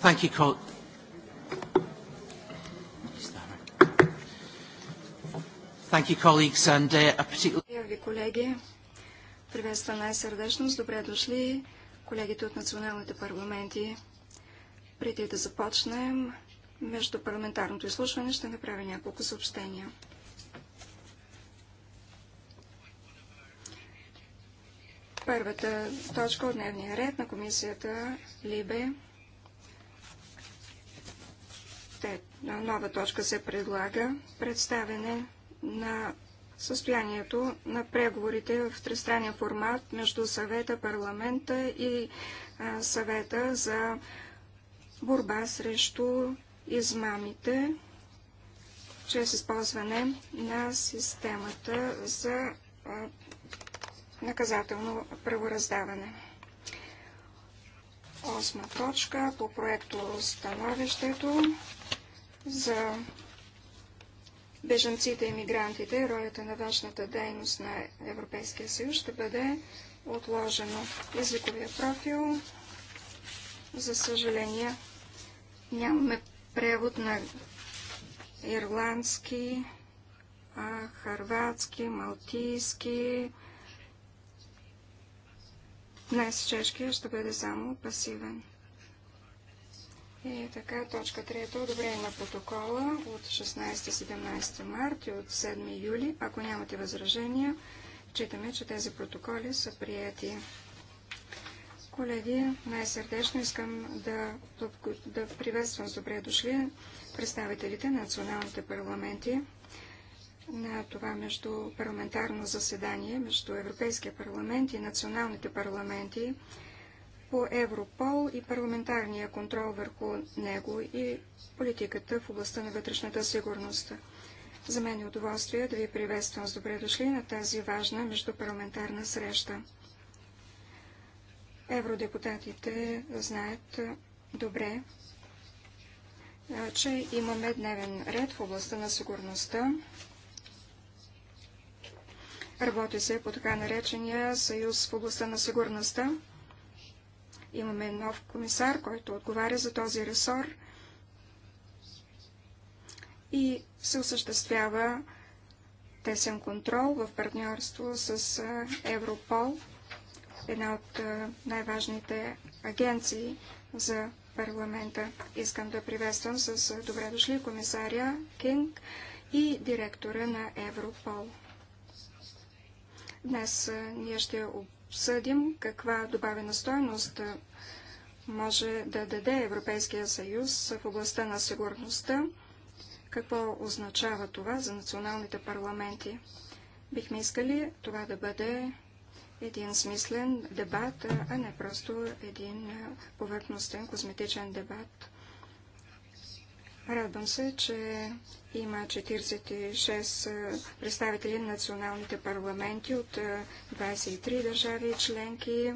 Thank you, Col- Thank you, colleagues, and uh, a particular... Приветствам най-сърдечно. добре дошли колегите от националните парламенти. Преди да започнем, между парламентарното изслушване ще направя няколко съобщения. Първата точка от дневния ред на комисията Либе На нова точка се предлага представене на състоянието на преговорите в тристранен формат между съвета, парламента и съвета за борба срещу измамите чрез използване на системата за наказателно правораздаване. Осма точка по проекто становището за бежанците и мигрантите, ролята на външната дейност на Европейския съюз ще бъде отложено. Езиковия профил, за съжаление, нямаме превод на ирландски, а, харватски, малтийски. Днес чешкия ще бъде само пасивен. И така, точка 3. Одобрение на протокола от 16-17 март и от 7 юли. Ако нямате възражения, Читаме, че тези протоколи са прияти. Колеги, най-сърдечно искам да, да приветствам с добре дошли представителите на националните парламенти на това между парламентарно заседание между Европейския парламент и националните парламенти по Европол и парламентарния контрол върху него и политиката в областта на вътрешната сигурност. За мен е удоволствие да ви приветствам с добре дошли на тази важна междупарламентарна среща. Евродепутатите знаят добре, че имаме дневен ред в областта на сигурността. Работи се по така наречения съюз в областта на сигурността. Имаме нов комисар, който отговаря за този ресор и се осъществява тесен контрол в партньорство с Европол, една от най-важните агенции за парламента. Искам да приветствам с добре дошли комисаря Кинг и директора на Европол. Днес ние ще обсъдим каква добавена стойност може да даде Европейския съюз в областта на сигурността, какво означава това за националните парламенти. Бихме искали това да бъде един смислен дебат, а не просто един повърхностен козметичен дебат. Радвам се, че има 46 представители на националните парламенти от 23 държави и членки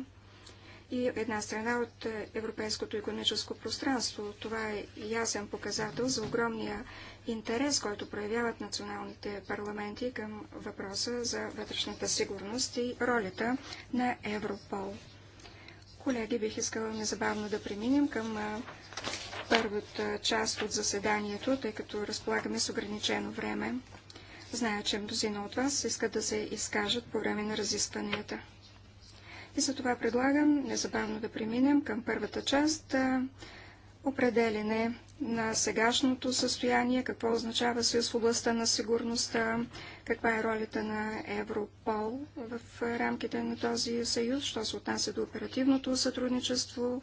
и една страна от Европейското економическо пространство. Това е ясен показател за огромния интерес, който проявяват националните парламенти към въпроса за вътрешната сигурност и ролята на Европол. Колеги, бих искала незабавно да преминем към първата част от заседанието, тъй като разполагаме с ограничено време. Зная, че мнозина от вас искат да се изкажат по време на разискванията. И за това предлагам незабавно да преминем към първата част определене на сегашното състояние, какво означава съюз в областта на сигурността, каква е ролята на Европол в рамките на този съюз, що се отнася до оперативното сътрудничество,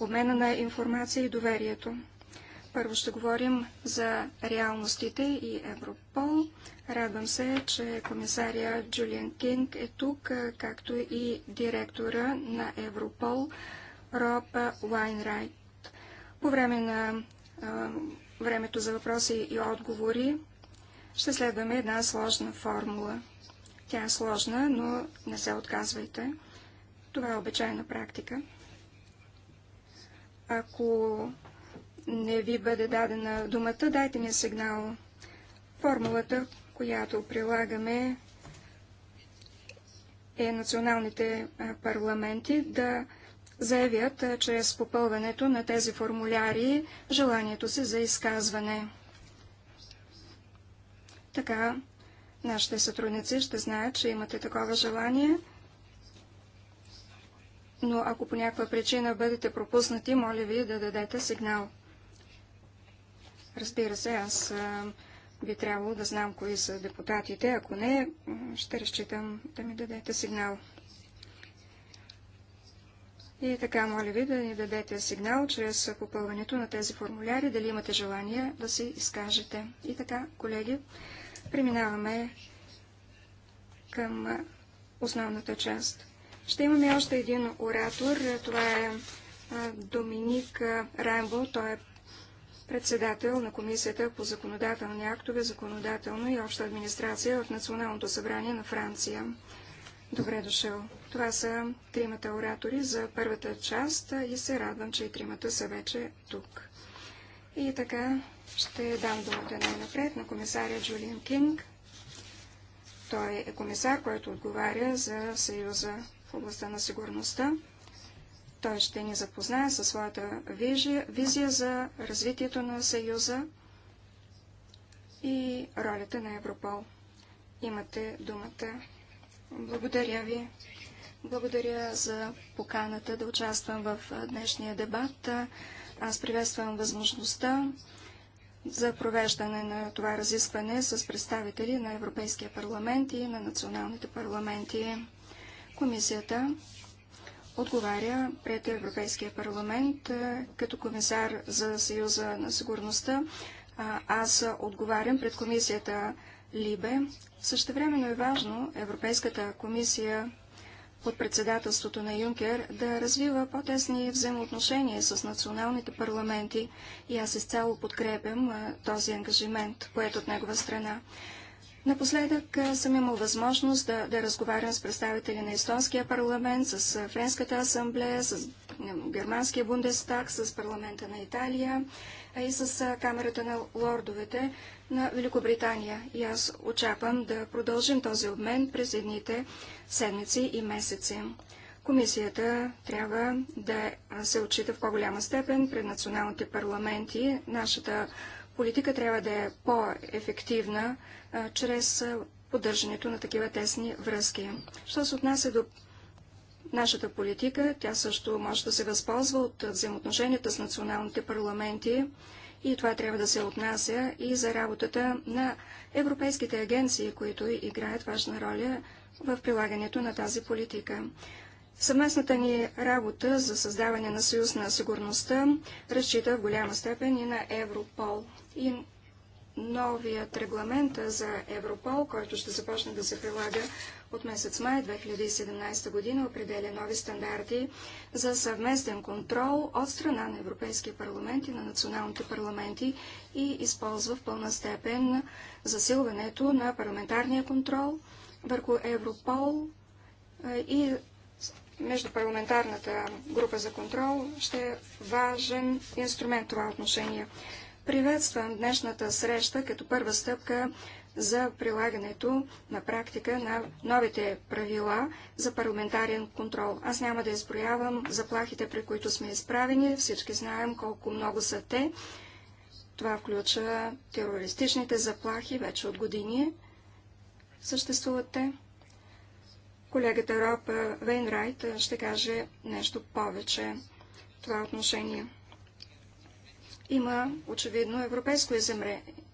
обмена на информация и доверието. Първо ще говорим за реалностите и Европол. Радвам се, че комисария Джулиан Кинг е тук, както и директора на Европол Роб Уайнрайт. По време на е, времето за въпроси и отговори ще следваме една сложна формула. Тя е сложна, но не се отказвайте. Това е обичайна практика. Ако не ви бъде дадена думата, дайте ми сигнал. Формулата, която прилагаме, е националните парламенти да заявят чрез попълването на тези формуляри желанието си за изказване. Така нашите сътрудници ще знаят, че имате такова желание но ако по някаква причина бъдете пропуснати, моля ви да дадете сигнал. Разбира се, аз би трябвало да знам кои са депутатите. Ако не, ще разчитам да ми дадете сигнал. И така, моля ви да ни дадете сигнал чрез попълването на тези формуляри, дали имате желание да си изкажете. И така, колеги, преминаваме към основната част ще имаме още един оратор. Това е Доминик Раймбо. Той е председател на Комисията по законодателни актове, законодателно и обща администрация от Националното събрание на Франция. Добре дошъл. Това са тримата оратори за първата част и се радвам, че и тримата са вече тук. И така ще дам думата най-напред на комисаря Джулиан Кинг. Той е комисар, който отговаря за Съюза в областта на сигурността. Той ще ни запознае със своята визия, за развитието на Съюза и ролята на Европол. Имате думата. Благодаря ви. Благодаря за поканата да участвам в днешния дебат. Аз приветствам възможността за провеждане на това разискване с представители на Европейския парламент и на националните парламенти. Комисията отговаря пред Европейския парламент е, като комисар за Съюза на сигурността. Аз отговарям пред комисията Либе. Същевременно е важно Европейската комисия под председателството на Юнкер да развива по-тесни взаимоотношения с националните парламенти и аз изцяло подкрепям е, този ангажимент, поет от негова страна. Напоследък съм имал възможност да, да разговарям с представители на Естонския парламент, с Френската асамблея, с Германския бундестаг, с парламента на Италия, а и с Камерата на лордовете на Великобритания. И аз очаквам да продължим този обмен през едните седмици и месеци. Комисията трябва да се отчита в по-голяма степен пред националните парламенти. Нашата политика трябва да е по-ефективна чрез поддържането на такива тесни връзки. Що се отнася до нашата политика, тя също може да се възползва от взаимоотношенията с националните парламенти и това трябва да се отнася и за работата на европейските агенции, които играят важна роля в прилагането на тази политика. Съвместната ни работа за създаване на Съюз на сигурността разчита в голяма степен и на Европол и новият регламент за Европол, който ще започне да се прилага от месец май 2017 година, определя нови стандарти за съвместен контрол от страна на Европейския парламент и на националните парламенти и използва в пълна степен засилването на парламентарния контрол върху Европол и Междупарламентарната група за контрол ще е важен инструмент това отношение. Приветствам днешната среща като първа стъпка за прилагането на практика на новите правила за парламентарен контрол. Аз няма да изброявам заплахите, при които сме изправени. Всички знаем колко много са те. Това включва терористичните заплахи вече от години. Съществуват те. Колегата Роб Вейнрайт ще каже нещо повече в това отношение има очевидно европейско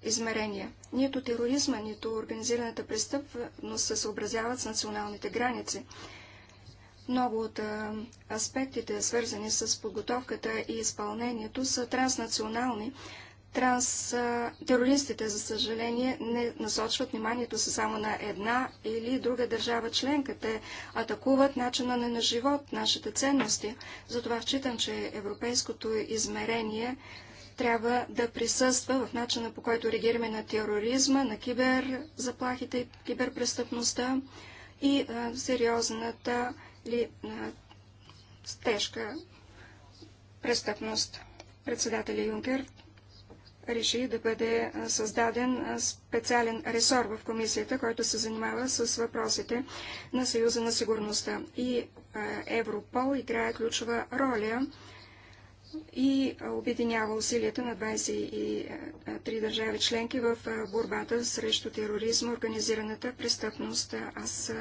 измерение. Нито тероризма, нито организираната престъпност се съобразяват с националните граници. Много от аспектите, свързани с подготовката и изпълнението, са транснационални. Транс, терористите, за съжаление, не насочват вниманието си само на една или друга държава членка. Те атакуват начина на живот, нашите ценности. Затова считам, че европейското измерение трябва да присъства в начина по който реагираме на тероризма, на киберзаплахите, киберпрестъпността и а, сериозната ли, а, тежка престъпност. Председателя Юнкер реши да бъде създаден специален ресор в комисията, който се занимава с въпросите на Съюза на сигурността. И Европол играе ключова роля и обединява усилията на 23 държави членки в борбата срещу тероризма, организираната престъпност. Аз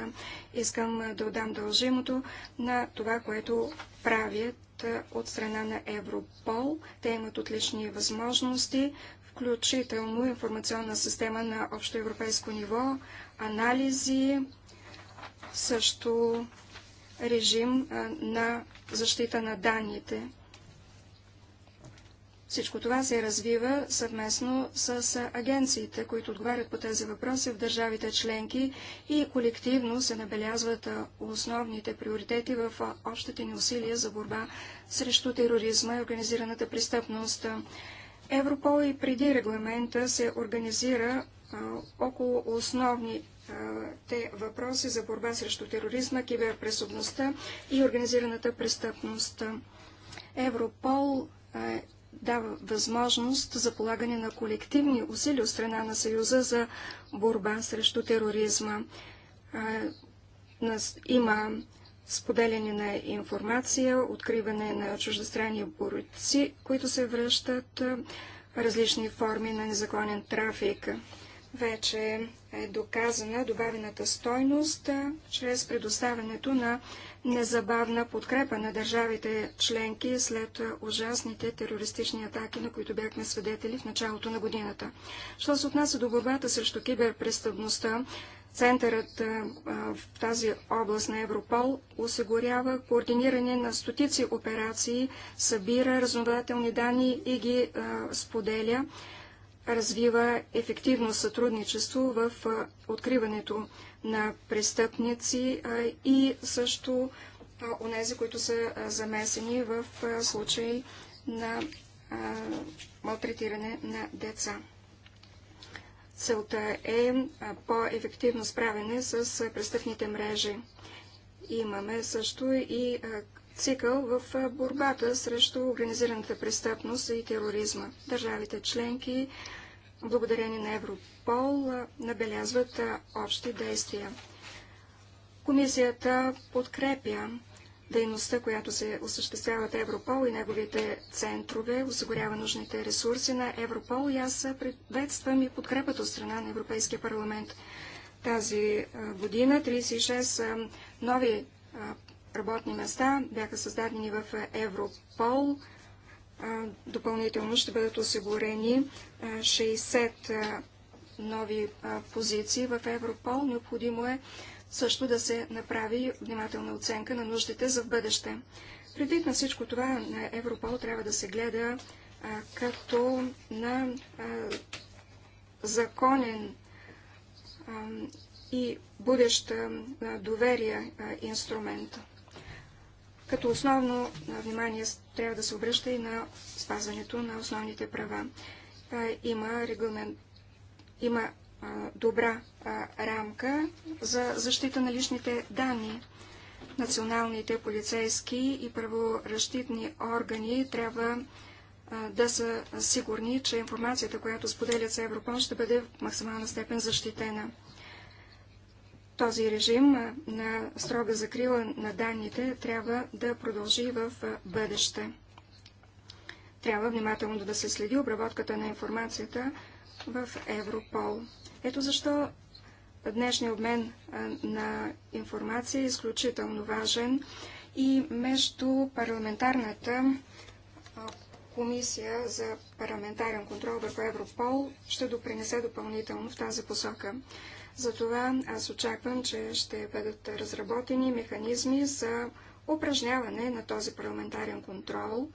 искам да отдам дължимото на това, което правят от страна на Европол. Те имат отлични възможности, включително информационна система на общо европейско ниво, анализи, също режим на защита на данните. Всичко това се развива съвместно с агенциите, които отговарят по тези въпроси в държавите членки и колективно се набелязват основните приоритети в общите ни усилия за борба срещу тероризма и организираната престъпност. Европол и преди регламента се организира около основни те въпроси за борба срещу тероризма, киберпрестъпността и организираната престъпност. Европол дава възможност за полагане на колективни усилия от страна на Съюза за борба срещу тероризма. Има споделяне на информация, откриване на чуждестранни борци, които се връщат, различни форми на незаконен трафик. Вече е доказана добавената стойност чрез предоставянето на незабавна подкрепа на държавите членки след ужасните терористични атаки, на които бяхме свидетели в началото на годината. Що се отнася до борбата срещу киберпрестъпността, Центърът а, в тази област на Европол осигурява координиране на стотици операции, събира разнователни данни и ги а, споделя, развива ефективно сътрудничество в а, откриването на престъпници и също онези, които са замесени в случаи на малтретиране на деца. Целта е по-ефективно справяне с престъпните мрежи. Имаме също и цикъл в борбата срещу организираната престъпност и тероризма. Държавите членки благодарение на Европол, набелязват общи действия. Комисията подкрепя дейността, която се осъществява от Европол и неговите центрове, осигурява нужните ресурси на Европол и аз приветствам и подкрепата от страна на Европейския парламент. Тази година 36 нови работни места бяха създадени в Европол. Допълнително ще бъдат осигурени 60 нови позиции в Европол. Необходимо е също да се направи внимателна оценка на нуждите за в бъдеще. Предвид на всичко това, на Европол трябва да се гледа като на законен и будещ доверие инструмент като основно внимание трябва да се обръща и на спазването на основните права. Има, регламент, има добра рамка за защита на личните данни. Националните полицейски и праворазщитни органи трябва да са сигурни, че информацията, която споделят с Европол, ще бъде в максимална степен защитена. Този режим на строга закрила на данните трябва да продължи в бъдеще. Трябва внимателно да се следи обработката на информацията в Европол. Ето защо днешния обмен на информация е изключително важен и между парламентарната комисия за парламентарен контрол върху Европол ще допринесе допълнително в тази посока. Затова аз очаквам, че ще бъдат разработени механизми за упражняване на този парламентарен контрол.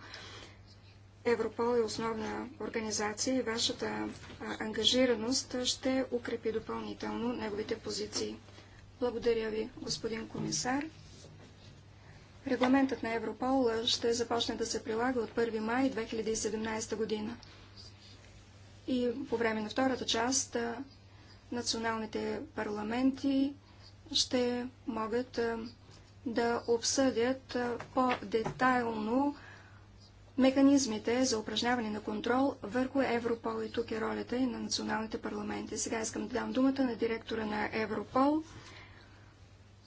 Европол е основна организация и вашата ангажираност ще укрепи допълнително неговите позиции. Благодаря ви, господин комисар. Регламентът на Европол ще започне да се прилага от 1 май 2017 година. И по време на втората част националните парламенти ще могат да обсъдят по-детайлно механизмите за упражняване на контрол върху Европол и тук е ролята и на националните парламенти. Сега искам да дам думата на директора на Европол,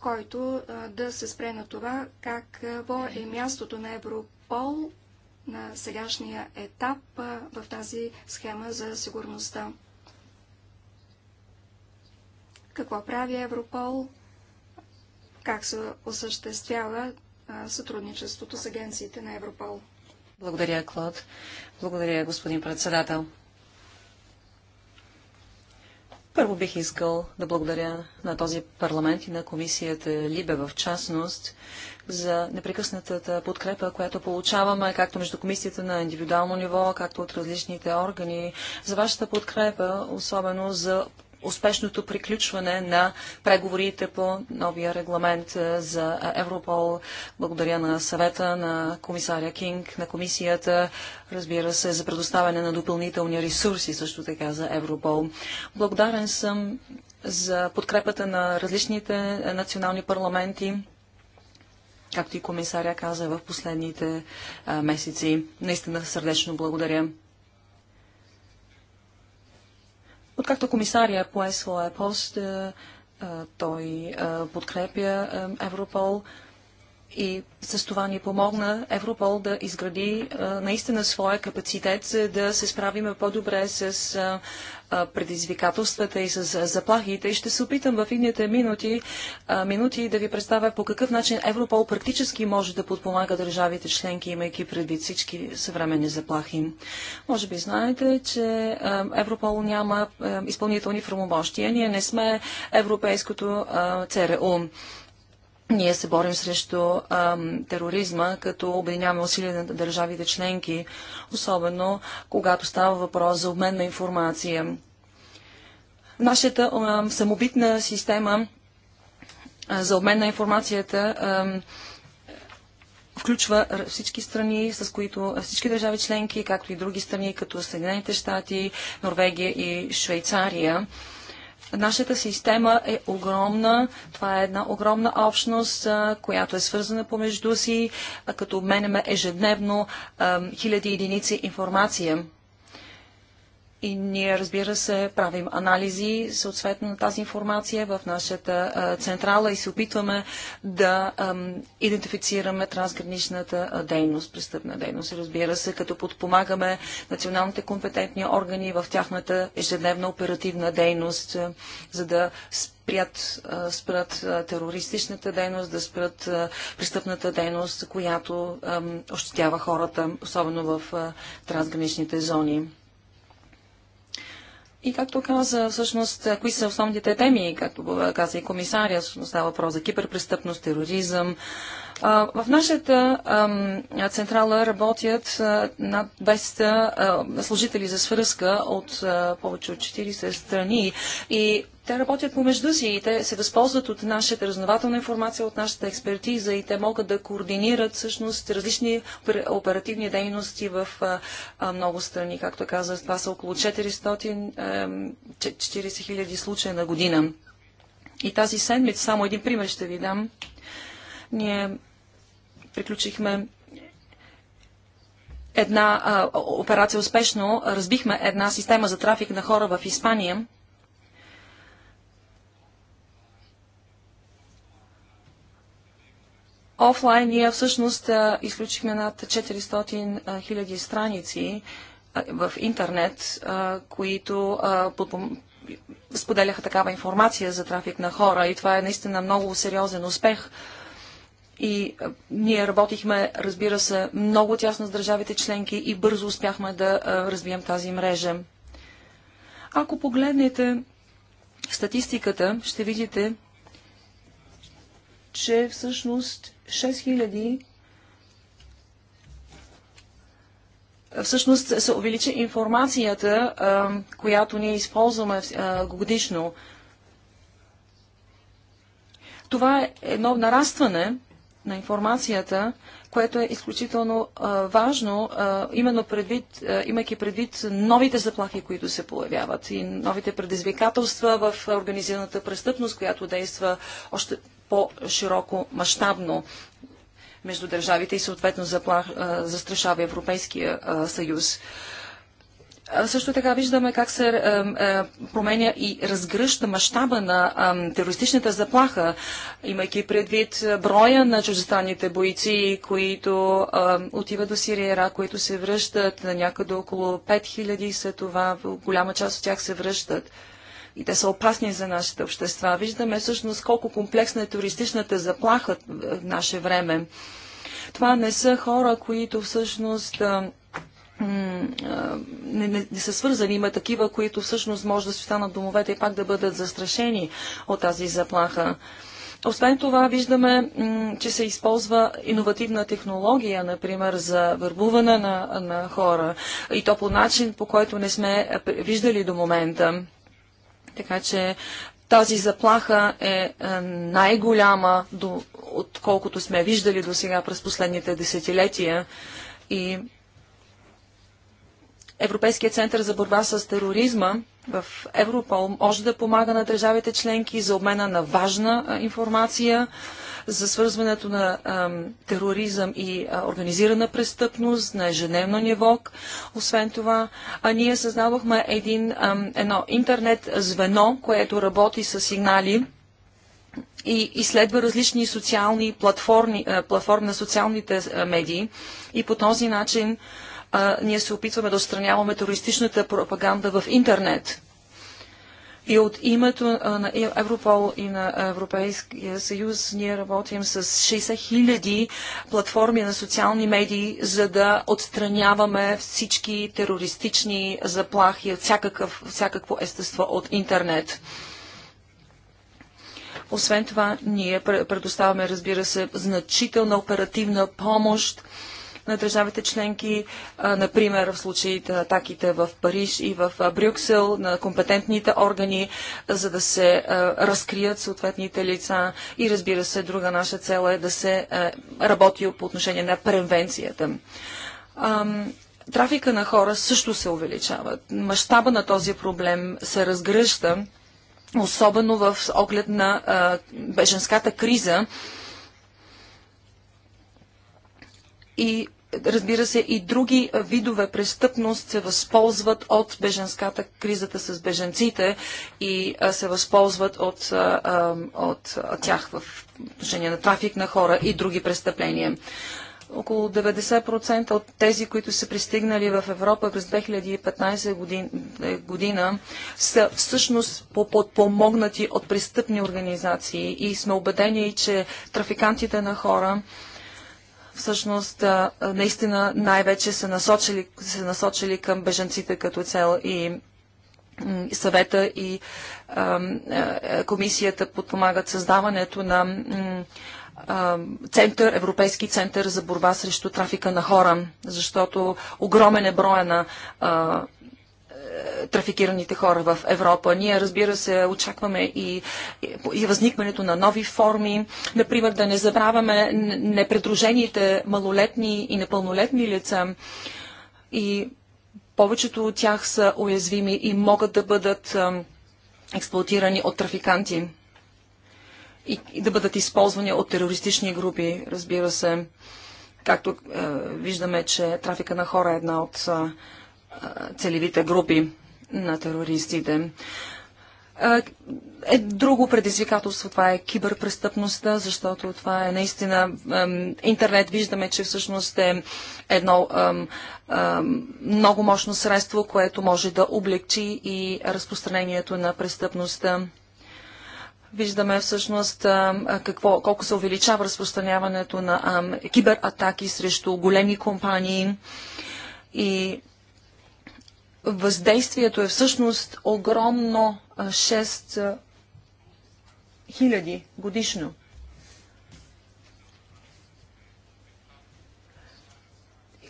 който да се спре на това как е мястото на Европол на сегашния етап в тази схема за сигурността какво прави Европол, как се осъществява сътрудничеството с агенциите на Европол. Благодаря, Клод. Благодаря, господин председател. Първо бих искал да благодаря на този парламент и на комисията Либе в частност за непрекъснатата подкрепа, която получаваме, както между комисията на индивидуално ниво, както от различните органи, за вашата подкрепа, особено за успешното приключване на преговорите по новия регламент е, за е, Европол. Благодаря на съвета на комисаря Кинг, на комисията, разбира се, за предоставяне на допълнителни ресурси също така за Европол. Благодарен съм за подкрепата на различните е, национални парламенти както и комисаря каза в последните месеци. Наистина сърдечно благодаря. Откакто комисария пое своя пост, е, е, той е, подкрепя Европол и с това ни помогна Европол да изгради а, наистина своя капацитет, за да се справиме по-добре с а, предизвикателствата и с заплахите. И ще се опитам в идните минути, а, минути да ви представя по какъв начин Европол практически може да подпомага държавите членки, имайки предвид всички съвременни заплахи. Може би знаете, че а, Европол няма а, изпълнителни правомощия. Ние не сме европейското ЦРУ. Ние се борим срещу ам, тероризма, като обединяваме усилия на държавите членки, особено когато става въпрос за обмен на информация. Нашата ам, самобитна система а, за обмен на информацията ам, включва всички страни, с които всички държави членки, както и други страни, като Съединените щати, Норвегия и Швейцария. Нашата система е огромна. Това е една огромна общност, която е свързана помежду си, като обменяме ежедневно хиляди единици информация. И ние, разбира се, правим анализи съответно на тази информация в нашата а, централа и се опитваме да идентифицираме трансграничната а, дейност, престъпна дейност. Разбира се, като подпомагаме националните компетентни органи в тяхната ежедневна оперативна дейност, а, за да спрят, спрат терористичната дейност, да спрат престъпната дейност, която ощетява хората, особено в трансграничните зони. И както каза всъщност, кои са основните теми, както каза и комисария, става въпрос за киберпрестъпност, тероризъм, в нашата централа работят над 200 служители за свръзка от повече от 40 страни и те работят помежду си и те се възползват от нашата разнователна информация, от нашата експертиза и те могат да координират всъщност различни оперативни дейности в много страни. Както казах, това са около 440 000 случая на година. И тази седмица, само един пример ще ви дам, ние приключихме една а, операция успешно. Разбихме една система за трафик на хора в Испания. Офлайн ние всъщност изключихме над 400 000 страници в интернет, които споделяха такава информация за трафик на хора и това е наистина много сериозен успех и а, ние работихме, разбира се, много тясно с държавите членки и бързо успяхме да а, развием тази мрежа. Ако погледнете статистиката, ще видите, че всъщност 6000 всъщност се увеличи информацията, а, която ние използваме а, годишно. Това е едно нарастване на информацията, което е изключително а, важно, а, именно предвид, а, имайки предвид новите заплахи, които се появяват и новите предизвикателства в организираната престъпност, която действа още по-широко, мащабно между държавите и съответно заплах, а, застрашава Европейския а, съюз. А, също така виждаме как се е, променя и разгръща мащаба на терористичната заплаха, имайки предвид броя на чуждестранните бойци, които отиват до Сирия, Ирак, които се връщат. на Някъде около 5000 са това. Голяма част от тях се връщат и те са опасни за нашите общества. Виждаме всъщност колко комплексна е туристичната заплаха в наше време. Това не са хора, които всъщност не, не, не са свързани. Има такива, които всъщност може да си останат домовете и пак да бъдат застрашени от тази заплаха. Освен това, виждаме, че се използва иновативна технология, например, за върбуване на, на хора и то по начин, по който не сме виждали до момента. Така че тази заплаха е, е най-голяма, отколкото сме виждали до сега през последните десетилетия и Европейския център за борба с тероризма в Европол може да помага на държавите членки за обмена на важна информация, за свързването на тероризъм и организирана престъпност на ежедневно ниво. Освен това, а ние създавахме един, едно интернет звено, което работи с сигнали и изследва различни социални платформи, платформи на социалните медии и по този начин а, ние се опитваме да отстраняваме терористичната пропаганда в интернет. И от името на Европол и на Европейския съюз ние работим с 60 хиляди платформи на социални медии, за да отстраняваме всички терористични заплахи от всякакъв, всякакво естество от интернет. Освен това, ние предоставяме, разбира се, значителна оперативна помощ на държавите членки, например в случаите на атаките в Париж и в Брюксел, на компетентните органи, за да се разкрият съответните лица. И разбира се, друга наша цел е да се работи по отношение на превенцията. Трафика на хора също се увеличава. Мащаба на този проблем се разгръща особено в оглед на а, беженската криза и разбира се, и други видове престъпност се възползват от беженската кризата с беженците и се възползват от, от тях в отношение на трафик на хора и други престъпления. Около 90% от тези, които са пристигнали в Европа през 2015 година, е, година са всъщност подпомогнати от престъпни организации и сме убедени, че трафикантите на хора всъщност наистина най-вече са насочили, са насочили към бежанците като цел и съвета и а, комисията подпомагат създаването на център, Европейски център за борба срещу трафика на хора, защото огромен е броя на а, трафикираните хора в Европа. Ние, разбира се, очакваме и, и възникването на нови форми. Например, да не забравяме непредружените малолетни и непълнолетни лица. И повечето от тях са уязвими и могат да бъдат експлуатирани от трафиканти и, и да бъдат използвани от терористични групи, разбира се. Както е, виждаме, че трафика на хора е една от е, целевите групи на терористите. Е друго предизвикателство, това е киберпрестъпността, защото това е наистина интернет. Виждаме, че всъщност е едно много мощно средство, което може да облегчи и разпространението на престъпността. Виждаме всъщност какво, колко се увеличава разпространяването на кибератаки срещу големи компании и въздействието е всъщност огромно 6 хиляди годишно.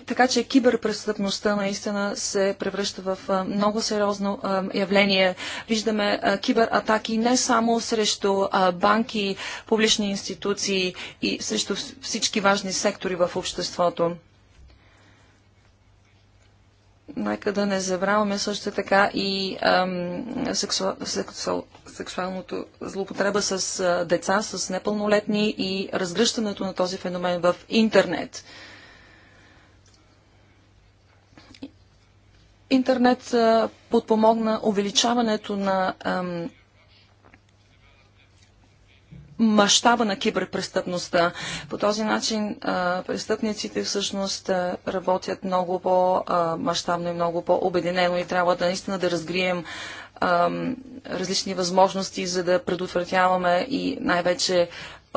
Така че киберпрестъпността наистина се превръща в много сериозно явление. Виждаме кибератаки не само срещу банки, публични институции и срещу всички важни сектори в обществото нека да не забравяме също така и ам, сексу, сексу, сексуалното злоупотреба с а, деца, с непълнолетни и разгръщането на този феномен в интернет. Интернет а, подпомогна увеличаването на ам, мащаба на киберпрестъпността. По този начин а, престъпниците всъщност работят много по-мащабно и много по-обединено и трябва да наистина да разгрием а, различни възможности, за да предотвратяваме и най-вече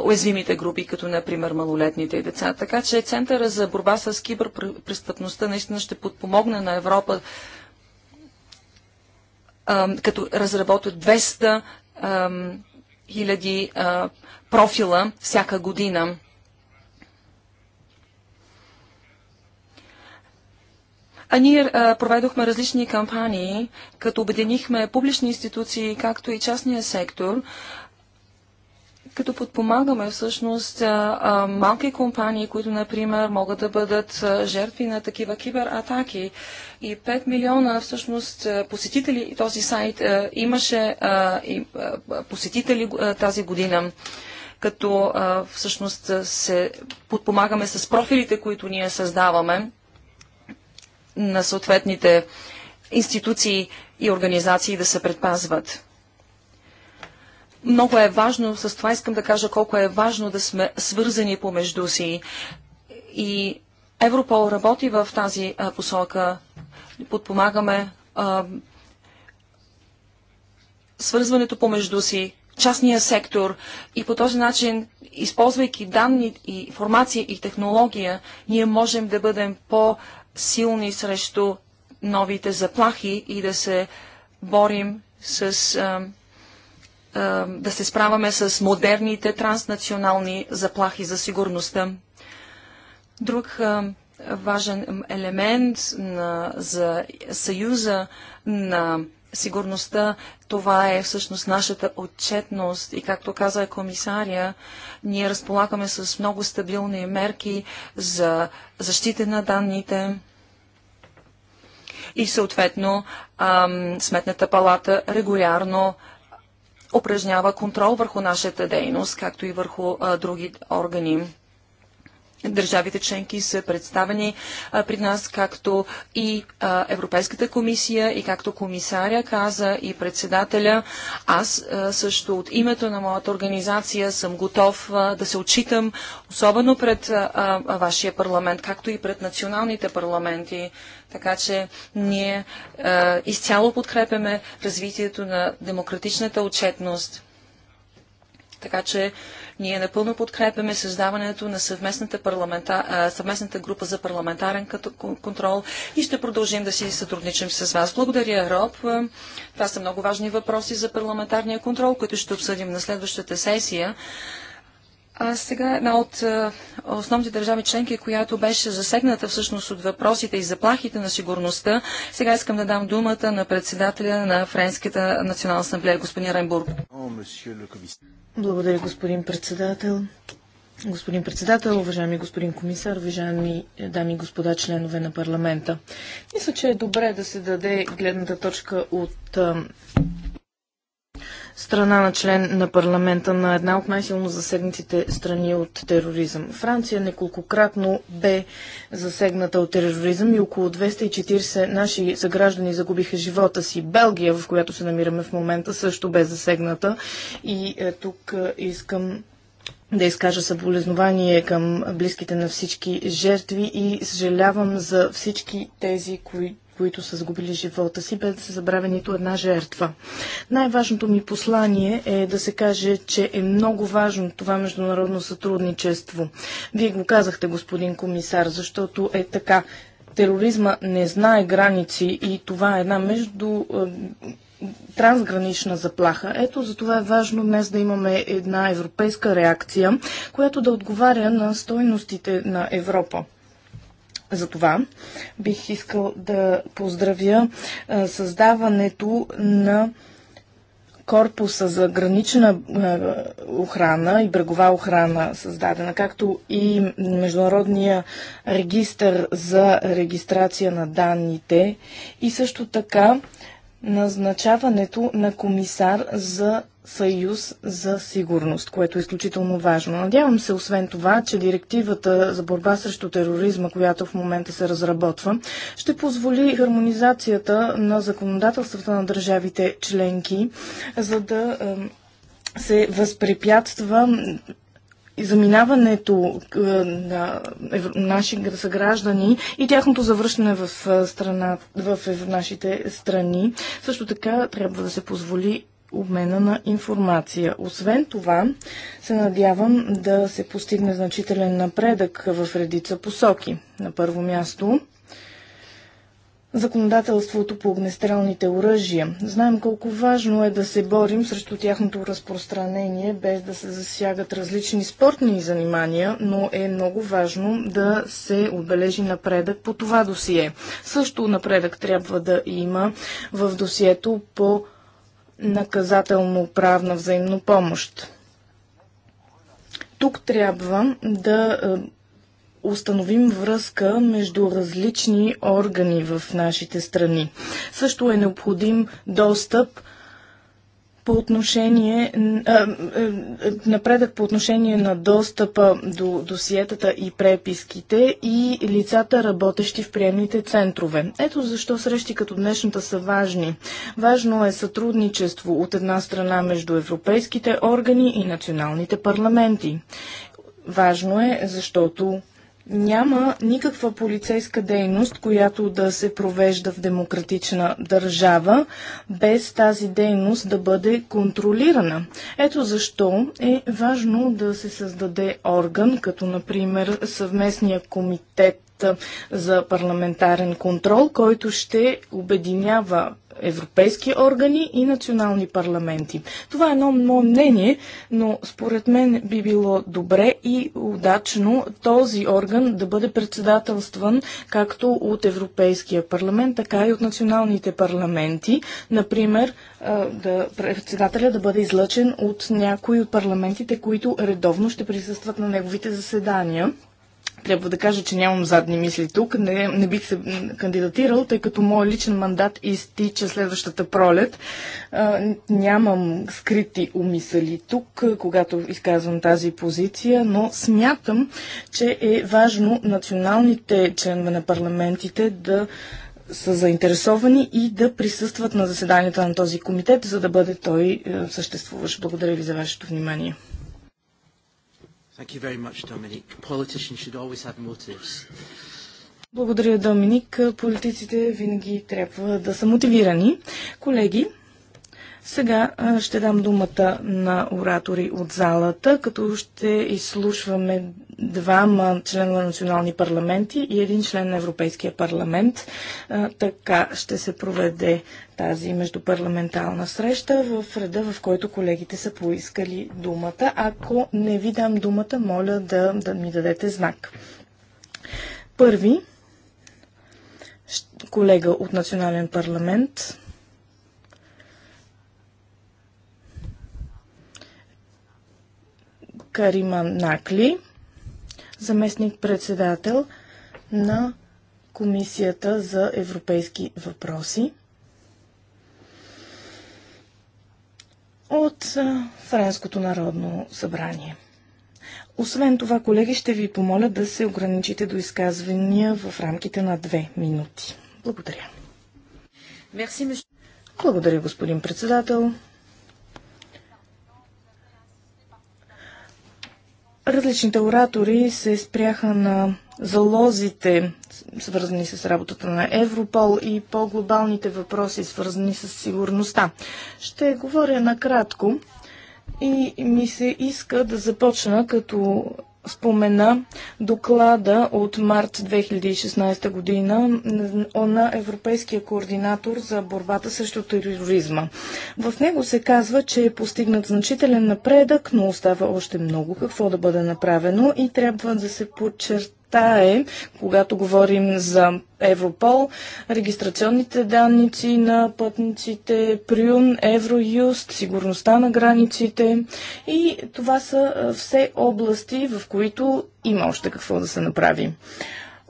уязвимите групи, като например малолетните и деца. Така че Центъра за борба с киберпрестъпността наистина ще подпомогне на Европа като разработят 200 хиляди профила всяка година. А ние а, проведохме различни кампании, като обединихме публични институции, както и частния сектор, като подпомагаме всъщност малки компании, които, например, могат да бъдат жертви на такива кибератаки. И 5 милиона всъщност посетители този сайт имаше посетители тази година като всъщност се подпомагаме с профилите, които ние създаваме на съответните институции и организации да се предпазват много е важно, с това искам да кажа колко е важно да сме свързани помежду си. И Европол работи в тази посока. Подпомагаме свързването помежду си, частния сектор и по този начин, използвайки данни и информация и технология, ние можем да бъдем по-силни срещу новите заплахи и да се борим с а, да се справяме с модерните транснационални заплахи за сигурността. Друг важен елемент на, за съюза на сигурността, това е всъщност нашата отчетност и както каза комисаря, ние разполагаме с много стабилни мерки за защита на данните и съответно Сметната палата регулярно упражнява контрол върху нашата дейност, както и върху други органи. Държавите членки са представени а, при нас, както и а, Европейската комисия, и както комисаря каза, и председателя. Аз а, също от името на моята организация съм готов да се отчитам, особено пред вашия парламент, както и пред националните парламенти. Така че ние изцяло подкрепяме развитието на демократичната отчетност. Така че ние напълно подкрепяме създаването на съвместната, съвместната група за парламентарен контрол и ще продължим да си сътрудничим с вас. Благодаря, Роб. Това са много важни въпроси за парламентарния контрол, които ще обсъдим на следващата сесия. А сега една от основните държави членки, която беше засегната всъщност от въпросите и заплахите на сигурността, сега искам да дам думата на председателя на Френската национална асамблея, господин Ренбург. Благодаря, господин председател. Господин председател, уважаеми господин комисар, уважаеми дами и господа членове на парламента. Мисля, че е добре да се даде гледната точка от страна на член на парламента на една от най-силно засегнатите страни от тероризъм. Франция неколкократно бе засегната от тероризъм и около 240 наши съграждани загубиха живота си. Белгия, в която се намираме в момента, също бе засегната. И е, тук е, искам да изкажа съболезнование към близките на всички жертви и съжалявам за всички тези, които които са сгубили живота си, без да се забравя нито една жертва. Най-важното ми послание е да се каже, че е много важно това международно сътрудничество. Вие го казахте, господин комисар, защото е така. Тероризма не знае граници и това е една между е, трансгранична заплаха. Ето за това е важно днес да имаме една европейска реакция, която да отговаря на стойностите на Европа за това. Бих искал да поздравя създаването на корпуса за гранична охрана и брегова охрана създадена, както и Международния регистр за регистрация на данните и също така назначаването на комисар за съюз за сигурност, което е изключително важно. Надявам се, освен това, че директивата за борба срещу тероризма, която в момента се разработва, ще позволи хармонизацията на законодателствата на държавите членки, за да се възпрепятства и заминаването е, на наши съграждани и тяхното завръщане в, е, страна, е, в нашите страни. Също така трябва да се позволи обмена на информация. Освен това, се надявам да се постигне значителен напредък в редица посоки. На първо място, законодателството по огнестрелните оръжия. Знаем колко важно е да се борим срещу тяхното разпространение, без да се засягат различни спортни занимания, но е много важно да се отбележи напредък по това досие. Също напредък трябва да има в досието по наказателно-правна взаимопомощ. Тук трябва да е, установим връзка между различни органи в нашите страни. Също е необходим достъп по отношение напредък по отношение на достъпа до досиетата и преписките и лицата работещи в приемните центрове. Ето защо срещи като днешната са важни. Важно е сътрудничество от една страна между европейските органи и националните парламенти. Важно е, защото няма никаква полицейска дейност, която да се провежда в демократична държава, без тази дейност да бъде контролирана. Ето защо е важно да се създаде орган, като например съвместния комитет за парламентарен контрол, който ще обединява европейски органи и национални парламенти. Това е едно мое мнение, но според мен би било добре и удачно този орган да бъде председателстван както от Европейския парламент, така и от националните парламенти. Например, да, председателя да бъде излъчен от някои от парламентите, които редовно ще присъстват на неговите заседания трябва да кажа, че нямам задни мисли тук. Не, не бих се кандидатирал, тъй като моят личен мандат изтича следващата пролет. А, нямам скрити умисъли тук, когато изказвам тази позиция, но смятам, че е важно националните членове на парламентите да са заинтересовани и да присъстват на заседанията на този комитет, за да бъде той е, съществуващ. Благодаря ви за вашето внимание. Thank you very much, Dominic. Politicians should always have motives. Благодаря, Доминик. Политиците винаги трябва да са мотивирани. Колеги, сега ще дам думата на оратори от залата, като ще изслушваме двама члена на национални парламенти и един член на Европейския парламент. Така ще се проведе тази междупарламентална среща в реда, в който колегите са поискали думата. Ако не ви дам думата, моля да, да ми дадете знак. Първи колега от национален парламент Карима Накли, заместник-председател на Комисията за европейски въпроси. от Френското народно събрание. Освен това, колеги, ще ви помоля да се ограничите до изказвания в рамките на две минути. Благодаря. Благодаря, господин председател. Различните оратори се спряха на залозите, свързани с работата на Европол и по-глобалните въпроси, свързани с сигурността. Ще говоря накратко и ми се иска да започна като спомена доклада от март 2016 година на Европейския координатор за борбата срещу тероризма. В него се казва, че е постигнат значителен напредък, но остава още много какво да бъде направено и трябва да се подчерта. Та е, когато говорим за Европол, регистрационните данници на пътниците, Прюн, Евроюст, сигурността на границите и това са все области, в които има още какво да се направи.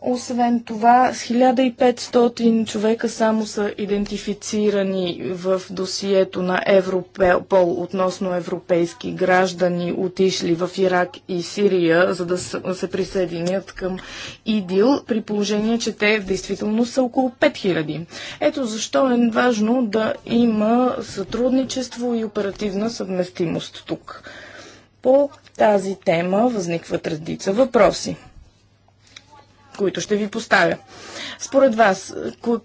Освен това, с 1500 човека само са идентифицирани в досието на Европол относно европейски граждани, отишли в Ирак и Сирия, за да се присъединят към ИДИЛ, при положение, че те в действителност са около 5000. Ето защо е важно да има сътрудничество и оперативна съвместимост тук. По тази тема възникват редица въпроси които ще ви поставя. Според вас,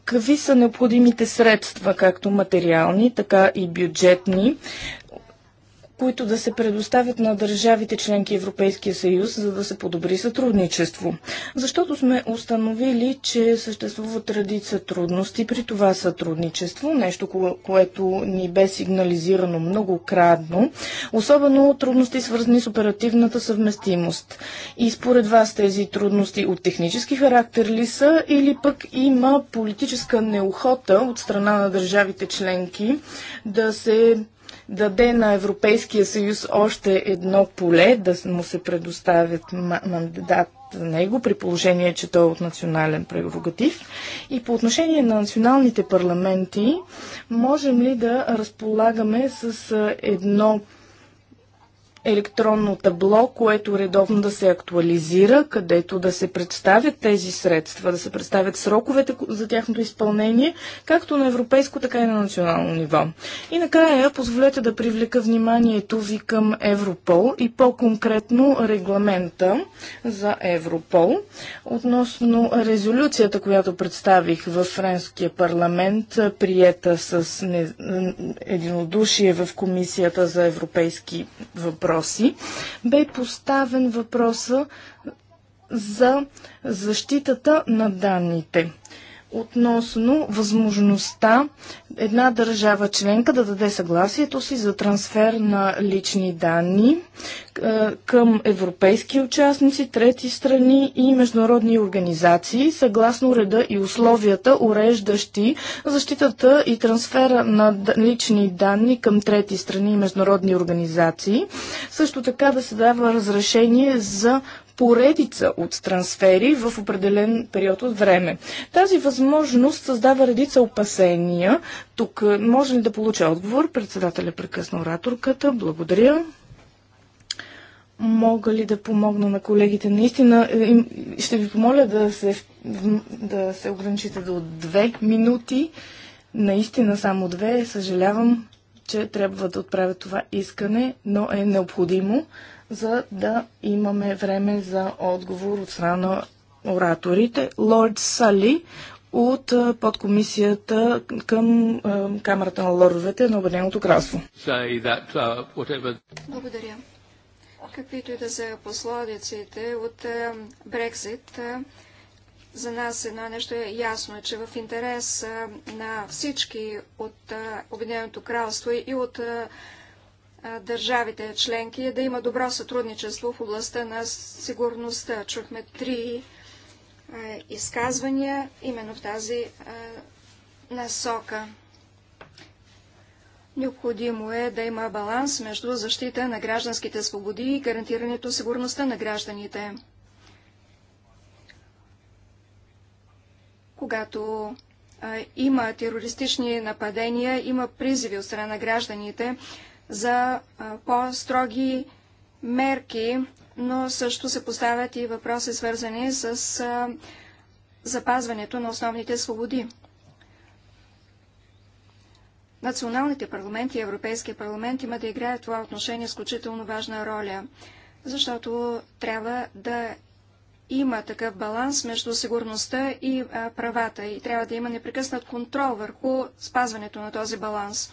какви са необходимите средства, както материални, така и бюджетни, които да се предоставят на държавите членки Европейския съюз, за да се подобри сътрудничество. Защото сме установили, че съществуват редица трудности при това сътрудничество, нещо, което ни бе сигнализирано многократно, особено трудности свързани с оперативната съвместимост. И според вас тези трудности от технически характер ли са или пък има политическа неохота от страна на държавите членки да се даде на Европейския съюз още едно поле, да му се предоставят мандат за него, при положение, че той е от национален прерогатив. И по отношение на националните парламенти, можем ли да разполагаме с едно електронно табло, което редовно да се актуализира, където да се представят тези средства, да се представят сроковете за тяхното изпълнение, както на европейско, така и на национално ниво. И накрая, позволете да привлека вниманието ви към Европол и по-конкретно регламента за Европол относно резолюцията, която представих в Френския парламент, приета с единодушие в Комисията за европейски въпроси въпроси, бе поставен въпроса за защитата на данните относно възможността една държава членка да даде съгласието си за трансфер на лични данни е, към европейски участници, трети страни и международни организации, съгласно реда и условията, уреждащи защитата и трансфера на лични данни към трети страни и международни организации. Също така да се дава разрешение за поредица от трансфери в определен период от време. Тази възможност създава редица опасения. Тук е, може ли да получа отговор? Председателя прекъсна ораторката. Благодаря мога ли да помогна на колегите? Наистина, е, ще ви помоля да се, да се ограничите до две минути. Наистина само две. Съжалявам, че трябва да отправя това искане, но е необходимо, за да имаме време за отговор от страна на ораторите. Лорд Сали от подкомисията към Камерата на лордовете на Обединеното кралство. Uh, Благодаря. Каквито и да са последиците от Брекзит, за нас едно нещо е ясно, че в интерес на всички от Обединеното кралство и от държавите членки е да има добро сътрудничество в областта на сигурността. Чухме три изказвания именно в тази насока. Необходимо е да има баланс между защита на гражданските свободи и гарантирането сигурността на гражданите. Когато има терористични нападения, има призиви от страна на гражданите за по-строги мерки, но също се поставят и въпроси, свързани с запазването на основните свободи. Националните парламенти и Европейския парламент има да играят това отношение изключително важна роля, защото трябва да има такъв баланс между сигурността и правата и трябва да има непрекъснат контрол върху спазването на този баланс.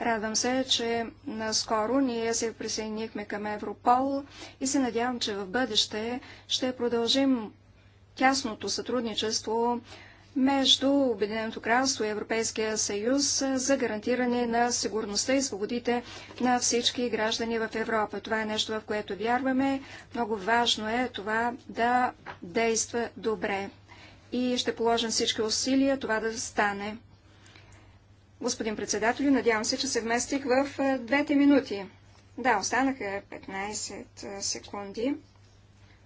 Радвам се, че наскоро ние се присъединихме към Европол и се надявам, че в бъдеще ще продължим тясното сътрудничество между Обединеното кралство и Европейския съюз за гарантиране на сигурността и свободите на всички граждани в Европа. Това е нещо, в което вярваме. Много важно е това да действа добре. И ще положим всички усилия това да стане. Господин председател, надявам се, че се вместих в е, двете минути. Да, останаха 15 е, секунди.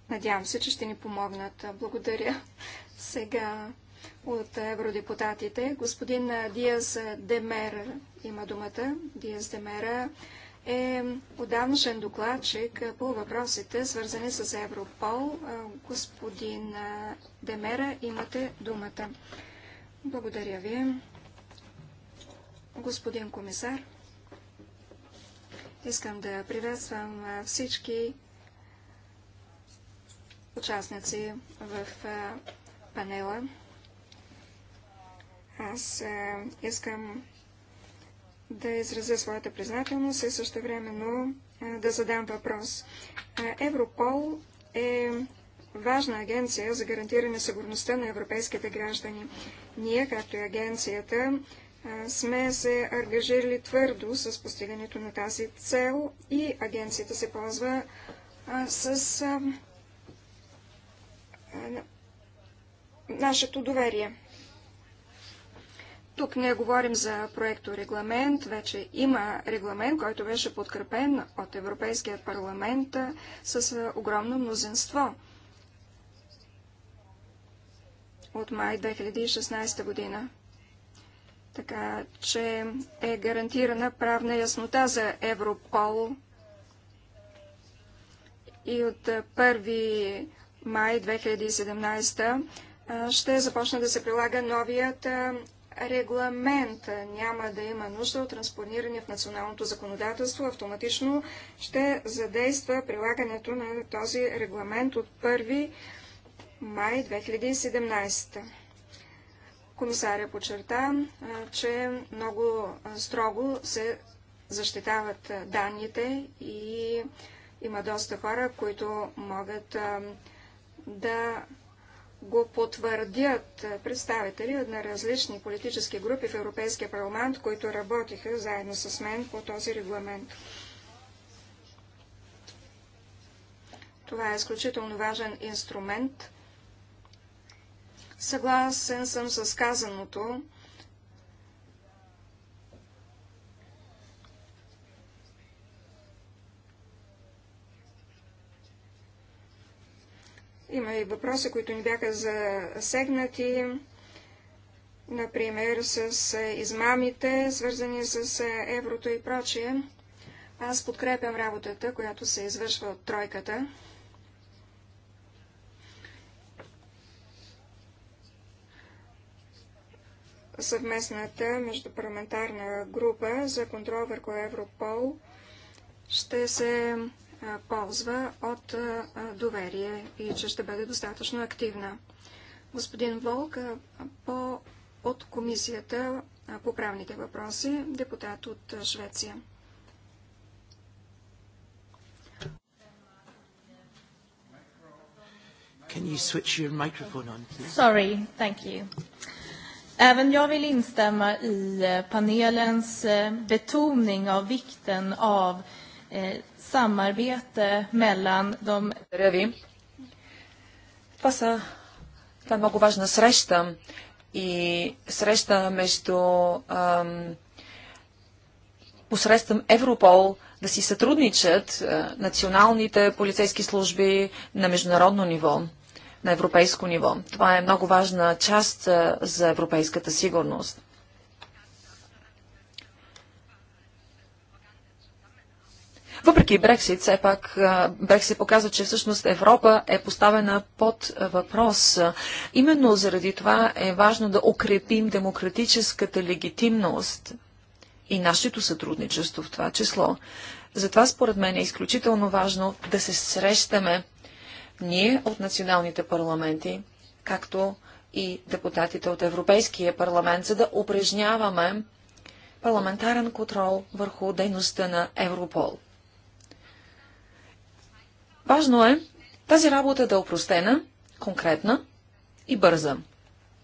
Надявам се, че ще ни помогнат. Благодаря. Сега от евродепутатите. Господин е, Диас Демер има думата. Диас Демера е отдавнашен докладчик по въпросите, свързани с Европол. Господин Демера, имате думата. Благодаря ви господин комисар. Искам да приветствам всички участници в панела. Аз искам да изразя своята признателност и също времено да задам въпрос. Европол е важна агенция за гарантиране сигурността на европейските граждани. Ние, както и агенцията, сме се ангажирали твърдо с постигането на тази цел и агенцията се ползва с нашето доверие. Тук не говорим за проекто регламент. Вече има регламент, който беше подкрепен от Европейския парламент с огромно мнозинство от май 2016 година така че е гарантирана правна яснота за Европол. И от 1 май 2017 ще започне да се прилага новият регламент. Няма да има нужда от транспониране в националното законодателство. Автоматично ще задейства прилагането на този регламент от 1 май 2017. Комисаря подчерта, че много строго се защитават данните и има доста хора, които могат да го потвърдят представители на различни политически групи в Европейския парламент, които работиха заедно с мен по този регламент. Това е изключително важен инструмент Съгласен съм с казаното. Има и въпроси, които ни бяха засегнати, например с измамите, свързани с еврото и прочие. Аз подкрепям работата, която се извършва от тройката. съвместната междупарламентарна група за контрол върху Европол ще се ползва от доверие и че ще бъде достатъчно активна. Господин Волк, по, от комисията по правните въпроси, депутат от Швеция. Can you switch your microphone on, please? Sorry, thank you. Även jag vill instämma i eh, panelens eh, betoning av vikten av eh, samarbete mellan de... Това, са, това е много важна среща и среща между ам, посредством Европол да си сътрудничат а, е, националните полицейски служби на международно ниво на европейско ниво. Това е много важна част за европейската сигурност. Въпреки Брексит, все пак Брексит показва, че всъщност Европа е поставена под въпрос. Именно заради това е важно да укрепим демократическата легитимност и нашето сътрудничество в това число. Затова според мен е изключително важно да се срещаме ние от националните парламенти, както и депутатите от Европейския парламент, за да упражняваме парламентарен контрол върху дейността на Европол. Важно е тази работа да е опростена, конкретна и бърза.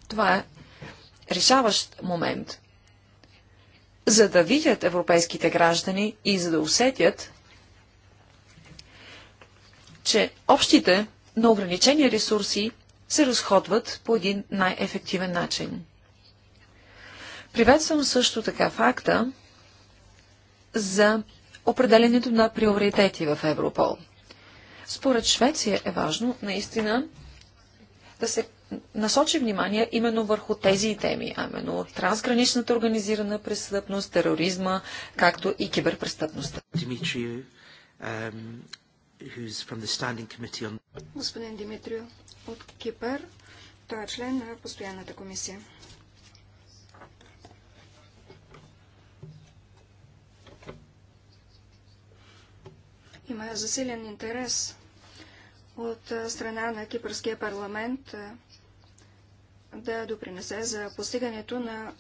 Това е решаващ момент, за да видят европейските граждани и за да усетят, че общите, но ограничени ресурси се разходват по един най-ефективен начин. Приветствам също така факта за определенето на приоритети в Европол. Според Швеция е важно наистина да се насочи внимание именно върху тези теми, а именно трансграничната организирана престъпност, тероризма, както и киберпрестъпността. Димитрию, who's from the Standing Committee on... Господин Димитрио от Кипър. Той е член на постоянната комисия. Има засилен интерес от страна на Кипърския парламент да допринесе за постигането на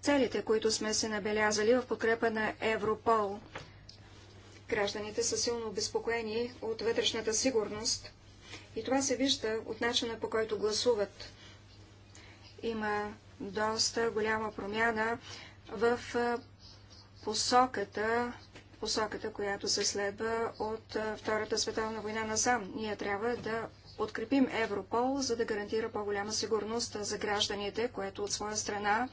целите, които сме се набелязали в подкрепа на Европол – Гражданите са силно обезпокоени от вътрешната сигурност и това се вижда от начина по който гласуват. Има доста голяма промяна в посоката, посоката, която се следва от Втората световна война насам. Ние трябва да подкрепим Европол, за да гарантира по-голяма сигурност за гражданите, което от своя страна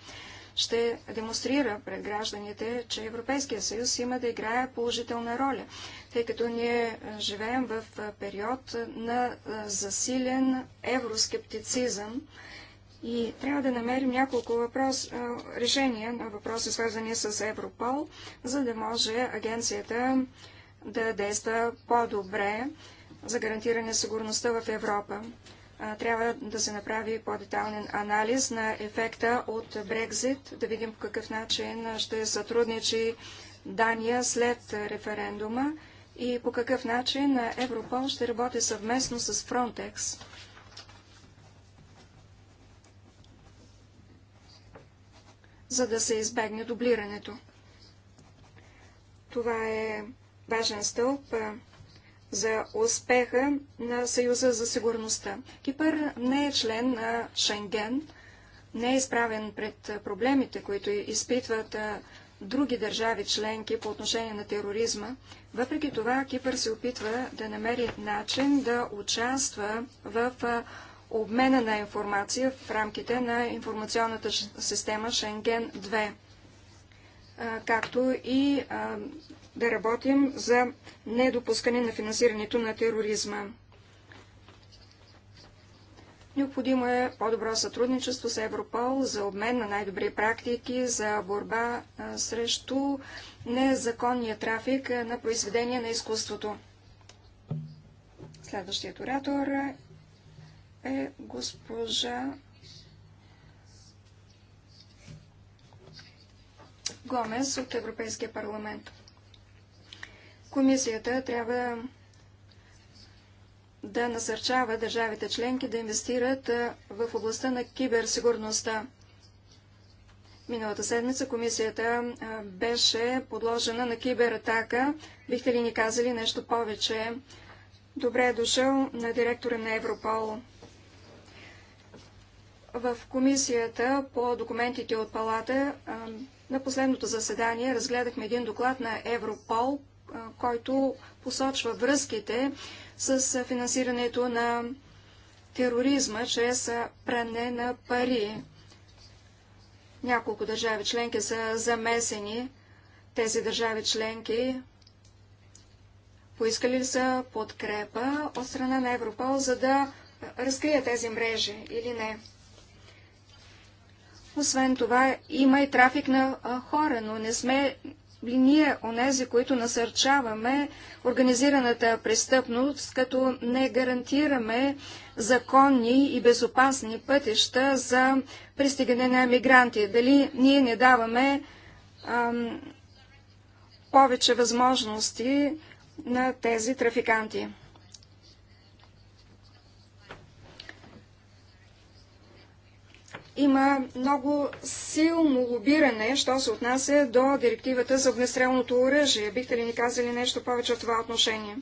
ще демонстрира пред гражданите, че Европейския съюз има да играе положителна роля, тъй като ние е, живеем в е, период е, на засилен евроскептицизъм и трябва да намерим няколко въпрос, решения на въпроси, свързани с Европол, за да може агенцията да действа по-добре за гарантиране сигурността в Европа трябва да се направи по-детален анализ на ефекта от Брекзит, да видим по какъв начин ще сътрудничи Дания след референдума и по какъв начин Европол ще работи съвместно с Фронтекс. за да се избегне дублирането. Това е важен стълб за успеха на Съюза за сигурността. Кипър не е член на Шенген, не е изправен пред проблемите, които изпитват други държави членки по отношение на тероризма. Въпреки това, Кипър се опитва да намери начин да участва в обмена на информация в рамките на информационната система Шенген 2, както и да работим за недопускане на финансирането на тероризма. Необходимо е по-добро сътрудничество с Европол за обмен на най-добри практики, за борба срещу незаконния трафик на произведения на изкуството. Следващият оратор е госпожа Гомес от Европейския парламент. Комисията трябва да насърчава държавите членки да инвестират в областта на киберсигурността. Миналата седмица комисията беше подложена на кибератака. Бихте ли ни казали нещо повече? Добре е дошъл на директора на Европол. В комисията по документите от палата на последното заседание разгледахме един доклад на Европол който посочва връзките с финансирането на тероризма чрез пране на пари. Няколко държави членки са замесени. Тези държави членки поискали ли са подкрепа от страна на Европол, за да разкрия тези мрежи или не? Освен това, има и трафик на хора, но не сме ние, онези, които насърчаваме организираната престъпност, като не гарантираме законни и безопасни пътища за пристигане на мигранти. Дали ние не даваме ам, повече възможности на тези трафиканти. има много силно лобиране, що се отнася до директивата за огнестрелното оръжие. Бихте ли ни казали нещо повече в това отношение?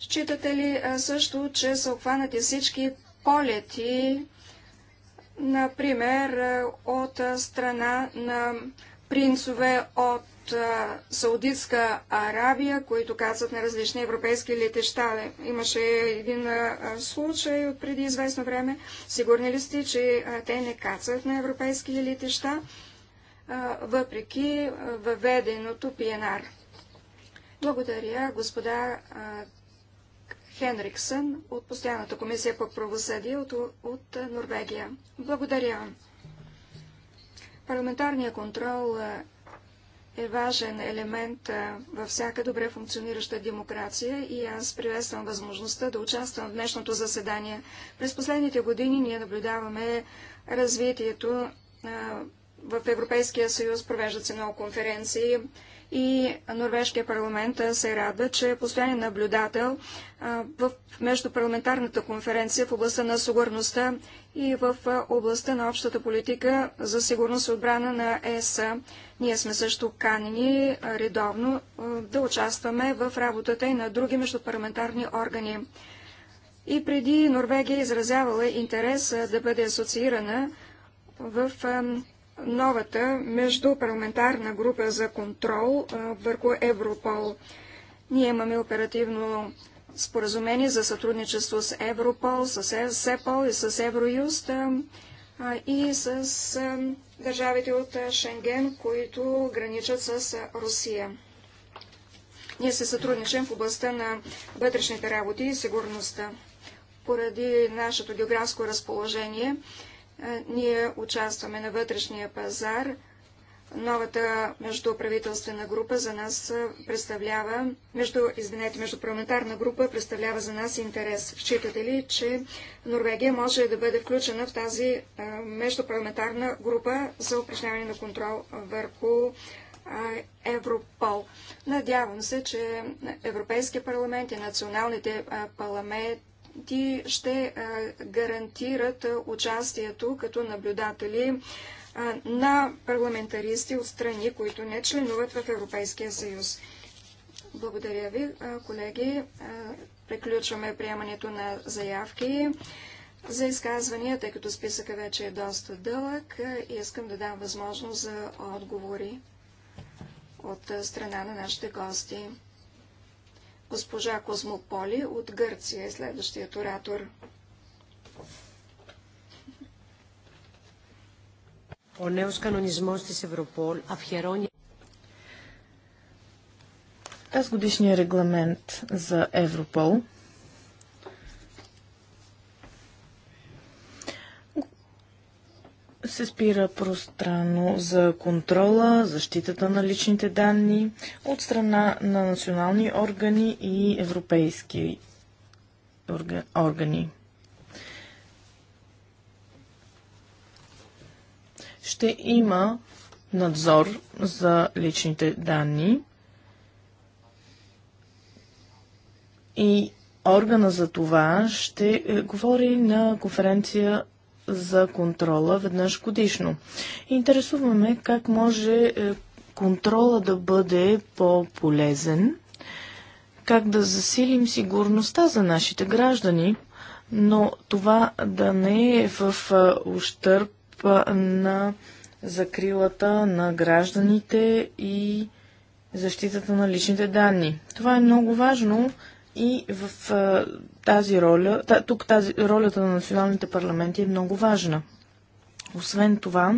считате ли също, че са обхванати всички полети, например, от страна на принцове от а, Саудитска Арабия, които кацат на различни европейски летища. Имаше един а, случай от преди известно време. Сигурни ли сте, че а, те не кацат на европейски летища, въпреки въведеното ПНР? Благодаря, господа Хенриксън от Постоянната комисия по правосъдие от, от Норвегия. Благодаря. Парламентарният контрол е, е важен елемент е, във всяка добре функционираща демокрация и аз приветствам възможността да участвам в днешното заседание. През последните години ние наблюдаваме развитието е, в Европейския съюз, провеждат се много конференции, и Норвежкия парламент се радва, че е постоянен наблюдател в Междупарламентарната конференция в областта на сигурността и в областта на общата политика за сигурност и отбрана на ЕС. Ние сме също канени редовно да участваме в работата и на други междупарламентарни органи. И преди Норвегия е изразявала интерес да бъде асоциирана в новата междупарламентарна група за контрол върху Европол. Ние имаме оперативно споразумение за сътрудничество с Европол, с е- СЕПОЛ и с Евроюст и с държавите от Шенген, които граничат с Русия. Ние се сътрудничим в областта на вътрешните работи и сигурността. Поради нашето географско разположение, е, ние участваме на вътрешния пазар. Новата междуправителствена група за нас представлява, между, извинете, междупарламентарна група представлява за нас интерес. Считате ли, че Норвегия може да бъде включена в тази е, междупарламентарна група за упражняване на контрол върху е, Европол. Надявам се, че Европейския парламент и националните парламент, ти ще е, гарантират е, участието като наблюдатели е, на парламентаристи от страни, които не членуват в Европейския съюз. Благодаря ви, колеги. Приключваме приемането на заявки за изказвания, тъй като списъка вече е доста дълъг. и Искам да дам възможност за отговори от страна на нашите гости. Госпожа Космополи от Гърция е следващият оратор. Ο νέος κανονισμός της Ευρωπόλ αφιερώνει... Аз годишния регламент за Европол се спира пространно за контрола, защитата на личните данни от страна на национални органи и европейски органи. Ще има надзор за личните данни и органа за това ще е, говори на конференция за контрола веднъж годишно. Интересуваме как може е, контрола да бъде по-полезен, как да засилим сигурността за нашите граждани, но това да не е в е, ущърп е, на закрилата на гражданите и защитата на личните данни. Това е много важно и в тази роля, тук тази, ролята на националните парламенти е много важна. Освен това,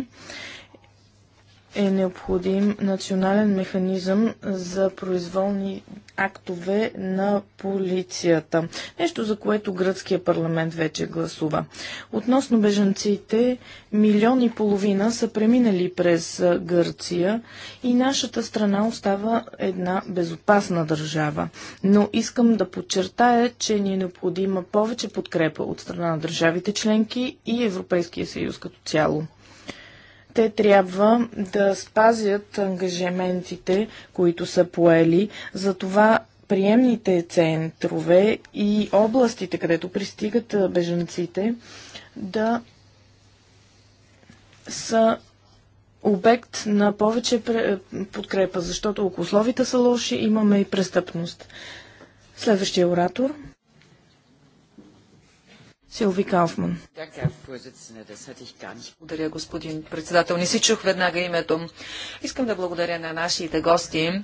е необходим национален механизъм за произволни актове на полицията. Нещо, за което гръцкия парламент вече гласува. Относно бежанците, милион и половина са преминали през Гърция и нашата страна остава една безопасна държава. Но искам да подчертая, че ни е необходима повече подкрепа от страна на държавите членки и Европейския съюз като цяло те трябва да спазят ангажиментите, които са поели. Затова приемните центрове и областите, където пристигат беженците, да са обект на повече е, подкрепа, защото ако условията са лоши, имаме и престъпност. Следващия оратор – Силви Кауфман. Благодаря, господин председател. Не си чух веднага името. Искам да благодаря на нашите гости.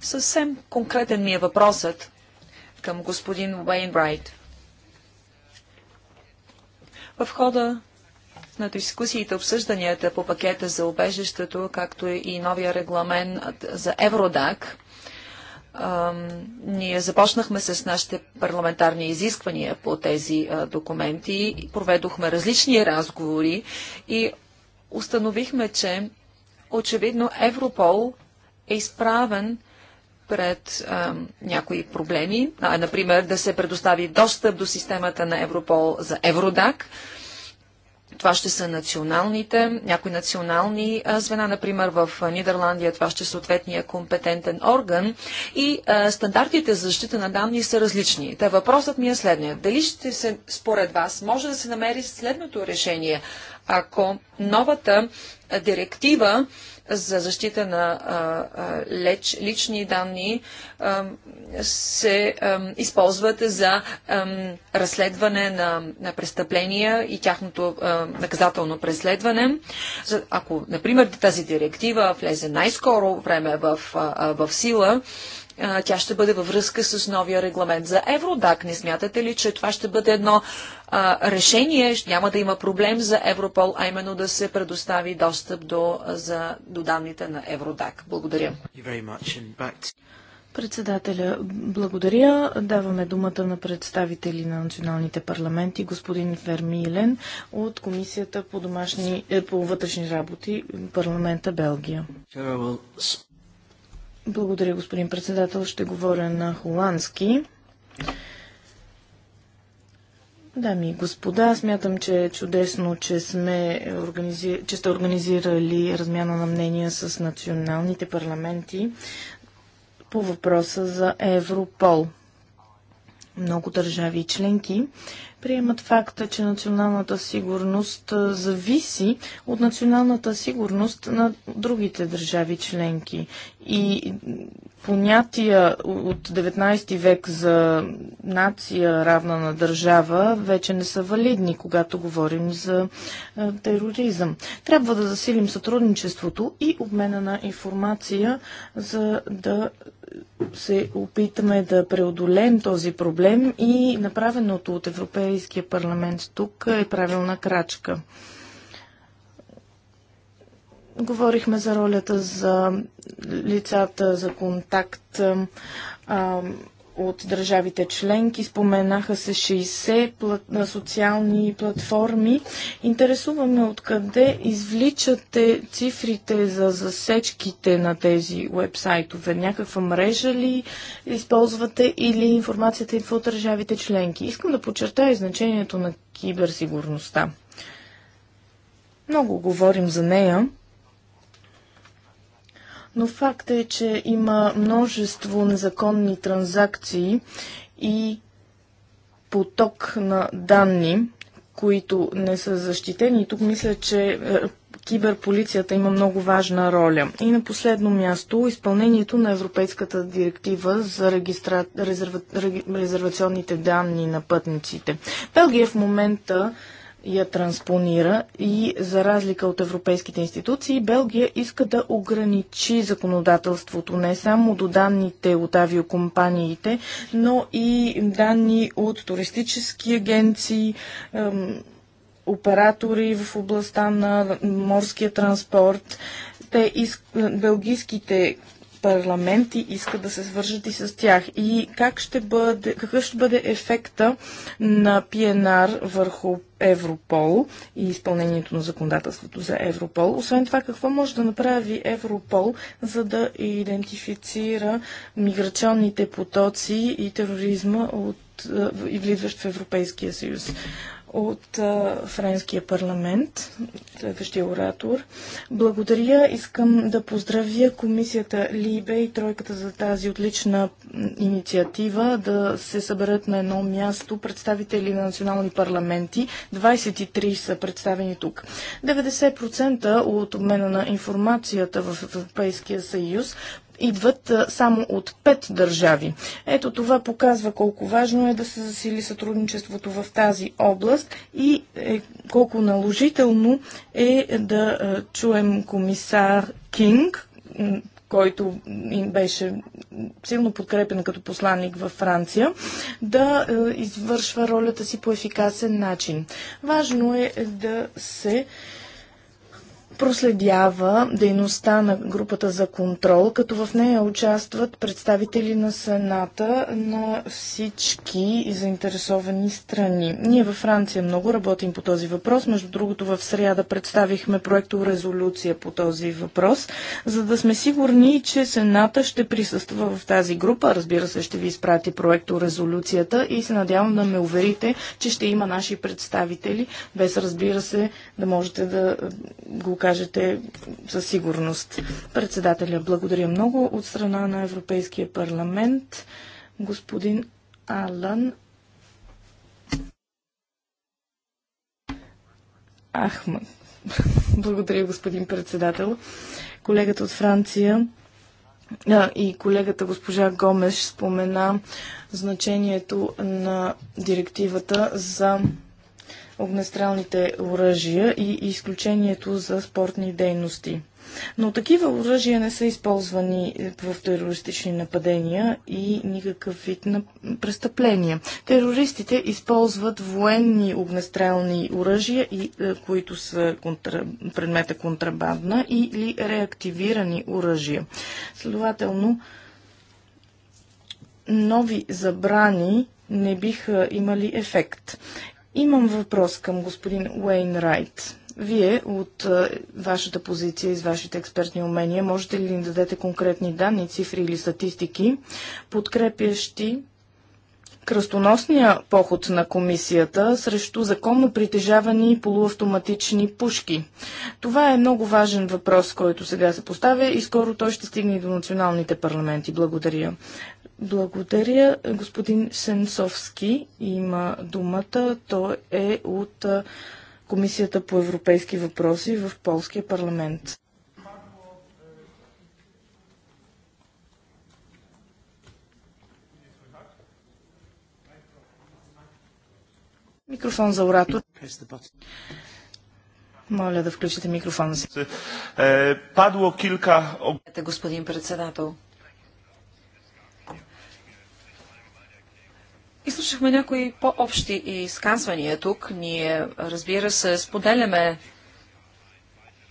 Съвсем конкретен ми е въпросът към господин Уейнбрайт. В хода на дискусиите, обсъжданията по пакета за обежището, както и новия регламент за Евродак, ние започнахме с нашите парламентарни изисквания по тези документи, проведохме различни разговори и установихме, че очевидно Европол е изправен пред а, някои проблеми, а, например да се предостави достъп до системата на Европол за Евродак. А, това ще са националните, някои национални звена, например в Нидерландия това ще е съответния компетентен орган и стандартите за защита на данни са различни. Та въпросът ми е следния. Дали ще се, според вас, може да се намери следното решение, ако новата директива за защита на леч, лични данни се използват за разследване на, на престъпления и тяхното наказателно преследване. Ако, например, тази директива влезе най-скоро време в, в сила, тя ще бъде във връзка с новия регламент за Евродак. Не смятате ли, че това ще бъде едно а, решение няма да има проблем за Европол, а именно да се предостави достъп до, за, до данните на Евродак. Благодаря. Председателя, благодаря. Даваме думата на представители на националните парламенти, господин Фермилен от Комисията по, домашни, е, по вътрешни работи, парламента Белгия. Благодаря, господин председател. Ще говоря на холандски. Дами и господа, смятам, че е чудесно, че, сме организи... че сте организирали размяна на мнения с националните парламенти по въпроса за Европол. Много държави и членки приемат факта, че националната сигурност зависи от националната сигурност на другите държави членки. И понятия от 19 век за нация равна на държава вече не са валидни, когато говорим за тероризъм. Трябва да засилим сътрудничеството и обмена на информация, за да се опитаме да преодолеем този проблем и направеното от Европейския Европейския парламент тук е правилна крачка. Говорихме за ролята за лицата за контакт, от държавите членки. Споменаха се 60 плат... социални платформи. Интересуваме откъде извличате цифрите за засечките на тези вебсайтове. Някаква мрежа ли използвате или информацията идва от държавите членки? Искам да подчертая значението на киберсигурността. Много говорим за нея, но факт е, че има множество незаконни транзакции и поток на данни, които не са защитени. И тук мисля, че е, киберполицията има много важна роля. И на последно място, изпълнението на Европейската директива за регистра... резерва... резервационните данни на пътниците. Белгия в момента я транспонира и за разлика от европейските институции, Белгия иска да ограничи законодателството не само до данните от авиокомпаниите, но и данни от туристически агенции, ем, оператори в областта на морския транспорт. Те иск... Белгийските парламенти искат да се свържат и с тях. И как ще бъде, какъв ще бъде ефекта на ПНР върху Европол и изпълнението на законодателството за Европол. Освен това, какво може да направи Европол, за да идентифицира миграционните потоци и тероризма от и е, влизащ в Европейския съюз от а, Френския парламент, следващия оратор. Благодаря. Искам да поздравя комисията Либе и тройката за тази отлична инициатива да се съберат на едно място представители на национални парламенти. 23 са представени тук. 90% от обмена на информацията в Европейския съюз идват само от пет държави. Ето това показва колко важно е да се засили сътрудничеството в тази област и е, колко наложително е да чуем комисар Кинг, който им беше силно подкрепен като посланник във Франция, да извършва ролята си по ефикасен начин. Важно е да се проследява дейността на групата за контрол, като в нея участват представители на Сената на всички заинтересовани страни. Ние във Франция много работим по този въпрос. Между другото, в среда представихме проекто резолюция по този въпрос, за да сме сигурни, че Сената ще присъства в тази група. Разбира се, ще ви изпрати проекто резолюцията и се надявам да ме уверите, че ще има наши представители, без разбира се да можете да го кажете кажете със сигурност. Председателя, благодаря много от страна на Европейския парламент. Господин Алан Ахман. Благодаря, господин председател. Колегата от Франция а, и колегата госпожа Гомеш спомена значението на директивата за огнестрелните оръжия и изключението за спортни дейности. Но такива оръжия не са използвани е, в терористични нападения и никакъв вид на престъпления. Терористите използват военни огнестрелни оръжия, и, е, които са контра... предмета контрабандна или реактивирани оръжия. Следователно, нови забрани не биха имали ефект. Имам въпрос към господин Уейн Райт. Вие от вашата позиция и с вашите експертни умения можете ли да дадете конкретни данни, цифри или статистики, подкрепящи кръстоносния поход на комисията срещу законно притежавани полуавтоматични пушки. Това е много важен въпрос, който сега се поставя и скоро той ще стигне до националните парламенти. Благодаря. Благодаря. Господин Сенцовски има думата. Той е от Комисията по европейски въпроси в Полския парламент. Микрофон за оратор. Моля да включите микрофона си. Е, падло килка... Е, господин председател, Изслушахме някои по-общи изказвания тук. Ние, разбира се, споделяме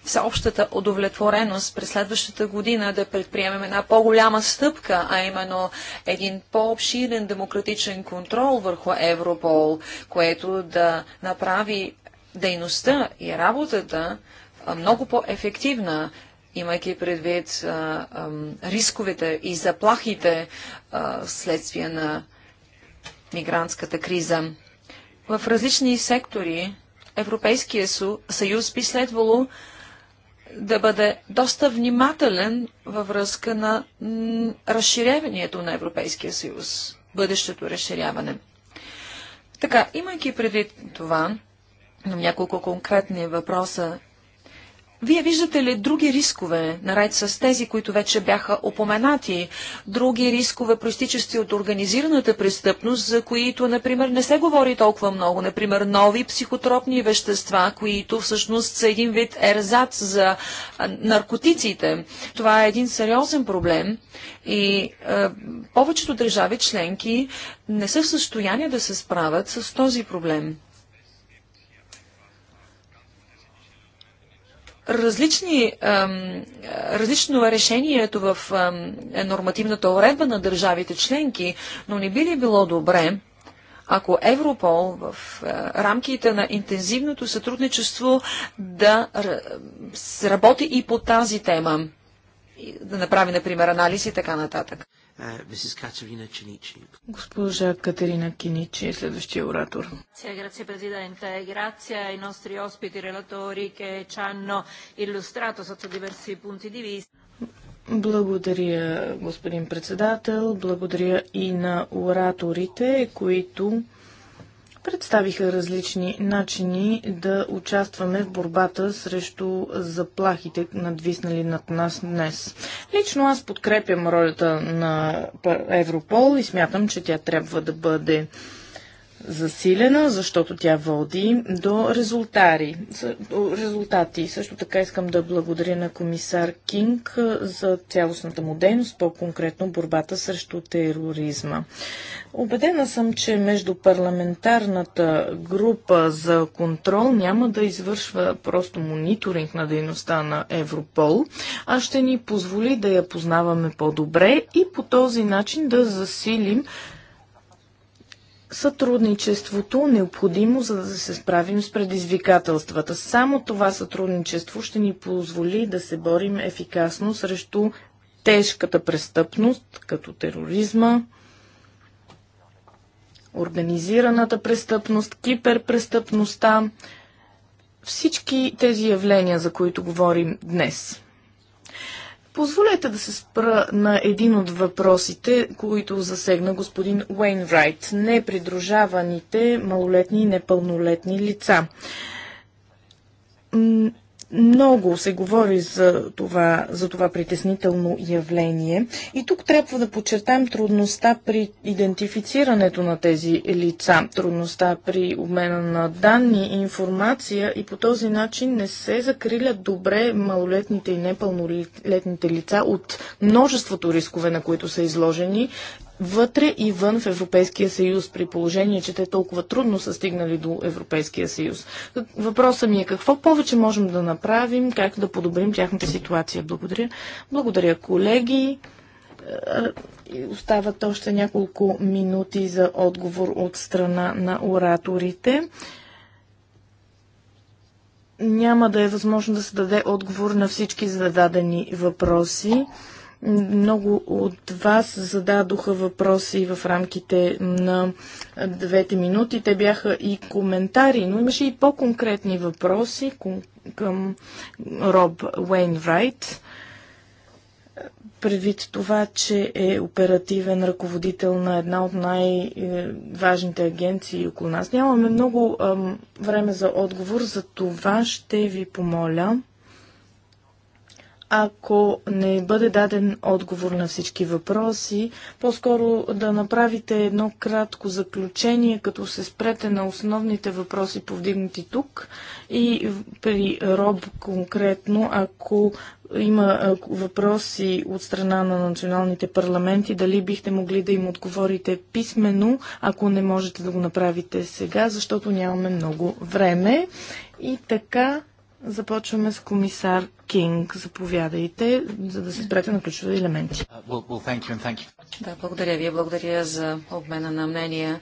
всеобщата удовлетвореност през следващата година да предприемем една по-голяма стъпка, а именно един по-обширен демократичен контрол върху Европол, което да направи дейността и работата много по-ефективна, имайки предвид а, а, рисковете и заплахите а, следствие на мигрантската криза. В различни сектори Европейския съюз би следвало да бъде доста внимателен във връзка на разширяването на Европейския съюз, бъдещето разширяване. Така, имайки предвид това, няколко конкретни въпроса вие виждате ли други рискове, наред с тези, които вече бяха опоменати, други рискове, проистичащи от организираната престъпност, за които, например, не се говори толкова много, например, нови психотропни вещества, които всъщност са един вид ерзац за наркотиците. Това е един сериозен проблем и е, повечето държави членки не са в състояние да се справят с този проблем. различни, различно е решението в нормативната уредба на държавите членки, но не би ли било добре, ако Европол в рамките на интензивното сътрудничество да работи и по тази тема, да направи, например, анализ и така нататък. Uh, Госпожа Катерина Киничи е следващия оратор. Grazie Presidente, grazie ai nostri ospiti relatori che ci hanno illustrato sotto diversi punti di vista. Благодаря, господин председател. Благодаря и на ораторите, които представиха различни начини да участваме в борбата срещу заплахите, надвиснали над нас днес. Лично аз подкрепям ролята на Европол и смятам, че тя трябва да бъде засилена, защото тя води до резултати. резултати. Също така искам да благодаря на комисар Кинг за цялостната му дейност, по-конкретно борбата срещу тероризма. Обедена съм, че между парламентарната група за контрол няма да извършва просто мониторинг на дейността на Европол, а ще ни позволи да я познаваме по-добре и по този начин да засилим сътрудничеството необходимо, за да се справим с предизвикателствата. Само това сътрудничество ще ни позволи да се борим ефикасно срещу тежката престъпност, като тероризма, организираната престъпност, киперпрестъпността, всички тези явления, за които говорим днес. Позволете да се спра на един от въпросите, които засегна господин Уейнрайт – непридружаваните малолетни и непълнолетни лица много се говори за това, за това притеснително явление и тук трябва да подчертаем трудността при идентифицирането на тези лица, трудността при обмена на данни и информация и по този начин не се закрилят добре малолетните и непълнолетните лица от множеството рискове, на които са изложени вътре и вън в Европейския съюз, при положение, че те толкова трудно са стигнали до Европейския съюз. Въпросът ми е какво повече можем да направим, как да подобрим тяхната ситуация. Благодаря. Благодаря, колеги. Остават още няколко минути за отговор от страна на ораторите. Няма да е възможно да се даде отговор на всички зададени въпроси. Много от вас зададоха въпроси в рамките на двете минути. Те бяха и коментари, но имаше и по-конкретни въпроси към Роб Уейнрайт. Предвид това, че е оперативен ръководител на една от най-важните агенции около нас. Нямаме много време за отговор, за това ще ви помоля ако не бъде даден отговор на всички въпроси, по-скоро да направите едно кратко заключение, като се спрете на основните въпроси, повдигнати тук и при Роб конкретно, ако има въпроси от страна на националните парламенти, дали бихте могли да им отговорите писменно, ако не можете да го направите сега, защото нямаме много време. И така, Започваме с комисар Кинг. Заповядайте, за да се спрете на ключови елементи. Uh, да, благодаря ви. Благодаря за обмена на мнения.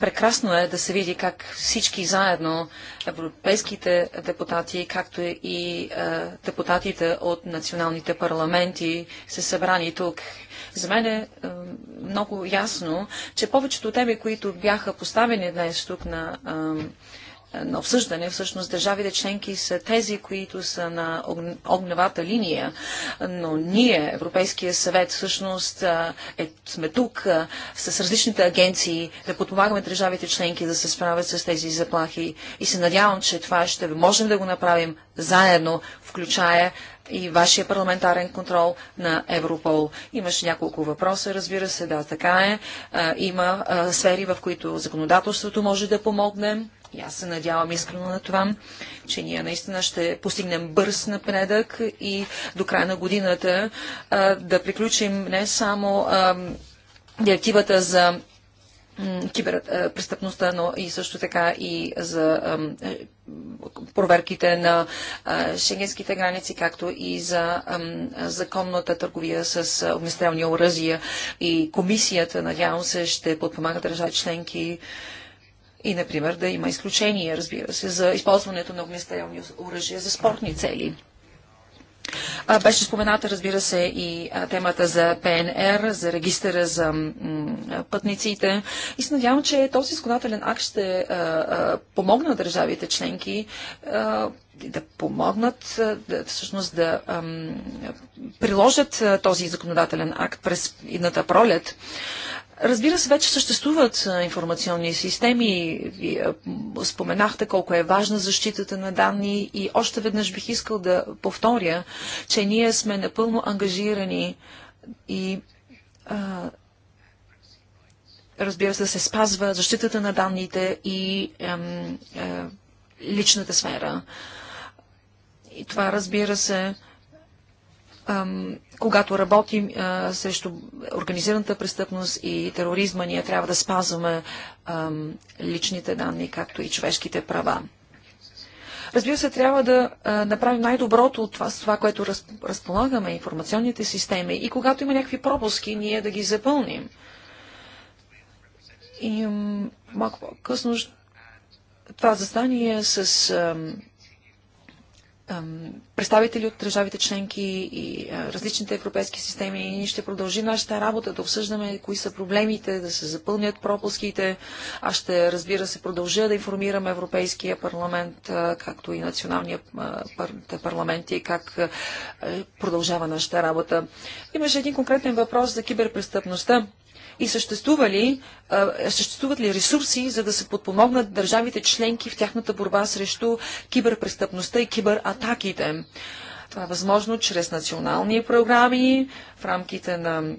Прекрасно е да се види как всички заедно, европейските депутати, както и е, депутатите от националните парламенти, са събрани тук. За мен е, е много ясно, че повечето теми, които бяха поставени днес тук на е, е, на обсъждане, всъщност държавите членки са тези, които са на огневата линия, но ние, Европейския съвет, всъщност е, е сме тук а, е, с различните агенции да подпомагаме държавите членки да се справят с тези заплахи и се надявам, че това ще можем да го направим заедно, включая и вашия парламентарен контрол на Европол. Имаше няколко въпроса, разбира се, да, така е. А, има а, сфери, в които законодателството може да помогне и аз се надявам искрено на това, че ние наистина ще постигнем бърз напредък и до края на годината а, да приключим не само а, директивата за киберпрестъпността, но и също така и за проверките на шенгенските граници, както и за законната търговия с огнестрелни оръзия И комисията, надявам се, ще подпомага държави членки и, например, да има изключения, разбира се, за използването на огнестрелни оръжия за спортни цели. беше спомената, разбира се, и темата за ПНР, за регистъра за пътниците. И се надявам, че този изконателен акт ще а, помогне на държавите членки да помогнат, да, всъщност да ам, приложат този законодателен акт през едната пролет. Разбира се, вече съществуват информационни системи. Вие споменахте колко е важна защитата на данни и още веднъж бих искал да повторя, че ние сме напълно ангажирани и разбира се, се спазва защитата на данните и ем, е, личната сфера. И това, разбира се, когато работим срещу организираната престъпност и тероризма, ние трябва да спазваме личните данни, както и човешките права. Разбира се, трябва да направим най-доброто от това, това, което разполагаме, информационните системи, и когато има някакви пропуски, ние да ги запълним. И малко по-късно това застание с представители от държавите членки и различните европейски системи. И ние ще продължим нашата работа да обсъждаме кои са проблемите, да се запълнят пропуските. Аз ще, разбира се, продължа да информирам Европейския парламент, както и националния парламент и как продължава нашата работа. Имаше един конкретен въпрос за киберпрестъпността и съществува ли, съществуват ли ресурси, за да се подпомогнат държавите членки в тяхната борба срещу киберпрестъпността и кибератаките. Това е възможно чрез национални програми в рамките на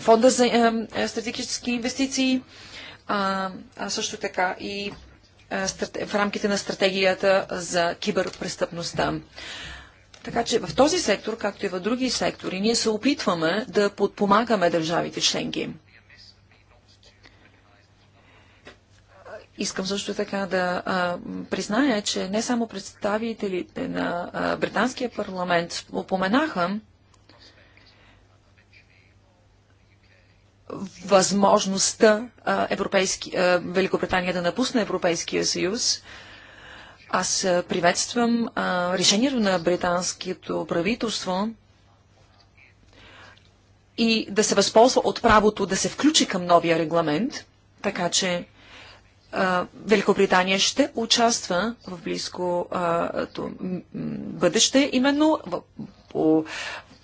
Фонда за е, е стратегически инвестиции, а, а също така и е, в рамките на стратегията за киберпрестъпността. Така че в този сектор, както и в други сектори, ние се опитваме да подпомагаме държавите членки. Искам също така да а, призная, че не само представителите на а, Британския парламент упоменаха възможността а, Европейски, а, Великобритания да напусне Европейския съюз. А, аз приветствам а, решението на британското правителство и да се възползва от правото да се включи към новия регламент, така че а, Великобритания ще участва в близко а, бъдеще, именно в, по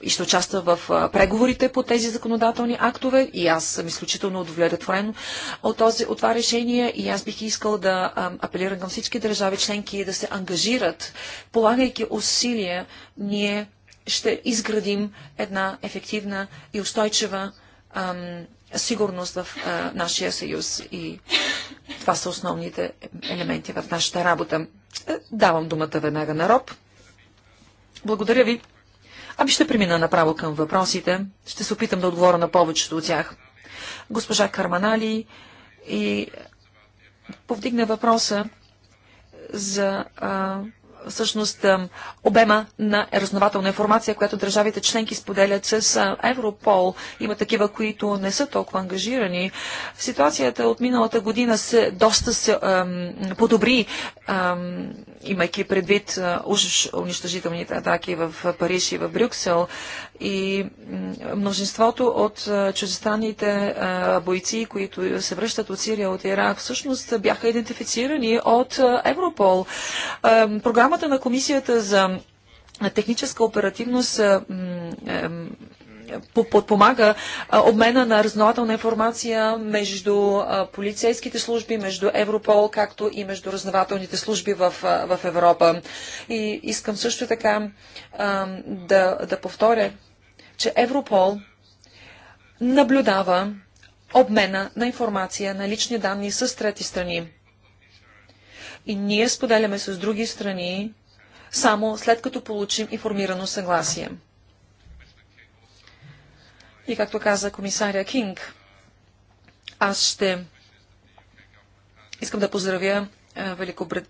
и ще участва в преговорите по тези законодателни актове и аз съм изключително удовлетворен от, този, от това решение и аз бих искал да апелирам към всички държави членки да се ангажират, полагайки усилия, ние ще изградим една ефективна и устойчива ам, сигурност в а, нашия съюз. И това са основните елементи в нашата работа. Е, давам думата веднага на Роб. Благодаря ви. Ами ще премина направо към въпросите. Ще се опитам да отговоря на повечето от тях. Госпожа Карманали и повдигна въпроса за а, всъщност обема на разнователна информация, която държавите членки споделят с Европол. Има такива, които не са толкова ангажирани. Ситуацията от миналата година се доста се ем, подобри, ем, имайки предвид уж унищожителните атаки в Париж и в Брюксел и множеството от чуждестранните бойци, които се връщат от Сирия, от Ирак, всъщност бяха идентифицирани от Европол. Програмата на комисията за техническа оперативност подпомага обмена на разнователна информация между полицейските служби, между Европол, както и между разнователните служби в, в Европа. И искам също така да, да повторя, че Европол наблюдава обмена на информация на лични данни с трети страни. И ние споделяме с други страни само след като получим информирано съгласие. И както каза комисаря Кинг, аз ще искам да поздравя Великобрит...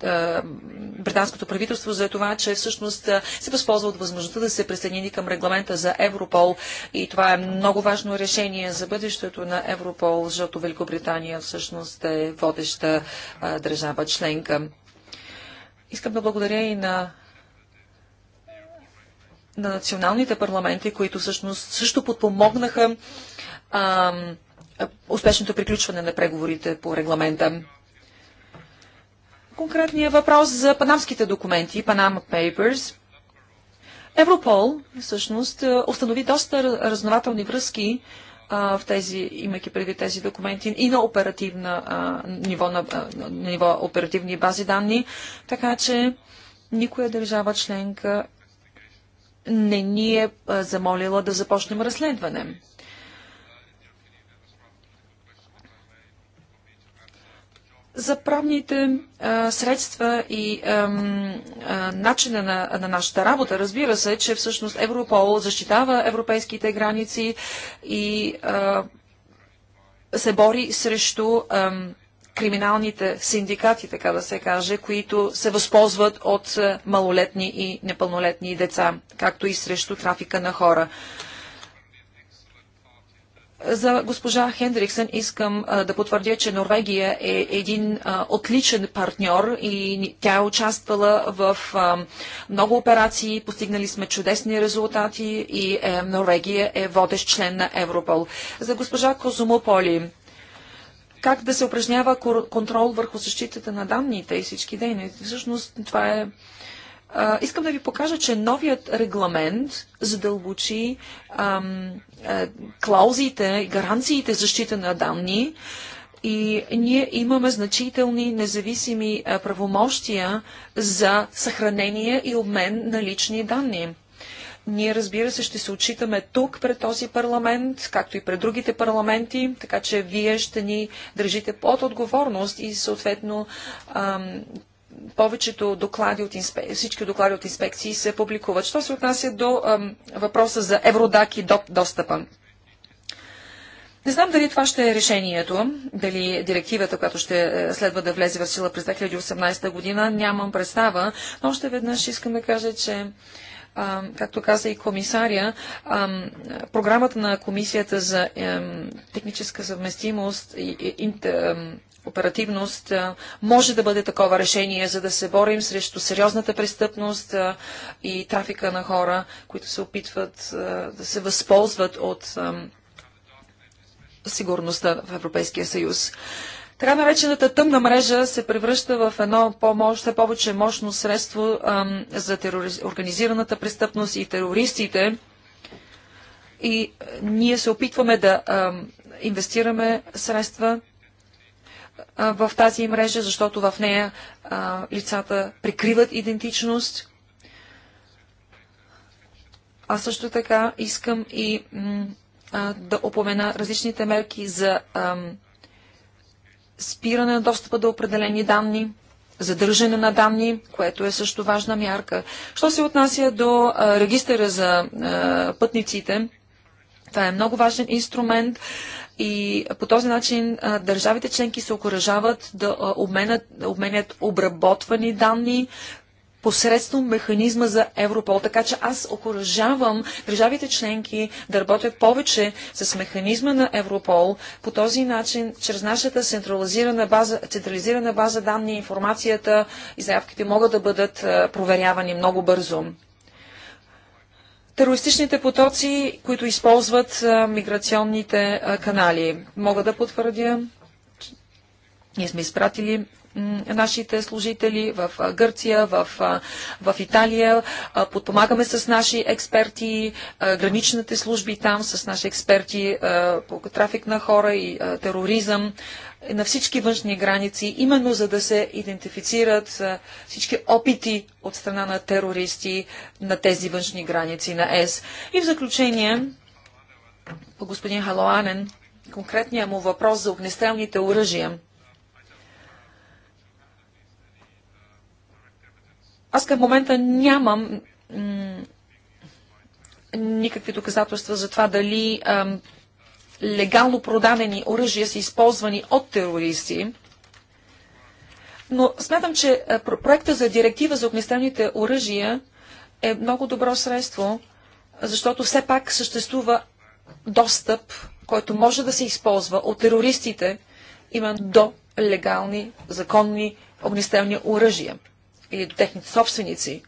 британското правителство за това, че всъщност се възползва от възможността да се присъедини към регламента за Европол и това е много важно решение за бъдещето на Европол, защото Великобритания всъщност е водеща държава членка. Искам да благодаря и на на националните парламенти, които всъщност също подпомогнаха а, успешното приключване на преговорите по регламента. Конкретният въпрос за панамските документи, Panama Papers. Европол всъщност е, установи доста разнователни връзки а, в тези, имайки преди тези документи и на оперативна а, ниво, на, на ниво оперативни бази данни, така че никоя държава членка не ни е замолила да започнем разследване. За правните а, средства и ам, а, начина на, на нашата работа, разбира се, че всъщност Европол защитава европейските граници и а, се бори срещу ам, криминалните синдикати, така да се каже, които се възползват от е, малолетни и непълнолетни деца, както и срещу трафика на хора. За госпожа Хендриксен искам е, да потвърдя, че Норвегия е един е, отличен партньор и тя е участвала в много операции, постигнали сме чудесни резултати и Норвегия е водещ член на Европол. За госпожа Козумополи как да се упражнява контрол върху защитата на данните и всички дейности. Всъщност това е. искам да ви покажа, че новият регламент задълбочи ам, а, клаузите, гаранциите защита на данни и ние имаме значителни независими правомощия за съхранение и обмен на лични данни. Ние, разбира се, ще се отчитаме тук пред този парламент, както и пред другите парламенти, така че вие ще ни държите под отговорност и съответно ам, повечето доклади от инспе... всички доклади от инспекции се публикуват. Що се отнася до ам, въпроса за Евродак и достъпа? Не знам дали това ще е решението, дали директивата, която ще е, следва да влезе в сила през 2018 година, нямам представа, но още веднъж искам да кажа, че както каза и комисаря, програмата на комисията за техническа съвместимост и, и оперативност може да бъде такова решение, за да се борим срещу сериозната престъпност и трафика на хора, които се опитват да се възползват от сигурността в Европейския съюз. Така наречената тъмна мрежа се превръща в едно все повече мощно средство ам, за организираната престъпност и терористите. И е, ние се опитваме да ам, инвестираме средства а, е, в тази мрежа, защото в нея а, е, лицата прикриват идентичност. А също така искам и да опомена различните мерки за ам, спиране на достъпа до определени данни, задържане на данни, което е също важна мярка. Що се отнася до регистъра за пътниците, това е много важен инструмент и по този начин държавите членки се окоръжават да обменят, обменят обработвани данни, посредством механизма за Европол. Така че аз окоръжавам държавите членки да работят повече с механизма на Европол. По този начин, чрез нашата централизирана база, централизирана база данни, информацията и заявките могат да бъдат е, проверявани много бързо. Терористичните потоци, които използват е, миграционните е, канали. Мога да потвърдя, ние сме изпратили нашите служители в Гърция, в, в Италия. Подпомагаме с наши експерти, граничните служби там, с наши експерти по трафик на хора и тероризъм е, на всички външни граници, именно за да се идентифицират всички опити от страна на терористи на тези външни граници на ЕС. И в заключение, по господин Халоанен, конкретният му въпрос за огнестрелните оръжия – Аз към момента нямам никакви доказателства за това дали ам, легално продадени оръжия са използвани от терористи. Но смятам, че проекта за директива за огнестрелните оръжия е много добро средство, защото все пак съществува достъп, който може да се използва от терористите, именно до легални, законни огнестрелни оръжия или до техните собственици.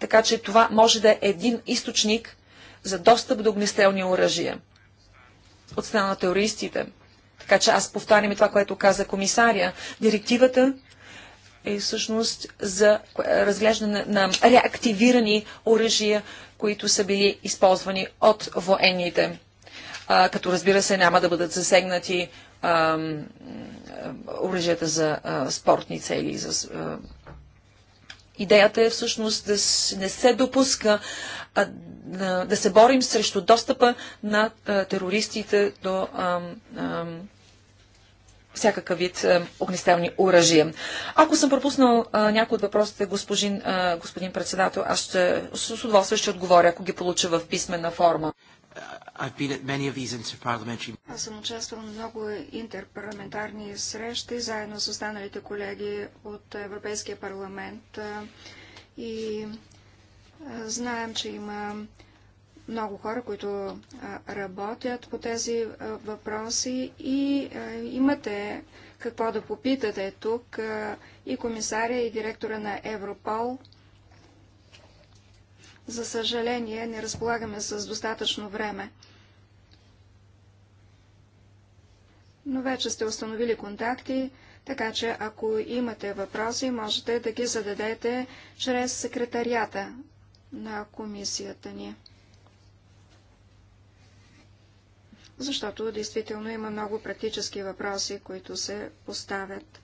Така че това може да е един източник за достъп до огнестрелни оръжия от страна на терористите. Така че аз повтарям и това, което каза комисаря. Директивата е всъщност за разглеждане на реактивирани оръжия, които са били използвани от военните. А, като разбира се, няма да бъдат засегнати оръжията за а, спортни цели за а, Идеята е всъщност да не се допуска а, да се борим срещу достъпа на терористите до а, а, всякакъв вид е, огнестрелни оръжия. Ако съм пропуснал а, някои от въпросите, господин, а, господин председател, аз ще, с удоволствие ще отговоря, ако ги получа в писмена форма. Аз съм участвал в много интерпарламентарни срещи, заедно с останалите колеги от Европейския парламент. И знаем, че има много хора, които работят по тези въпроси и имате какво да попитате тук и комисаря и директора на Европол – за съжаление, не разполагаме с достатъчно време. Но вече сте установили контакти, така че ако имате въпроси, можете да ги зададете чрез секретарията на комисията ни. Защото действително има много практически въпроси, които се поставят.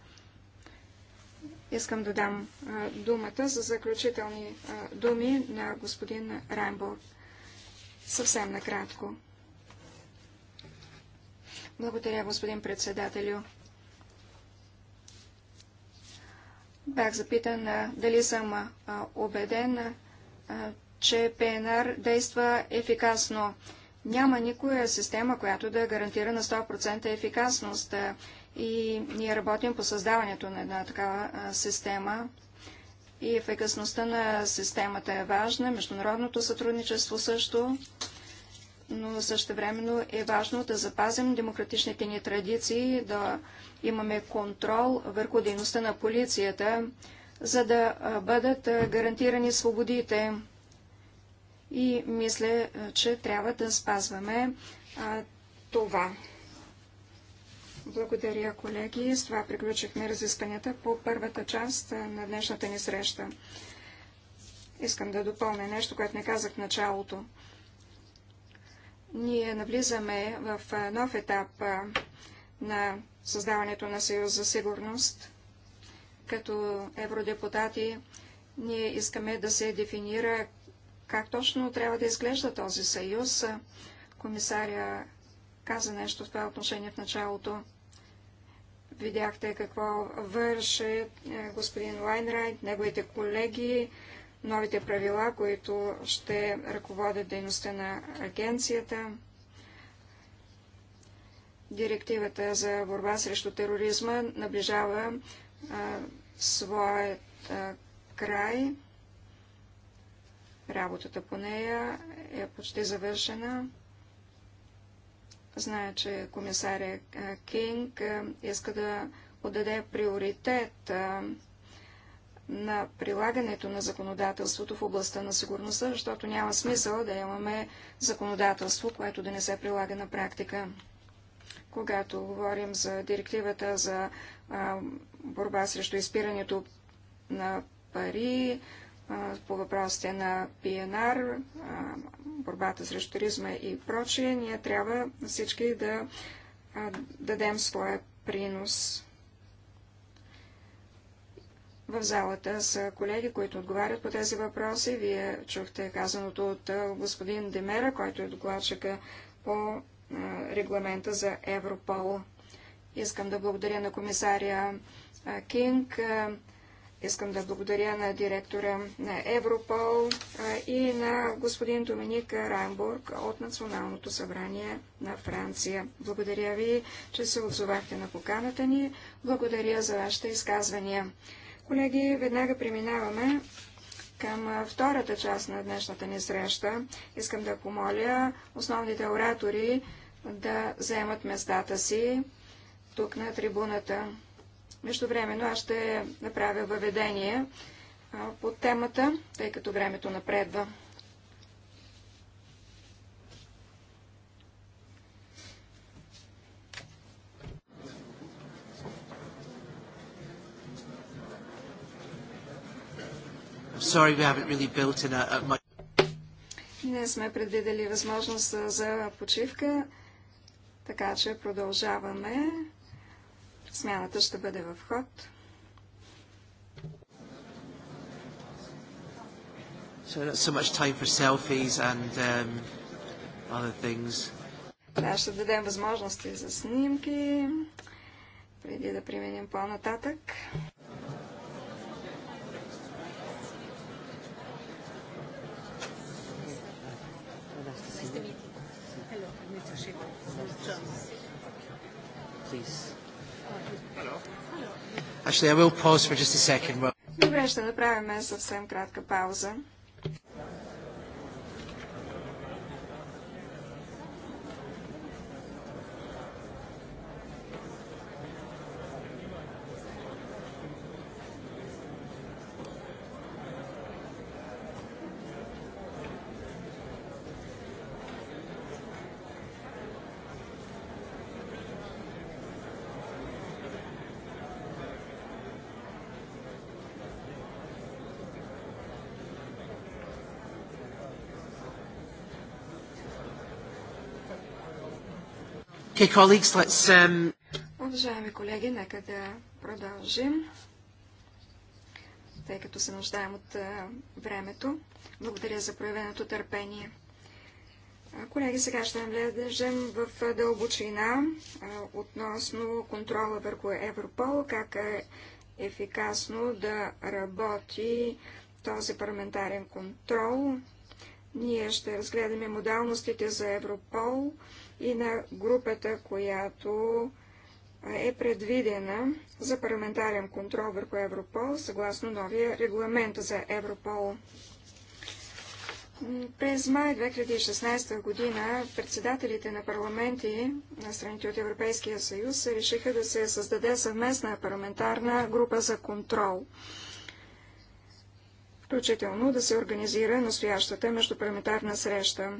Искам да дам думата за заключителни думи на господин Райнборг. Съвсем накратко. Благодаря, господин председателю. Бях запитан дали съм убеден, че ПНР действа ефикасно. Няма никоя система, която да гарантира на 100% ефикасност и ние работим по създаването на една такава система. И ефикасността на системата е важна, международното сътрудничество също, но също времено е важно да запазим демократичните ни традиции, да имаме контрол върху дейността на полицията, за да бъдат гарантирани свободите. И мисля, че трябва да спазваме това. Благодаря, колеги. С това приключихме разискванията по първата част на днешната ни среща. Искам да допълня нещо, което не казах в началото. Ние навлизаме в нов етап на създаването на Съюз за сигурност. Като евродепутати ние искаме да се дефинира как точно трябва да изглежда този съюз. Комисаря каза нещо в това отношение в началото. Видяхте какво върше господин Лайнрайт, неговите колеги, новите правила, които ще ръководят дейността на агенцията, директивата за борба срещу тероризма наближава а, е, своят а, е, край. Работата по нея е почти завършена. Зная, че комисаря Кинг иска да отдаде приоритет на прилагането на законодателството в областта на сигурността, защото няма смисъл да имаме законодателство, което да не се прилага на практика. Когато говорим за директивата за борба срещу изпирането на пари, по въпросите на ПНР, борбата срещу туризма и прочие, ние трябва всички да дадем своя принос. В залата са колеги, които отговарят по тези въпроси. Вие чухте казаното от господин Демера, който е докладчика по регламента за Европол. Искам да благодаря на комисаря Кинг, Искам да благодаря на директора на Европол и на господин Доминик Райнбург от Националното събрание на Франция. Благодаря ви, че се отзовахте на поканата ни. Благодаря за вашите изказвания. Колеги, веднага преминаваме към втората част на днешната ни среща. Искам да помоля основните оратори да вземат местата си тук на трибуната. Междувременно аз ще направя въведение по темата, тъй като времето напредва. Sorry, we haven't really built in a, a much... Не сме предвидели възможност за почивка, така че продължаваме. Смяната ще бъде в ход. So um, Да, ще дадем възможности за снимки, преди да применим по-нататък. Please. Actually, I will pause for just a second. Добре, ще направим съвсем кратка пауза. Okay, colleagues, let's, um... Уважаеми колеги, нека да продължим, тъй като се нуждаем от uh, времето. Благодаря за проявеното търпение. колеги, сега ще влезем в дълбочина относно контрола върху Европол, как е ефикасно да работи този парламентарен контрол. Ние ще разгледаме модалностите за Европол, и на групата, която е предвидена за парламентарен контрол върху Европол, съгласно новия регламент за Европол. През май 2016 година председателите на парламенти на страните от Европейския съюз решиха да се създаде съвместна парламентарна група за контрол, включително да се организира настоящата междупарламентарна среща.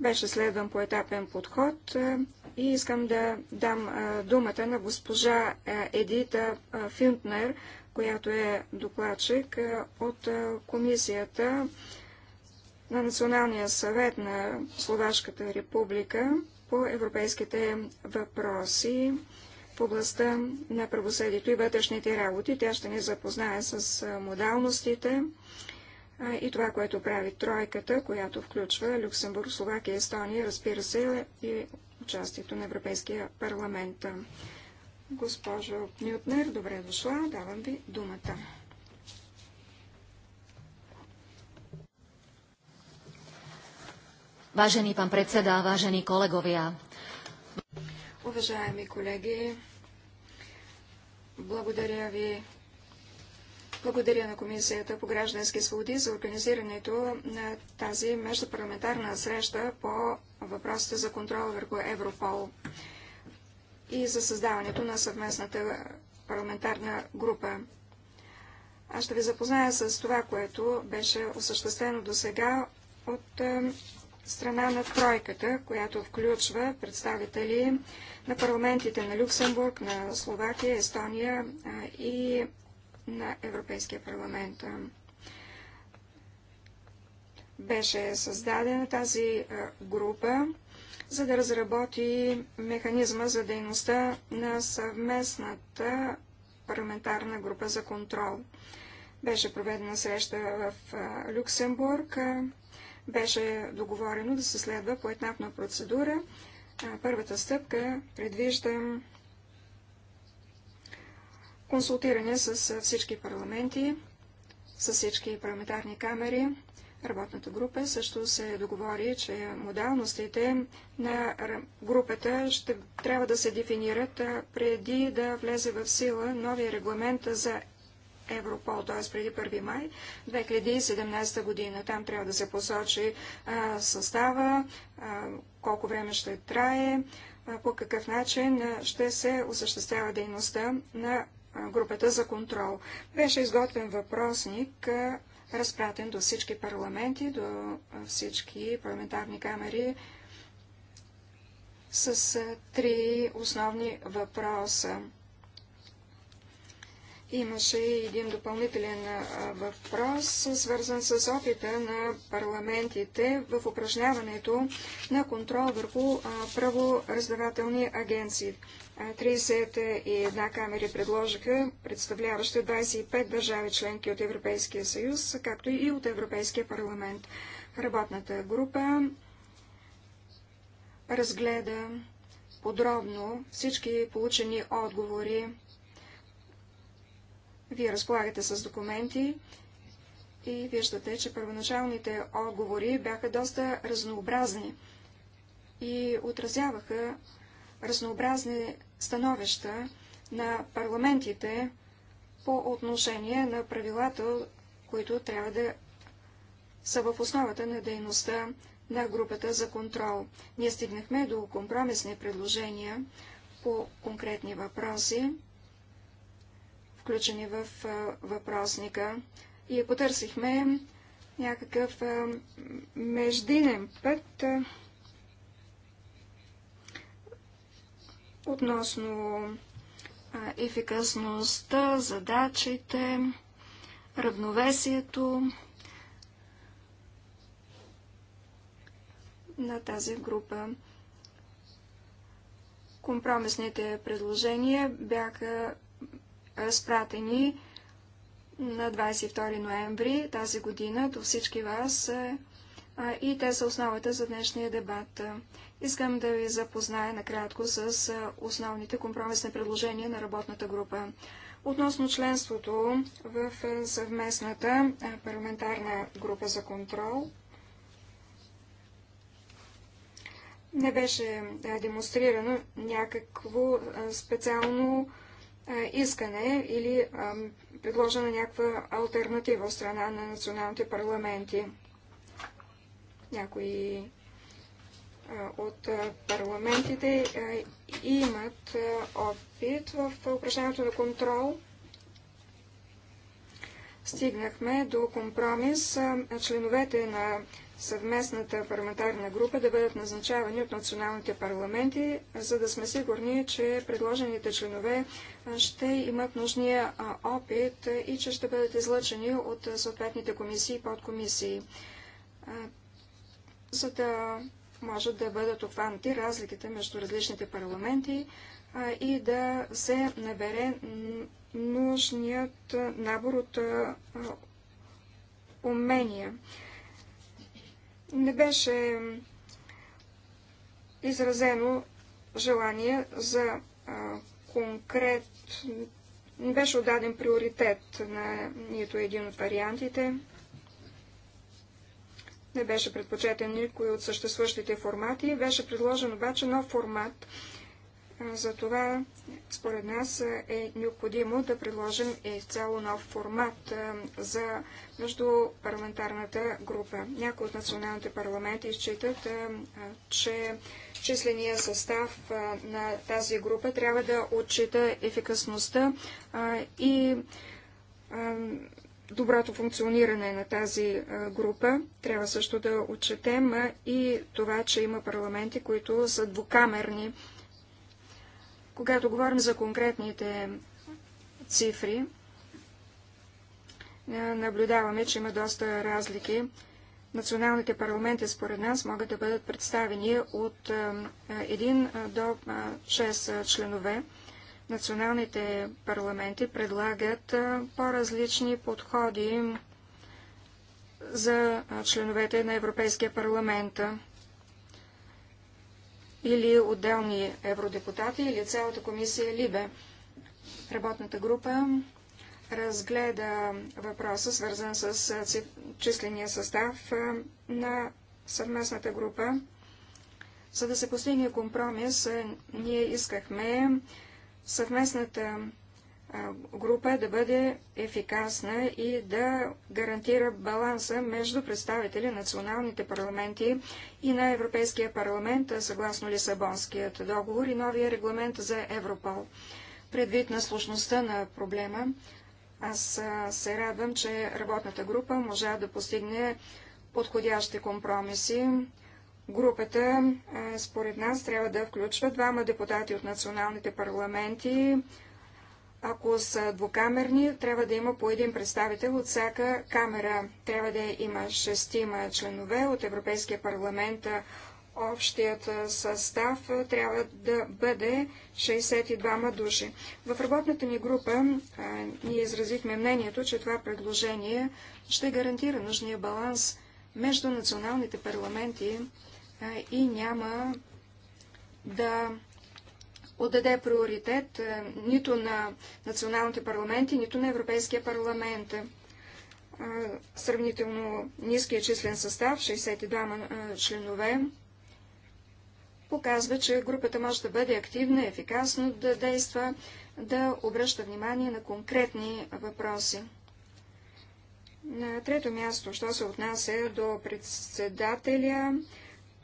Беше следван етапен подход е, и искам да дам е, думата на госпожа е, Едита Финтнер, която е докладчик от Комисията на Националния съвет на Словашката република по европейските въпроси в областта на правосъдието и вътрешните работи. Тя ще ни запознае с модалностите и това, което прави тройката, която включва Люксембург, Словакия, Естония, разбира се, и участието на Европейския парламент. Госпожо Нютнер, добре дошла, давам ви думата. Vážený pán predseda, vážení kolegovia. Уважаеми колеги, благодаря ви благодаря на Комисията по граждански свободи за организирането на тази междупарламентарна среща по въпросите за контрол върху Европол и за създаването на съвместната парламентарна група. Аз ще ви запозная с това, което беше осъществено до сега от е, страна на тройката, която включва представители на парламентите на Люксембург, на Словакия, Естония е, и на Европейския парламент. Беше създадена тази е, група, за да разработи механизма за дейността на съвместната парламентарна група за контрол. Беше проведена среща в е, Люксембург. Беше договорено да се следва етапна процедура. Е, първата стъпка предвижда консултиране с всички парламенти, с всички парламентарни камери. Работната група също се договори, че модалностите на групата ще трябва да се дефинират преди да влезе в сила новия регламент за Европол, т.е. преди 1 май 2017 година. Там трябва да се посочи а, състава, а, колко време ще трае, а, по какъв начин ще се осъществява дейността на групата за контрол. Беше изготвен въпросник, разпратен до всички парламенти, до всички парламентарни камери с три основни въпроса. Имаше и един допълнителен въпрос, свързан с опита на парламентите в упражняването на контрол върху правораздавателни агенции. 31 камери предложиха, представляващи 25 държави членки от Европейския съюз, както и от Европейския парламент. Работната група разгледа подробно всички получени отговори. Вие разполагате с документи и виждате, че първоначалните отговори бяха доста разнообразни и отразяваха разнообразни становища на парламентите по отношение на правилата, които трябва да са в основата на дейността на групата за контрол. Ние стигнахме до компромисни предложения по конкретни въпроси, включени в въпросника, и потърсихме някакъв междинен път, относно ефикасността, задачите, равновесието на тази група. Компромисните предложения бяха разпратени на 22 ноември тази година до всички вас и те са основата за днешния дебат. Искам да ви запозная накратко с основните компромисни предложения на работната група. Относно членството в съвместната парламентарна група за контрол, не беше демонстрирано някакво специално искане или предложена някаква альтернатива от страна на националните парламенти. Някои от парламентите имат опит в упражняването на контрол. Стигнахме до компромис членовете на съвместната парламентарна група да бъдат назначавани от националните парламенти, за да сме сигурни, че предложените членове ще имат нужния опит и че ще бъдат излъчени от съответните комисии и подкомисии. За да може да бъдат обхванати разликите между различните парламенти и да се набере нужният набор от умения. Не беше изразено желание за конкрет... Не беше отдаден приоритет на нито един от вариантите. Не беше предпочетен никой от съществуващите формати, беше предложен обаче нов формат. Затова, според нас, е необходимо да предложим и цяло нов формат за междупарламентарната група. Някои от националните парламенти считат, че числения състав на тази група трябва да отчита ефикасността и доброто функциониране на тази е, група. Трябва също да отчетем е, и това, че има парламенти, които са двукамерни. Когато говорим за конкретните цифри, е, наблюдаваме, че има доста разлики. Националните парламенти, според нас, могат да бъдат представени от 1 до 6 членове националните парламенти предлагат по-различни подходи за членовете на Европейския парламент или отделни евродепутати или цялата комисия Либе. Работната група разгледа въпроса, свързан с числения състав на съвместната група. За да се постигне компромис, ние искахме съвместната група да бъде ефикасна и да гарантира баланса между представители на националните парламенти и на Европейския парламент, съгласно Лисабонският договор и новия регламент за Европол. Предвид на сложността на проблема, аз се радвам, че работната група може да постигне подходящи компромиси, Групата, според нас, трябва да включва двама депутати от националните парламенти. Ако са двукамерни, трябва да има по един представител от всяка камера. Трябва да има шестима членове от Европейския парламент. Общият състав трябва да бъде 62 души. В работната ни група ние изразихме мнението, че това предложение ще гарантира нужния баланс между националните парламенти и няма да отдаде приоритет е, нито на националните парламенти, нито на Европейския парламент. Е, сравнително ниският числен състав, 62 е, членове, показва, че групата може да бъде активна, ефикасно да действа, да обръща внимание на конкретни въпроси. На трето място, що се отнася до председателя,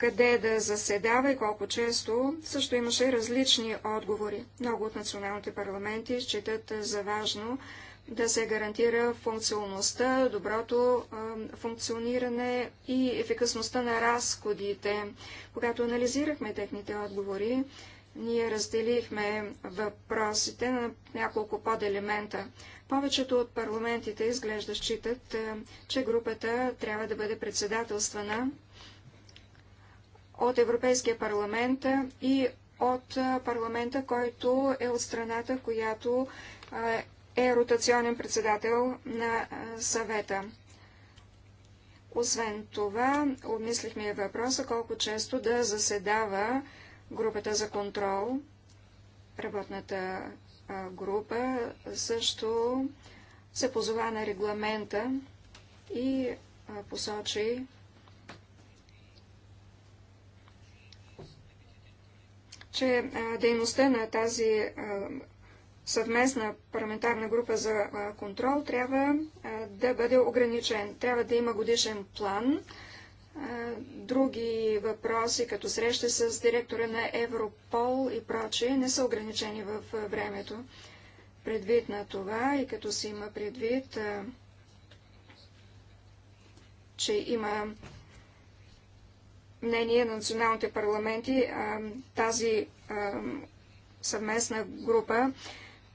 къде да заседава и колко често, също имаше различни отговори. Много от националните парламенти считат за важно да се гарантира функционалността, доброто функциониране и ефикасността на разходите. Когато анализирахме техните отговори, ние разделихме въпросите на няколко поделемента. Повечето от парламентите изглежда считат, че групата трябва да бъде председателствана от Европейския парламент и от парламента, който е от страната, която е ротационен председател на съвета. Освен това, обмислихме въпроса колко често да заседава групата за контрол. Работната група също се позова на регламента и посочи че дейността на тази съвместна парламентарна група за контрол трябва да бъде ограничен. Трябва да има годишен план. Други въпроси, като среща с директора на Европол и прочие, не са ограничени в времето. Предвид на това и като се има предвид, че има мнение на националните парламенти тази съвместна група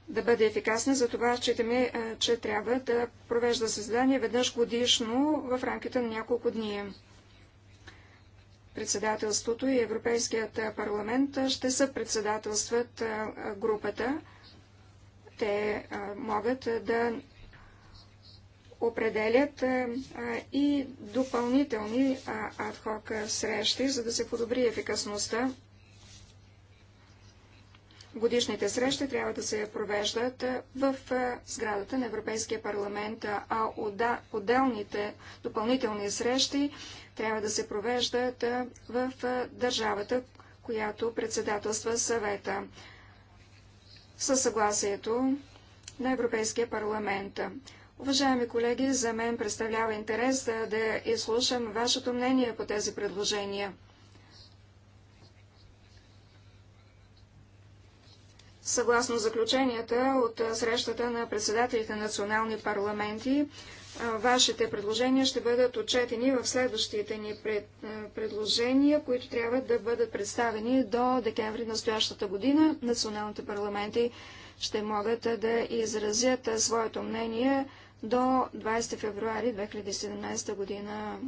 да бъде ефикасна. Затова считаме, че трябва да провежда заседание веднъж годишно в рамките на няколко дни. Председателството и Европейският парламент ще съпредседателстват групата. Те могат да определят и допълнителни адхок срещи, за да се подобри ефикасността. Годишните срещи трябва да се провеждат в сградата на Европейския парламент, а отделните допълнителни срещи трябва да се провеждат в държавата, която председателства съвета. Със съгласието на Европейския парламент. Уважаеми колеги, за мен представлява интерес да, да изслушам вашето мнение по тези предложения. Съгласно заключенията от срещата на председателите на национални парламенти, вашите предложения ще бъдат отчетени в следващите ни пред, предложения, които трябва да бъдат представени до декември настоящата година. Националните парламенти ще могат да изразят своето мнение до 20 февруари 2017 година.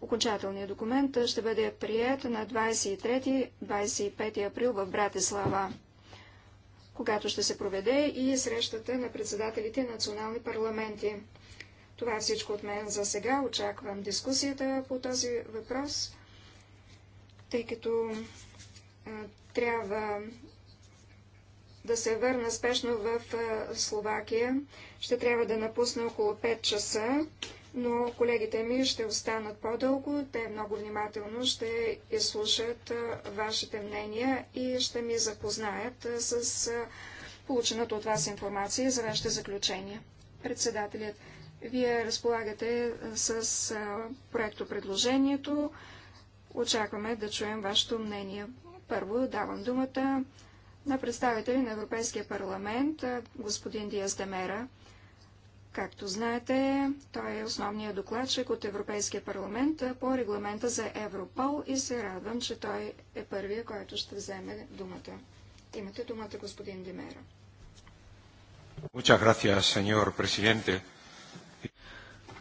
Окончателният документ ще бъде прият на 23-25 април в Братислава, когато ще се проведе и срещата на председателите на национални парламенти. Това е всичко от мен за сега. Очаквам дискусията по този въпрос, тъй като трябва да се върна спешно в Словакия. Ще трябва да напусна около 5 часа, но колегите ми ще останат по-дълго. Те много внимателно ще изслушат вашите мнения и ще ми запознаят с получената от вас информация за вашите заключения. Председателят, вие разполагате с проекто предложението. Очакваме да чуем вашето мнение. Първо давам думата на представители на Европейския парламент, господин Диас Демера. Както знаете, той е основният докладчик от Европейския парламент по регламента за Европол и се радвам, че той е първия, който ще вземе думата. Имате думата, господин Демера.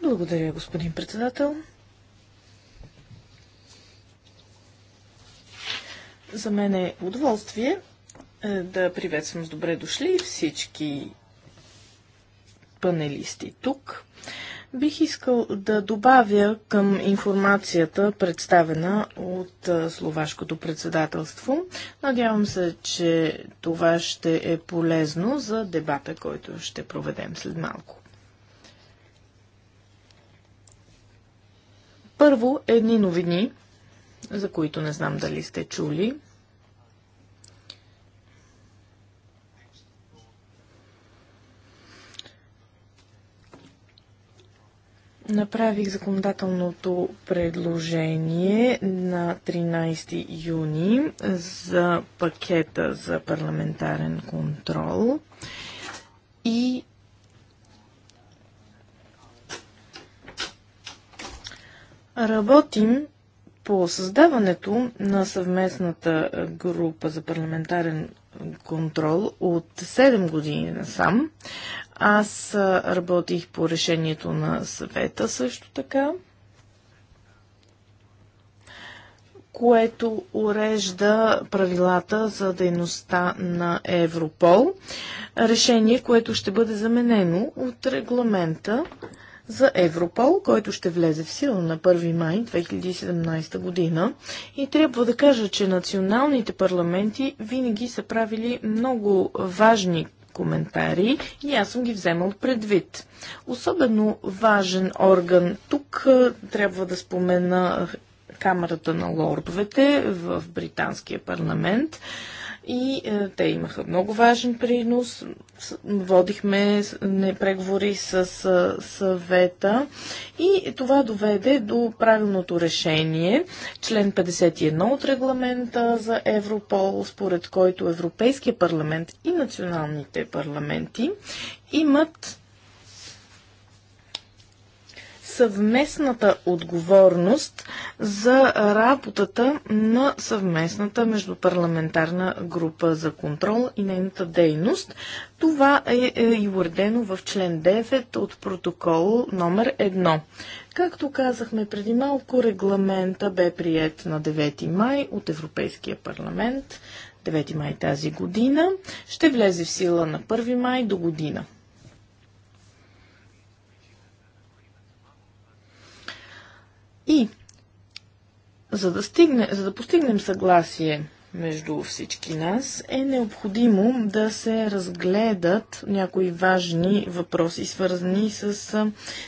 Благодаря, господин председател. За мен е удоволствие е, да приветствам с добре дошли всички панелисти тук. Бих искал да добавя към информацията, представена от е, Словашкото председателство. Надявам се, че това ще е полезно за дебата, който ще проведем след малко. Първо, едни новини, за които не знам дали сте чули – Направих законодателното предложение на 13 юни за пакета за парламентарен контрол и работим по създаването на съвместната група за парламентарен контрол от 7 години насам. Аз работих по решението на съвета също така, което урежда правилата за дейността на Европол. Решение, което ще бъде заменено от регламента за Европол, който ще влезе в сила на 1 май 2017 година. И трябва да кажа, че националните парламенти винаги са правили много важни коментари и аз съм ги вземал предвид. Особено важен орган тук трябва да спомена Камерата на лордовете в Британския парламент и е, те имаха много важен принос. Водихме преговори с, с е, съвета и това доведе до правилното решение, член 51 от регламента за Европол, според който Европейския парламент и националните парламенти имат съвместната отговорност за работата на съвместната междупарламентарна група за контрол и нейната дейност. Това е, е и уредено в член 9 от протокол номер 1. Както казахме преди малко, регламента бе прият на 9 май от Европейския парламент. 9 май тази година, ще влезе в сила на 1 май до година. И за да, стигне, за да постигнем съгласие между всички нас, е необходимо да се разгледат някои важни въпроси, свързани с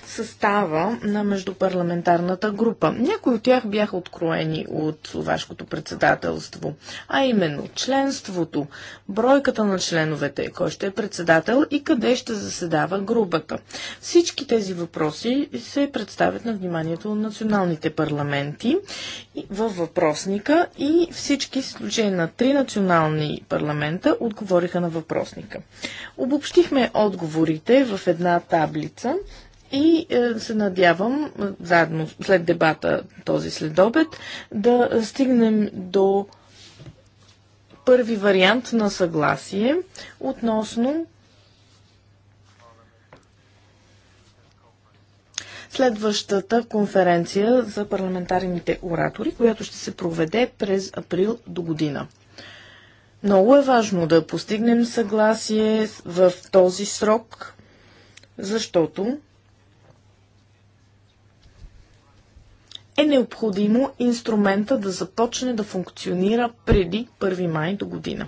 състава на междупарламентарната група. Някои от тях бяха откроени от словашкото председателство, а именно членството, бройката на членовете, кой ще е председател и къде ще заседава групата. Всички тези въпроси се представят на вниманието на националните парламенти във въпросника и всички случаи случай на три национални парламента отговориха на въпросника. Обобщихме отговорите в една таблица и е, се надявам, е, заедно след дебата този следобед, да стигнем до първи вариант на съгласие относно следващата конференция за парламентарните оратори, която ще се проведе през април до година. Много е важно да постигнем съгласие в този срок, защото е необходимо инструмента да започне да функционира преди 1 май до година.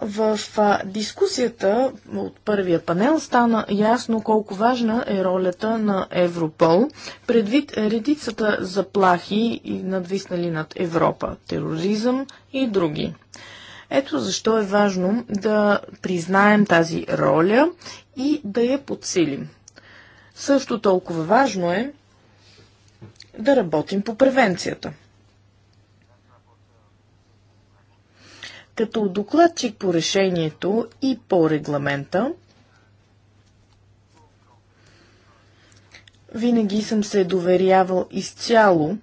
В дискусията от първия панел стана ясно колко важна е ролята на Европол, предвид редицата заплахи и надвиснали над Европа, тероризъм и други. Ето защо е важно да признаем тази роля и да я подсилим. Също толкова важно е да работим по превенцията. Като докладчик по решението и по регламента, винаги съм се доверявал изцяло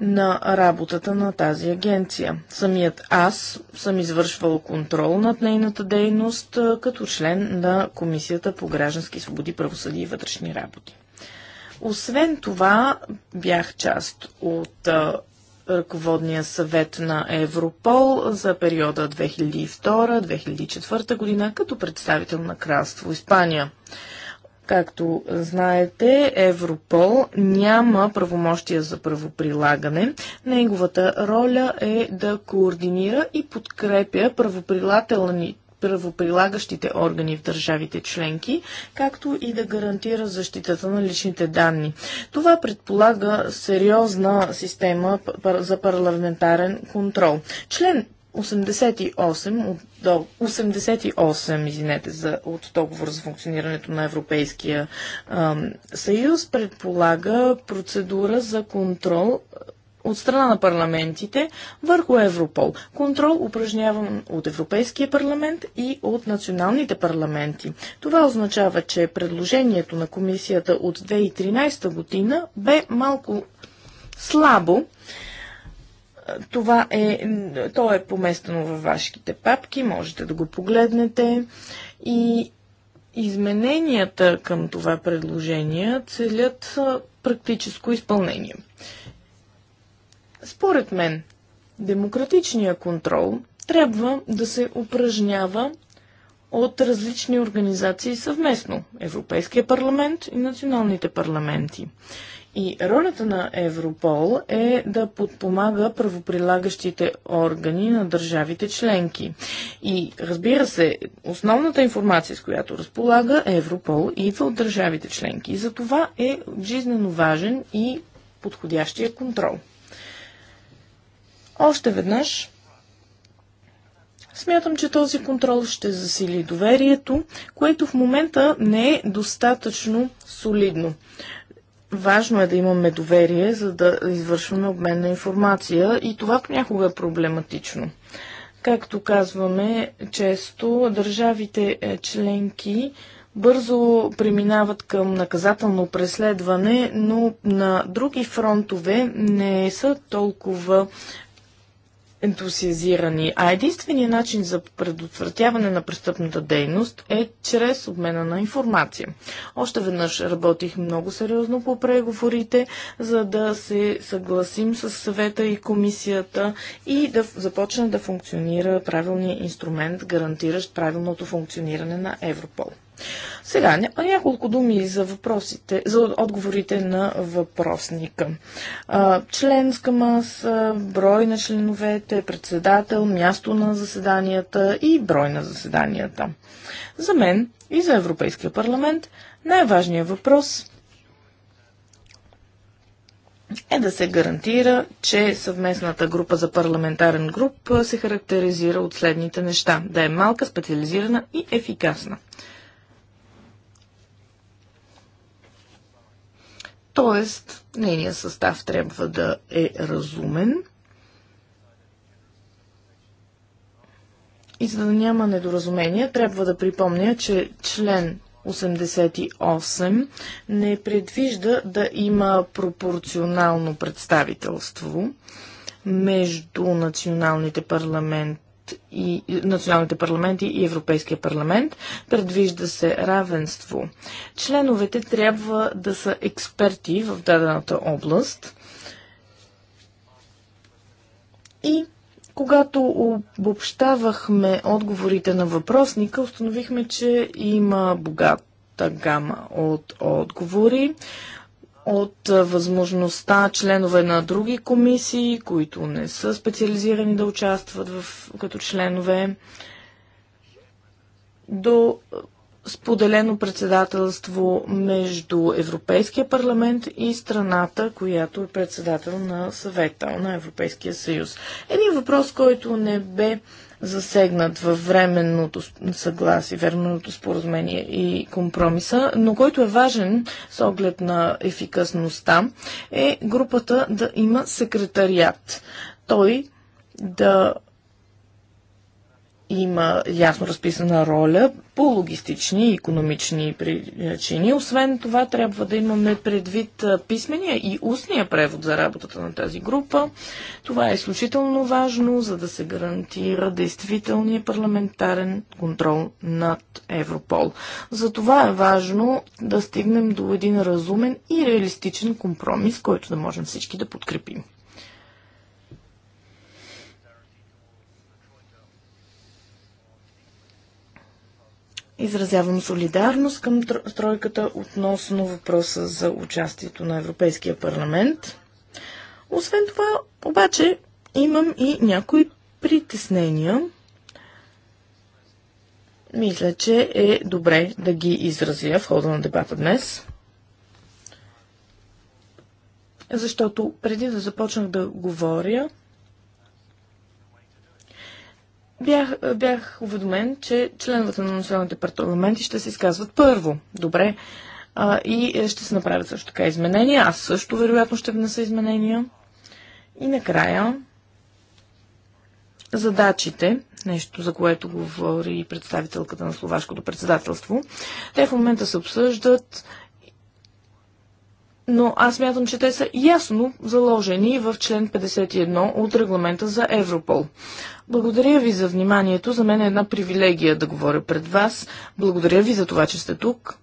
на работата на тази агенция. Самият аз съм извършвал контрол над нейната дейност като член на Комисията по граждански свободи, правосъди и вътрешни работи. Освен това, бях част от ръководния съвет на Европол за периода 2002-2004 година като представител на кралство Испания. Както знаете, Европол няма правомощия за правоприлагане. Неговата роля е да координира и подкрепя правоприлателните правоприлагащите органи в държавите членки, както и да гарантира защитата на личните данни. Това предполага сериозна система за парламентарен контрол. Член 88 от 88, извинете, за, от договор за функционирането на Европейския а, съюз предполага процедура за контрол от страна на парламентите върху Европол. Контрол упражняван от Европейския парламент и от националните парламенти. Това означава, че предложението на комисията от 2013 година бе малко слабо. Това е, то е поместено във вашите папки, можете да го погледнете и измененията към това предложение целят практическо изпълнение. Според мен, демократичният контрол трябва да се упражнява от различни организации съвместно Европейския парламент и националните парламенти. И ролята на Европол е да подпомага правоприлагащите органи на държавите членки. И разбира се, основната информация, с която разполага е Европол, идва от държавите членки. И за това е жизненно важен и подходящия контрол. Още веднъж Смятам, че този контрол ще засили доверието, което в момента не е достатъчно солидно. Важно е да имаме доверие, за да извършваме обмен на информация и това понякога е проблематично. Както казваме често, държавите е, членки бързо преминават към наказателно преследване, но на други фронтове не са толкова ентусиазирани. А единственият начин за предотвратяване на престъпната дейност е чрез обмена на информация. Още веднъж работих много сериозно по преговорите, за да се съгласим с съвета и комисията и да започне да функционира правилният инструмент, гарантиращ правилното функциониране на Европол. Сега няколко думи за въпросите, за отговорите на въпросника. Членска маса, брой на членовете, председател, място на заседанията и брой на заседанията. За мен и за Европейския парламент най-важният въпрос е да се гарантира, че съвместната група за парламентарен груп се характеризира от следните неща. Да е малка, специализирана и ефикасна. Тоест, нейният състав трябва да е разумен. И за да няма недоразумения, трябва да припомня, че член 88 не предвижда да има пропорционално представителство между националните парламент и националните парламенти и Европейския парламент. Предвижда се равенство. Членовете трябва да са експерти в дадената област. И когато обобщавахме отговорите на въпросника, установихме, че има богата гама от отговори от възможността членове на други комисии, които не са специализирани да участват в, като членове, до споделено председателство между Европейския парламент и страната, която е председател на съвета на Европейския съюз. Един въпрос, който не бе засегнат във временното съгласие, временното споразумение и компромиса, но който е важен с оглед на ефикасността, е групата да има секретариат. Той да има ясно разписана роля по логистични и економични причини. Освен това, трябва да имаме предвид писмения и устния превод за работата на тази група. Това е изключително важно, за да се гарантира действителния парламентарен контрол над Европол. За това е важно да стигнем до един разумен и реалистичен компромис, който да можем всички да подкрепим. Изразявам солидарност към тройката относно въпроса за участието на Европейския парламент. Освен това, обаче, имам и някои притеснения. Мисля, че е добре да ги изразя в хода на дебата днес. Защото преди да започнах да говоря, Бях, бях уведомен, че членовете на националните парламенти ще се изказват първо. Добре. А, и е, ще се направят също така изменения. Аз също вероятно ще внеса изменения. И накрая задачите, нещо за което говори представителката на словашкото председателство, те в момента се обсъждат но аз мятам, че те са ясно заложени в член 51 от регламента за Европол. Благодаря ви за вниманието. За мен е една привилегия да говоря пред вас. Благодаря ви за това, че сте тук.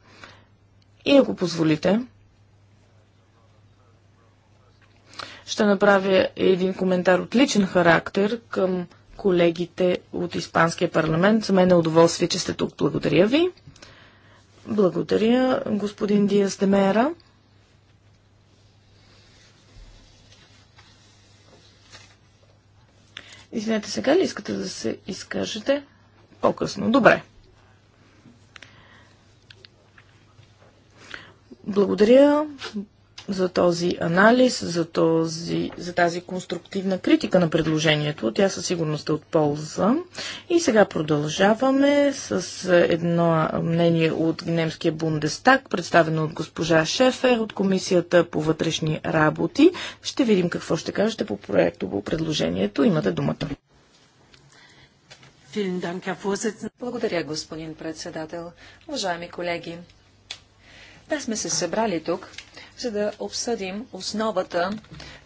И ако позволите, ще направя един коментар от личен характер към колегите от Испанския парламент. За мен е удоволствие, че сте тук. Благодаря ви. Благодаря, господин Диас Демера. Извинете, сега ли искате да се изкажете? По-късно. Добре. Благодаря за този анализ, за, този, за тази конструктивна критика на предложението. Тя със сигурност е от полза. И сега продължаваме с едно мнение от немския Бундестаг, представено от госпожа Шефер от Комисията по вътрешни работи. Ще видим какво ще кажете по проекто, по предложението. Имате думата. Благодаря, господин председател. Уважаеми колеги, да сме се събрали тук, за да обсъдим основата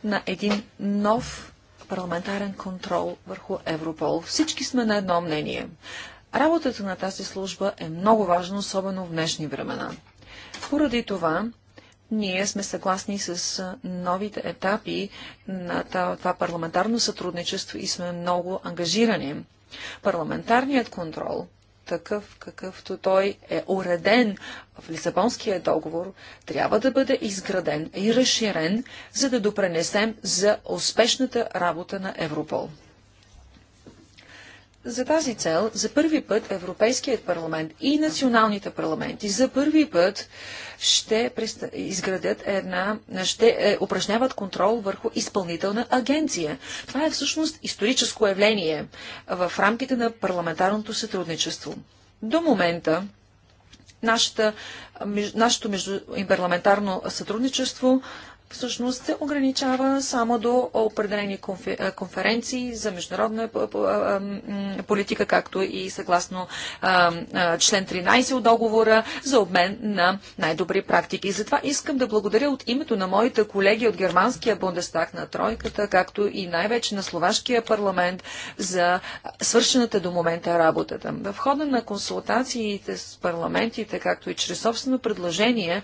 на един нов парламентарен контрол върху Европол. Всички сме на едно мнение. Работата на тази служба е много важна, особено в днешни времена. Поради това, ние сме съгласни с новите етапи на това парламентарно сътрудничество и сме много ангажирани. Парламентарният контрол такъв какъвто той е уреден в Лисабонския договор, трябва да бъде изграден и разширен, за да допренесем за успешната работа на Европол. За тази цел, за първи път Европейският парламент и националните парламенти за първи път ще изградят една, ще е, упражняват контрол върху изпълнителна агенция. Това е всъщност историческо явление в рамките на парламентарното сътрудничество. До момента нашата, нашето междупарламентарно сътрудничество всъщност се ограничава само до определени конференции за международна политика, както и съгласно член 13 от договора за обмен на най-добри практики. И затова искам да благодаря от името на моите колеги от германския Бундестаг на Тройката, както и най-вече на словашкия парламент за свършената до момента работата. В хода на консултациите с парламентите, както и чрез собствено предложение,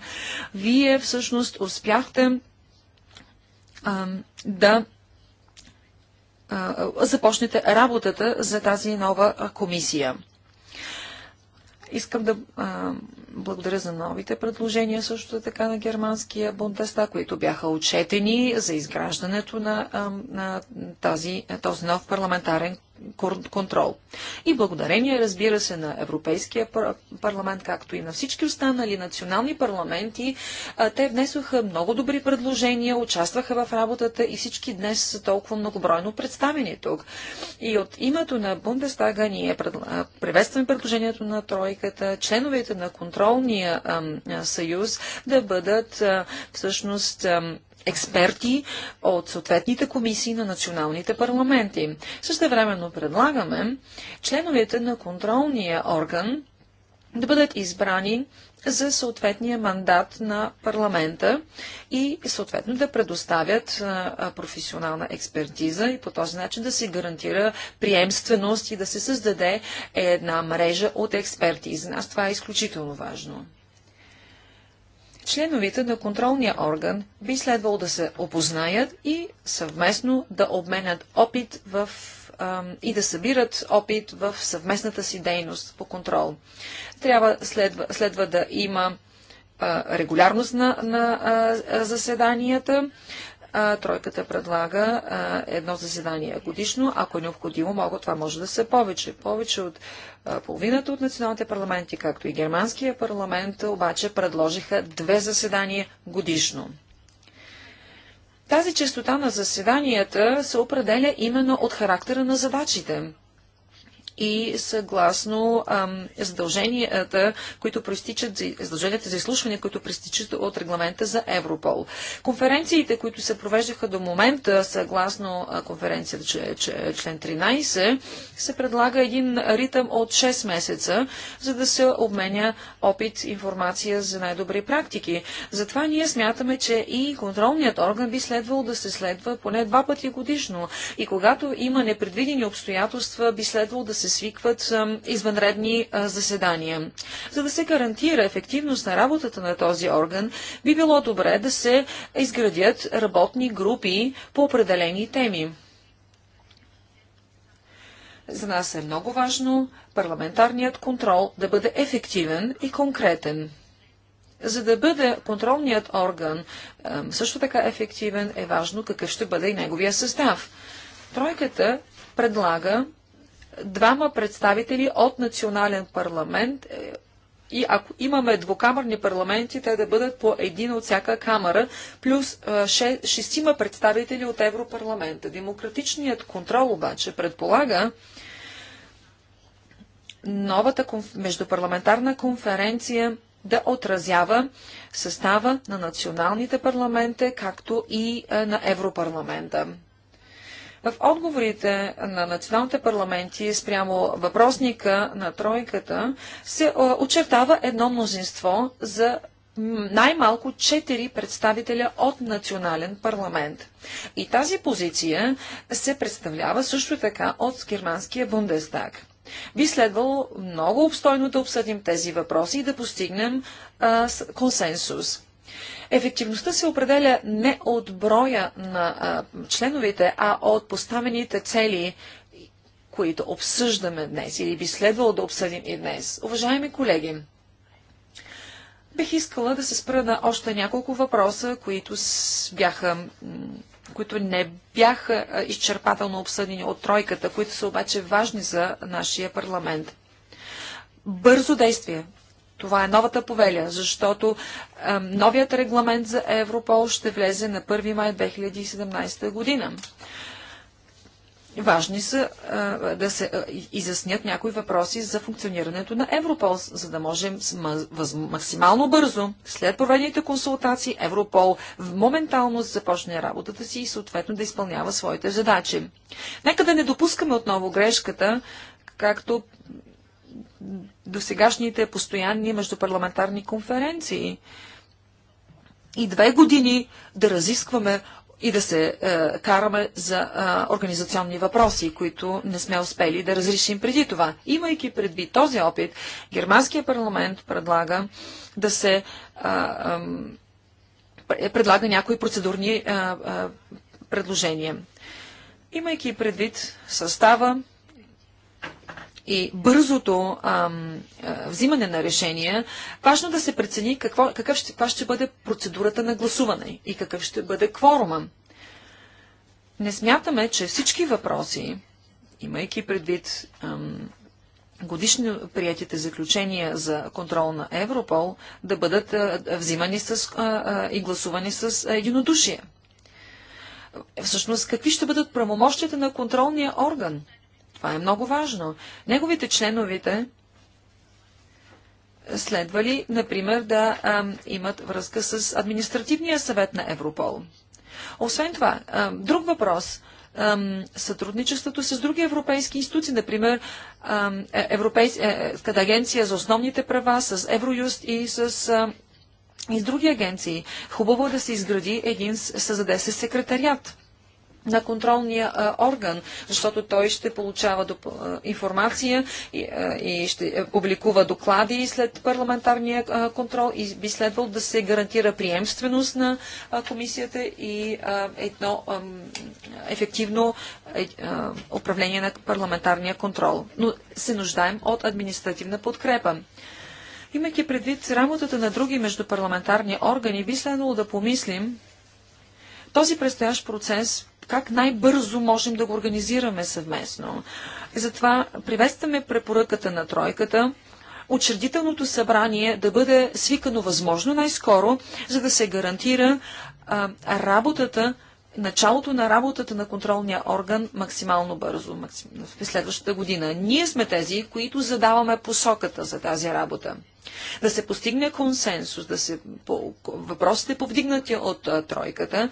вие всъщност успяхте да започнете работата за тази нова комисия. Искам да а, благодаря за новите предложения също така на германския Бундеста, които бяха отчетени за изграждането на, а, на тази, този нов парламентарен контрол. И благодарение, разбира се, на Европейския парламент, както и на всички останали национални парламенти, те внесоха много добри предложения, участваха в работата и всички днес са толкова многобройно представени тук. И от името на Бундестага ние приветстваме предложението на тройката, членовете на контролния съюз да бъдат всъщност експерти от съответните комисии на националните парламенти. Същевременно предлагаме членовете на контролния орган да бъдат избрани за съответния мандат на парламента и съответно да предоставят професионална експертиза и по този начин да се гарантира приемственост и да се създаде една мрежа от експерти. за нас това е изключително важно членовете на контролния орган би следвало да се опознаят и съвместно да обменят опит в и да събират опит в съвместната си дейност по контрол. Трябва следва, следва да има регулярност на, на а, заседанията, а, тройката предлага а, едно заседание годишно. Ако е необходимо, мога, това може да се повече. Повече от а, половината от националните парламенти, както и германския парламент, обаче предложиха две заседания годишно. Тази частота на заседанията се определя именно от характера на задачите и съгласно ам, задълженията, които проистичат, задълженията за изслушване, които проистичат от регламента за Европол. Конференциите, които се провеждаха до момента, съгласно конференцията член 13, се предлага един ритъм от 6 месеца, за да се обменя опит, информация за най-добри практики. Затова ние смятаме, че и контролният орган би следвал да се следва поне два пъти годишно. И когато има непредвидени обстоятелства, би следвал да се свикват извънредни заседания. За да се гарантира ефективност на работата на този орган, би било добре да се изградят работни групи по определени теми. За нас е много важно парламентарният контрол да бъде ефективен и конкретен. За да бъде контролният орган също така ефективен, е важно какъв ще бъде и неговия състав. Тройката предлага двама представители от национален парламент е, и ако имаме двукамерни парламенти, те да бъдат по един от всяка камера, плюс е, шестима представители от Европарламента. Демократичният контрол обаче предполага новата междупарламентарна конференция да отразява състава на националните парламенти, както и е, на Европарламента. В отговорите на националните парламенти спрямо въпросника на тройката се очертава едно мнозинство за най-малко 4 представителя от национален парламент. И тази позиция се представлява също така от германския Бундестаг. Би следвало много обстойно да обсъдим тези въпроси и да постигнем а, консенсус. Ефективността се определя не от броя на членовете, а от поставените цели, които обсъждаме днес или би следвало да обсъдим и днес. Уважаеми колеги, бих искала да се спра на още няколко въпроса, които бяха които не бяха изчерпателно обсъдени от тройката, които са обаче важни за нашия парламент. Бързо действие. Това е новата повеля, защото е, новият регламент за Европол ще влезе на 1 май 2017 година. Важни са е, да се е, изяснят някои въпроси за функционирането на Европол, за да можем максимално бързо, след проведените консултации, Европол моментално започне работата си и съответно да изпълнява своите задачи. Нека да не допускаме отново грешката, както досегашните постоянни междупарламентарни конференции. И две години да разискваме и да се е, караме за е, организационни въпроси, които не сме успели да разрешим преди това. Имайки предвид този опит, германския парламент предлага да се е, е, предлага някои процедурни е, е, предложения. Имайки предвид състава, и бързото ам, а, взимане на решения, важно да се прецени какво, какъв ще, каква ще бъде процедурата на гласуване и какъв ще бъде кворума. Не смятаме, че всички въпроси, имайки предвид ам, годишно приятите заключения за контрол на Европол, да бъдат а, взимани с, а, и гласувани с единодушие. Всъщност, какви ще бъдат правомощите на контролния орган? Това е много важно. Неговите членовите следвали, например, да а, имат връзка с административния съвет на Европол. Освен това, а, друг въпрос сътрудничеството с други европейски институции, например е, Европейската е, е, агенция за основните права, с Евроюст и с и с други агенции. Хубаво е да се изгради един, създаде се секретариат на контролния а, орган, защото той ще получава доп... информация и, а, и ще е, публикува доклади след парламентарния а, контрол и би следвал да се гарантира приемственост на а, комисията и а, едно а, ефективно е, а, управление на парламентарния контрол. Но се нуждаем от административна подкрепа. Имайки предвид работата на други междупарламентарни органи, би следвало да помислим този предстоящ процес как най-бързо можем да го организираме съвместно. Затова приветстваме препоръката на тройката учредителното събрание да бъде свикано възможно най-скоро, за да се гарантира а, работата, началото на работата на контролния орган максимално бързо, максим... в следващата година. Ние сме тези, които задаваме посоката за тази работа да се постигне консенсус, да се, по, въпросите повдигнати от а, тройката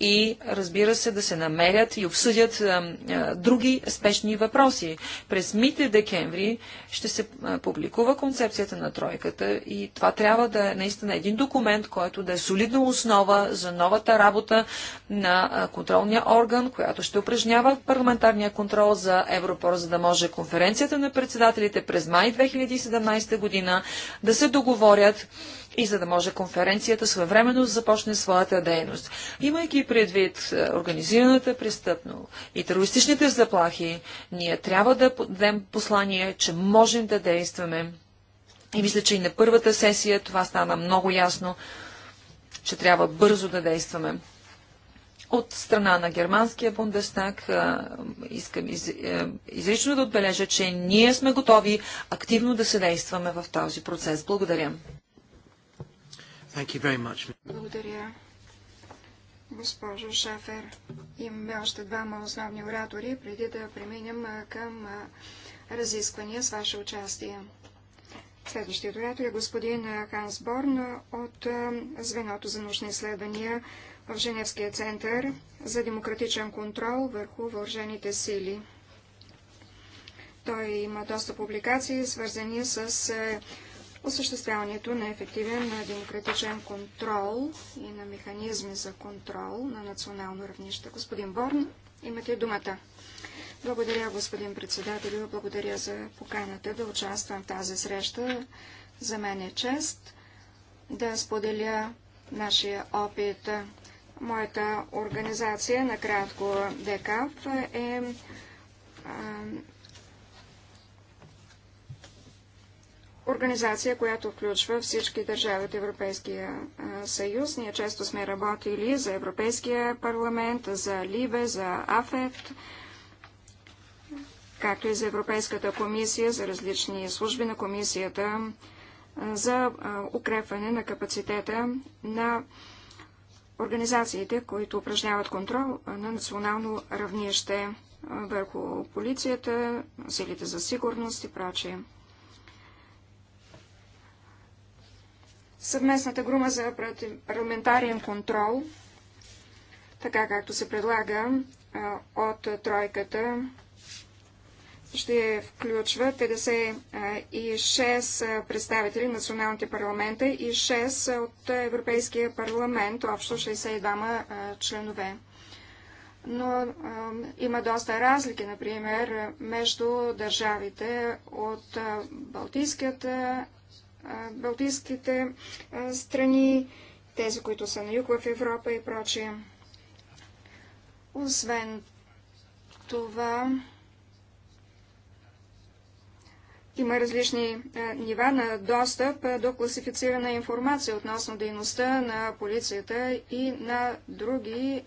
и разбира се да се намерят и обсъдят а, а, други спешни въпроси. През мите декември ще се а, публикува концепцията на тройката и това трябва да е наистина един документ, който да е солидна основа за новата работа на а, контролния орган, която ще упражнява парламентарния контрол за Европор, за да може конференцията на председателите през май 2017 година да се договорят и за да може конференцията своевременно да започне своята дейност. Имайки предвид е, организираната престъпно и терористичните заплахи, ние трябва да дадем послание, че можем да действаме. И мисля, че и на първата сесия това стана много ясно, че трябва бързо да действаме. От страна на германския Бундестаг искам из, е, изрично да отбележа, че ние сме готови активно да се действаме в този процес. Благодаря. Благодаря. Госпожо Шафер, имаме още двама основни оратори, преди да преминем към разисквания с ваше участие. Следващият оратор е господин Ханс Борн от звеното за научни изследвания в Женевския център за демократичен контрол върху въоръжените сили. Той има доста публикации, свързани с е, осъществяването на ефективен демократичен контрол и на механизми за контрол на национално равнище. Господин Борн, имате думата. Благодаря, господин председател, благодаря за поканата да участвам в тази среща. За мен е чест да споделя нашия опит Моята организация, накратко ДКАП, е организация, която включва всички държави от Европейския съюз. Ние често сме работили за Европейския парламент, за Либе, за АФЕТ, както и за Европейската комисия, за различни служби на комисията, за укрепване на капацитета на организациите, които упражняват контрол на национално равнище върху полицията, силите за сигурност и прочие. Съвместната група за парламентарен контрол, така както се предлага от тройката, ще включва 56 представители на националните парламента и 6 от Европейския парламент, общо 62 членове. Но а, има доста разлики, например, между държавите от Балтийската, Балтийските страни, тези, които са на юг в Европа и прочие. Освен това, има различни е, нива на достъп е, до класифицирана информация относно дейността на полицията и на други е,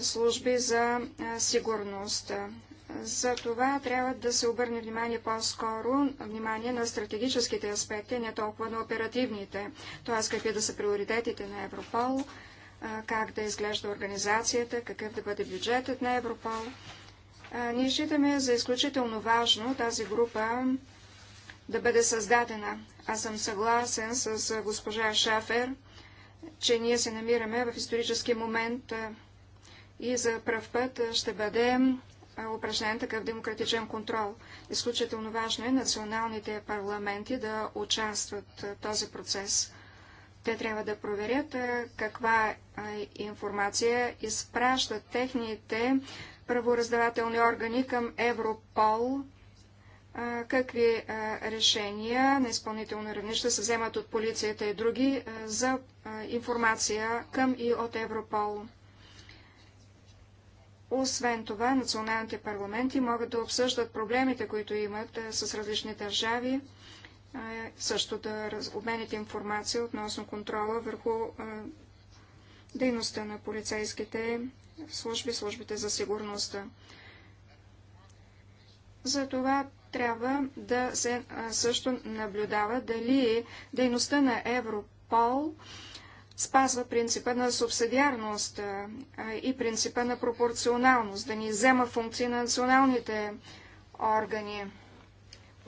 служби за сигурност. За това трябва да се обърне внимание по-скоро внимание на стратегическите аспекти, не толкова на оперативните. Т.е. какви да са приоритетите на Европол, как да изглежда организацията, какъв да бъде бюджетът на Европол. Ние считаме за изключително важно тази група да бъде създадена. Аз съм съгласен с госпожа Шафер, че ние се намираме в исторически момент и за пръв път ще бъде упражнен такъв демократичен контрол. Изключително важно е националните парламенти да участват в този процес. Те трябва да проверят каква информация изпращат техните правораздавателни органи към Европол, какви решения на изпълнително равнище се вземат от полицията и други за информация към и от Европол. Освен това, националните парламенти могат да обсъждат проблемите, които имат с различни държави, също да обменят информация относно контрола върху дейността на полицейските служби, службите за сигурността. Затова трябва да се също наблюдава дали дейността на Европол спазва принципа на субсидиарност и принципа на пропорционалност, да ни взема функции на националните органи.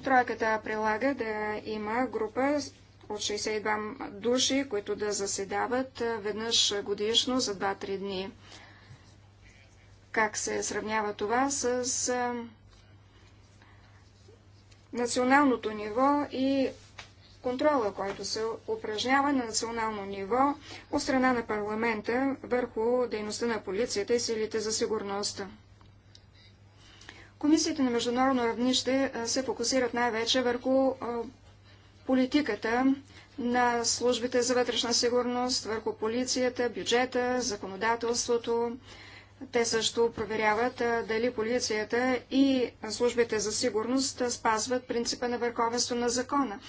Тройката прилага да има група от 62 души, които да заседават веднъж годишно за 2-3 дни как се сравнява това с националното ниво и контрола, който се упражнява на национално ниво от страна на парламента върху дейността на полицията и силите за сигурността. Комисията на международно равнище се фокусират най-вече върху политиката на службите за вътрешна сигурност, върху полицията, бюджета, законодателството, те също проверяват дали полицията и службите за сигурност спазват принципа на върховенство на закона.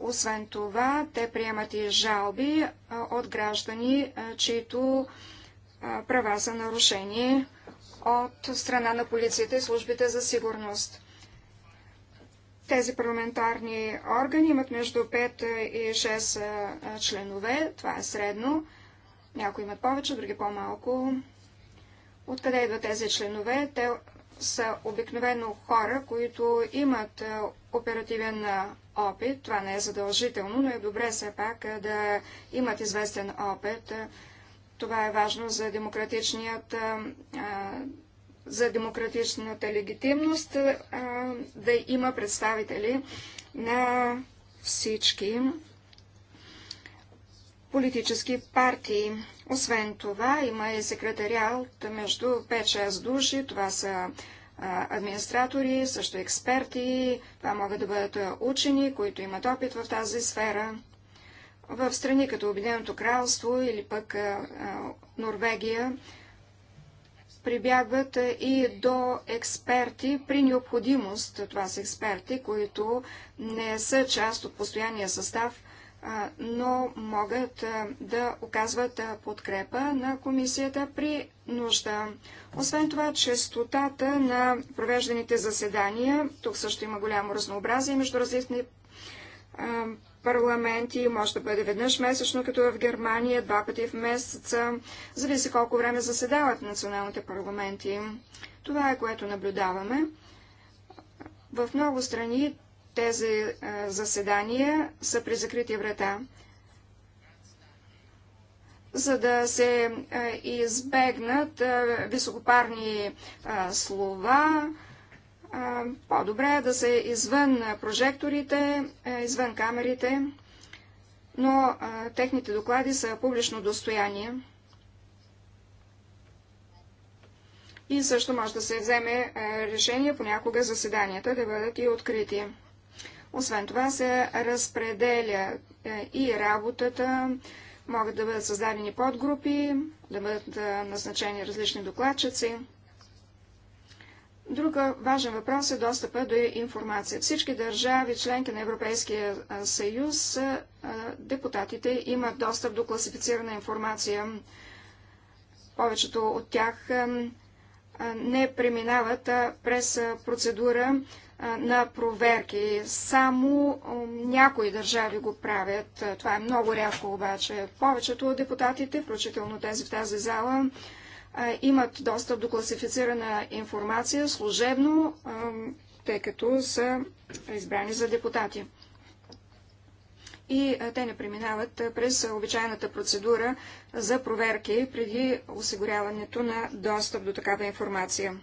освен това, те приемат и жалби от граждани, чието права са нарушени от страна на полицията и службите за сигурност. Тези парламентарни органи имат между 5 и 6 членове, това е средно. Някои имат повече, други по-малко. Откъде идват тези членове? Те са обикновено хора, които имат е, оперативен е, опит. Това не е задължително, но е добре все пак е, да имат известен опит. Това е важно за демократичният за демократичната легитимност да има представители на всички политически партии. Освен това, има и секретариал между 5-6 души. Това са администратори, също експерти. Това могат да бъдат учени, които имат опит в тази сфера. В страни като Обединеното кралство или пък Норвегия прибягват и до експерти при необходимост. Това са експерти, които не са част от постоянния състав но могат да оказват подкрепа на комисията при нужда. Освен това, честотата на провежданите заседания, тук също има голямо разнообразие между различни парламенти, може да бъде веднъж месечно, като в Германия, два пъти в месеца, зависи колко време заседават националните парламенти. Това е което наблюдаваме. В много страни тези заседания са при закрити врата, за да се избегнат високопарни слова. По-добре е да се извън прожекторите, извън камерите, но техните доклади са публично достояние. И също може да се вземе решение понякога заседанията да бъдат и открити. Освен това се разпределя е, и работата, могат да бъдат създадени подгрупи, да бъдат е, назначени различни докладчици. Друг е, важен въпрос е достъпа до информация. Всички държави, членки на Европейския съюз, депутатите имат достъп до класифицирана информация. Повечето от тях не преминават през процедура на проверки. Само някои държави го правят. Това е много рядко обаче. Повечето от депутатите, включително тези в тази зала, имат достъп до класифицирана информация служебно, тъй като са избрани за депутати. И те не преминават през обичайната процедура за проверки преди осигуряването на достъп до такава информация.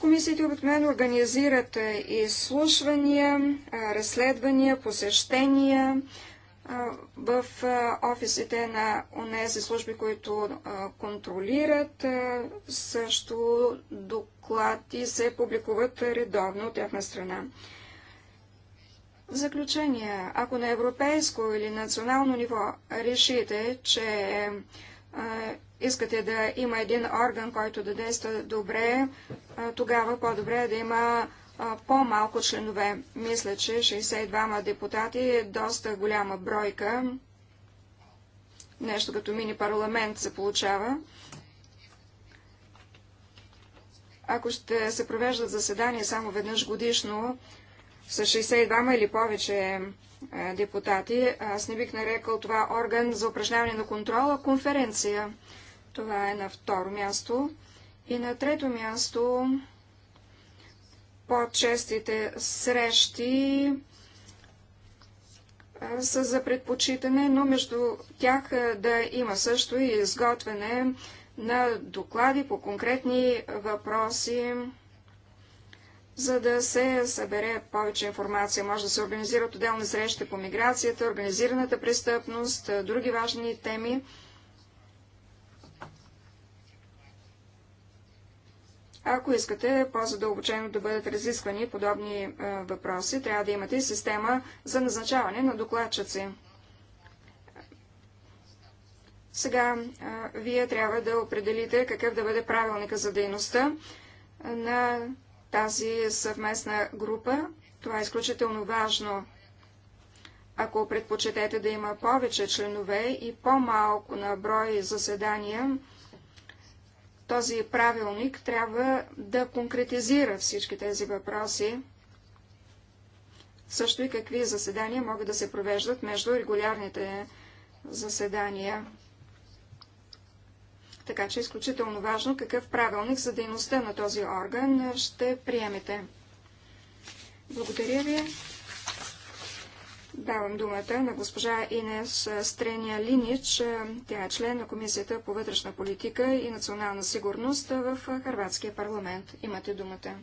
Комисиите обикновено организират е, изслушвания, разследвания, посещения в офисите на онези служби, които контролират. Също доклади се публикуват редовно от тяхна страна. В заключение, ако на европейско или национално ниво решите, че искате да има един орган, който да действа добре, тогава по-добре е да има по-малко членове. Мисля, че 62 депутати е доста голяма бройка. Нещо като мини парламент се получава. Ако ще се провеждат заседания само веднъж годишно, с 62 или повече е, депутати, аз не бих нарекал това орган за упражняване на контрола, конференция. Това е на второ място. И на трето място по-честите срещи са за предпочитане, но между тях да има също и изготвяне на доклади по конкретни въпроси, за да се събере повече информация. Може да се организират отделни срещи по миграцията, организираната престъпност, други важни теми. Ако искате по-задълбочено да бъдат разисквани подобни е, въпроси, трябва да имате и система за назначаване на докладчици. Сега е, вие трябва да определите какъв да бъде правилника за дейността е, на тази съвместна група. Това е изключително важно. Ако предпочитете да има повече членове и по-малко на брой заседания, този правилник трябва да конкретизира всички тези въпроси, също и какви заседания могат да се провеждат между регулярните заседания. Така че е изключително важно какъв правилник за дейността на този орган ще приемете. Благодаря ви. Давам думата на госпожа Инес Стрения Линич. Тя е член на Комисията по вътрешна политика и национална сигурност в Харватския парламент. Имате думата.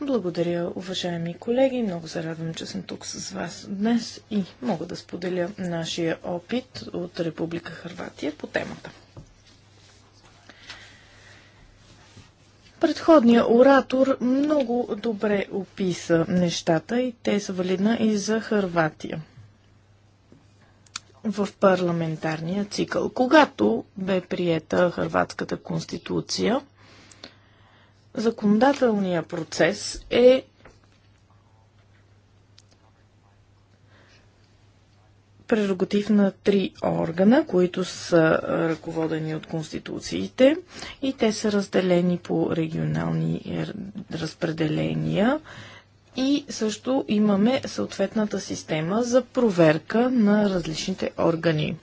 Благодаря, уважаеми колеги. Много се радвам, че съм тук с вас днес и мога да споделя нашия опит от Република Харватия по темата. Предходният оратор много добре описа нещата и те са валидна и за Харватия в парламентарния цикъл. Когато бе приета Харватската конституция, законодателният процес е прерогатив на три органа, които са ръководени от конституциите и те са разделени по регионални е, разпределения. И също имаме съответната система за проверка на различните органи.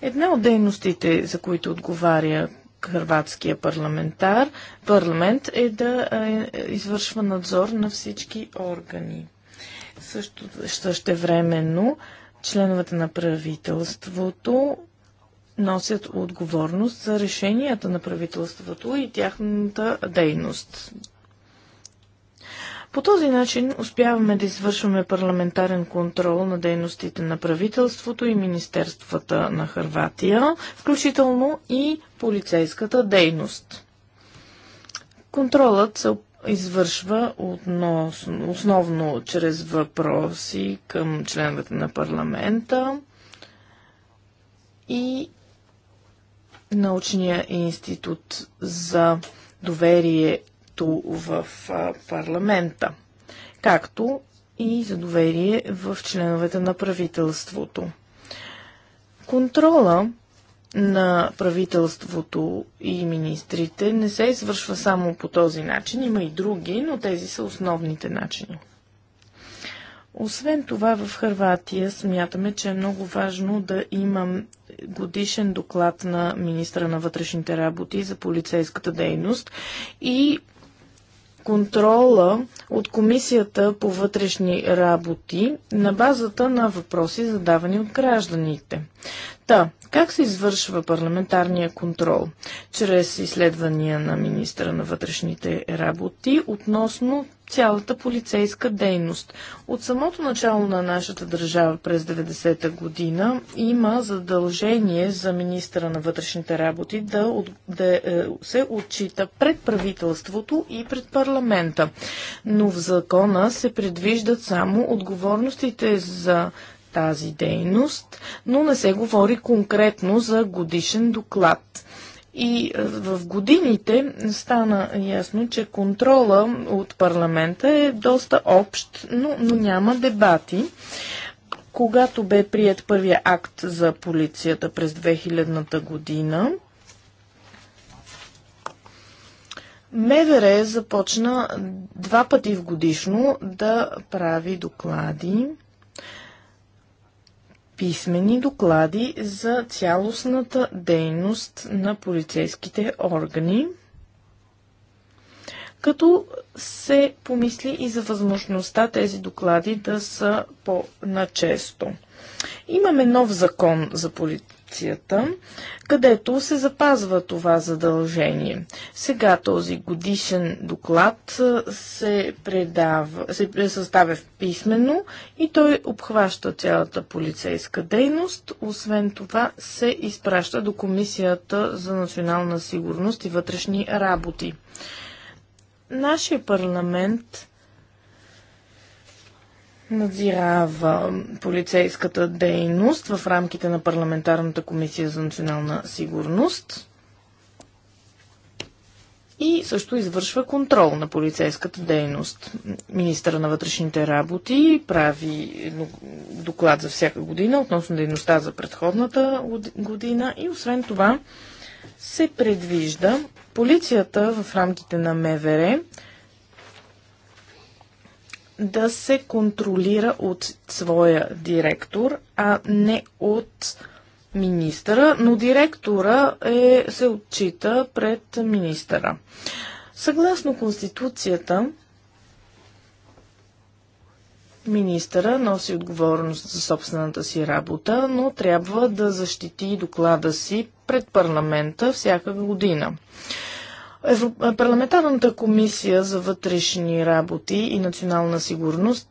Една от дейностите, за които отговаря хрватския парламентар, парламент е да е, е, извършва надзор на всички органи. Също същевременно членовете на правителството носят отговорност за решенията на правителството и тяхната дейност. По този начин успяваме да извършваме парламентарен контрол на дейностите на правителството и Министерствата на Харватия, включително и полицейската дейност. Контролът се извършва относно, основно чрез въпроси към членовете на парламента и научния институт за доверието в парламента, както и за доверие в членовете на правителството. Контрола на правителството и министрите не се извършва само по този начин, има и други, но тези са основните начини. Освен това, в Харватия смятаме, че е много важно да имам годишен доклад на министра на вътрешните работи за полицейската дейност и контрола от Комисията по вътрешни работи на базата на въпроси задавани от гражданите. Та, как се извършва парламентарния контрол? Чрез изследвания на министра на вътрешните работи относно цялата полицейска дейност. От самото начало на нашата държава през 90-та година има задължение за министра на вътрешните работи да, да е, се отчита пред правителството и пред парламента. Но в закона се предвиждат само отговорностите за тази дейност, но не се говори конкретно за годишен доклад. И е, в годините стана ясно, че контрола от парламента е доста общ, но, но няма дебати. Когато бе прият първия акт за полицията през 2000-та година, МВР започна два пъти в годишно да прави доклади писмени доклади за цялостната дейност на полицейските органи, като се помисли и за възможността тези доклади да са по-начесто. Имаме нов закон за поли редакцията, където се запазва това задължение. Сега този годишен доклад се, предава, се съставя в писменно и той обхваща цялата полицейска дейност. Освен това се изпраща до Комисията за национална сигурност и вътрешни работи. Нашия парламент надзирава полицейската дейност в рамките на Парламентарната комисия за национална сигурност и също извършва контрол на полицейската дейност. Министъра на вътрешните работи прави доклад за всяка година относно дейността за предходната година и освен това се предвижда полицията в рамките на МВР да се контролира от своя директор, а не от министъра, но директора е, се отчита пред министъра. Съгласно Конституцията, министъра носи отговорност за собствената си работа, но трябва да защити доклада си пред парламента всяка година. Парламентарната комисия за вътрешни работи и национална сигурност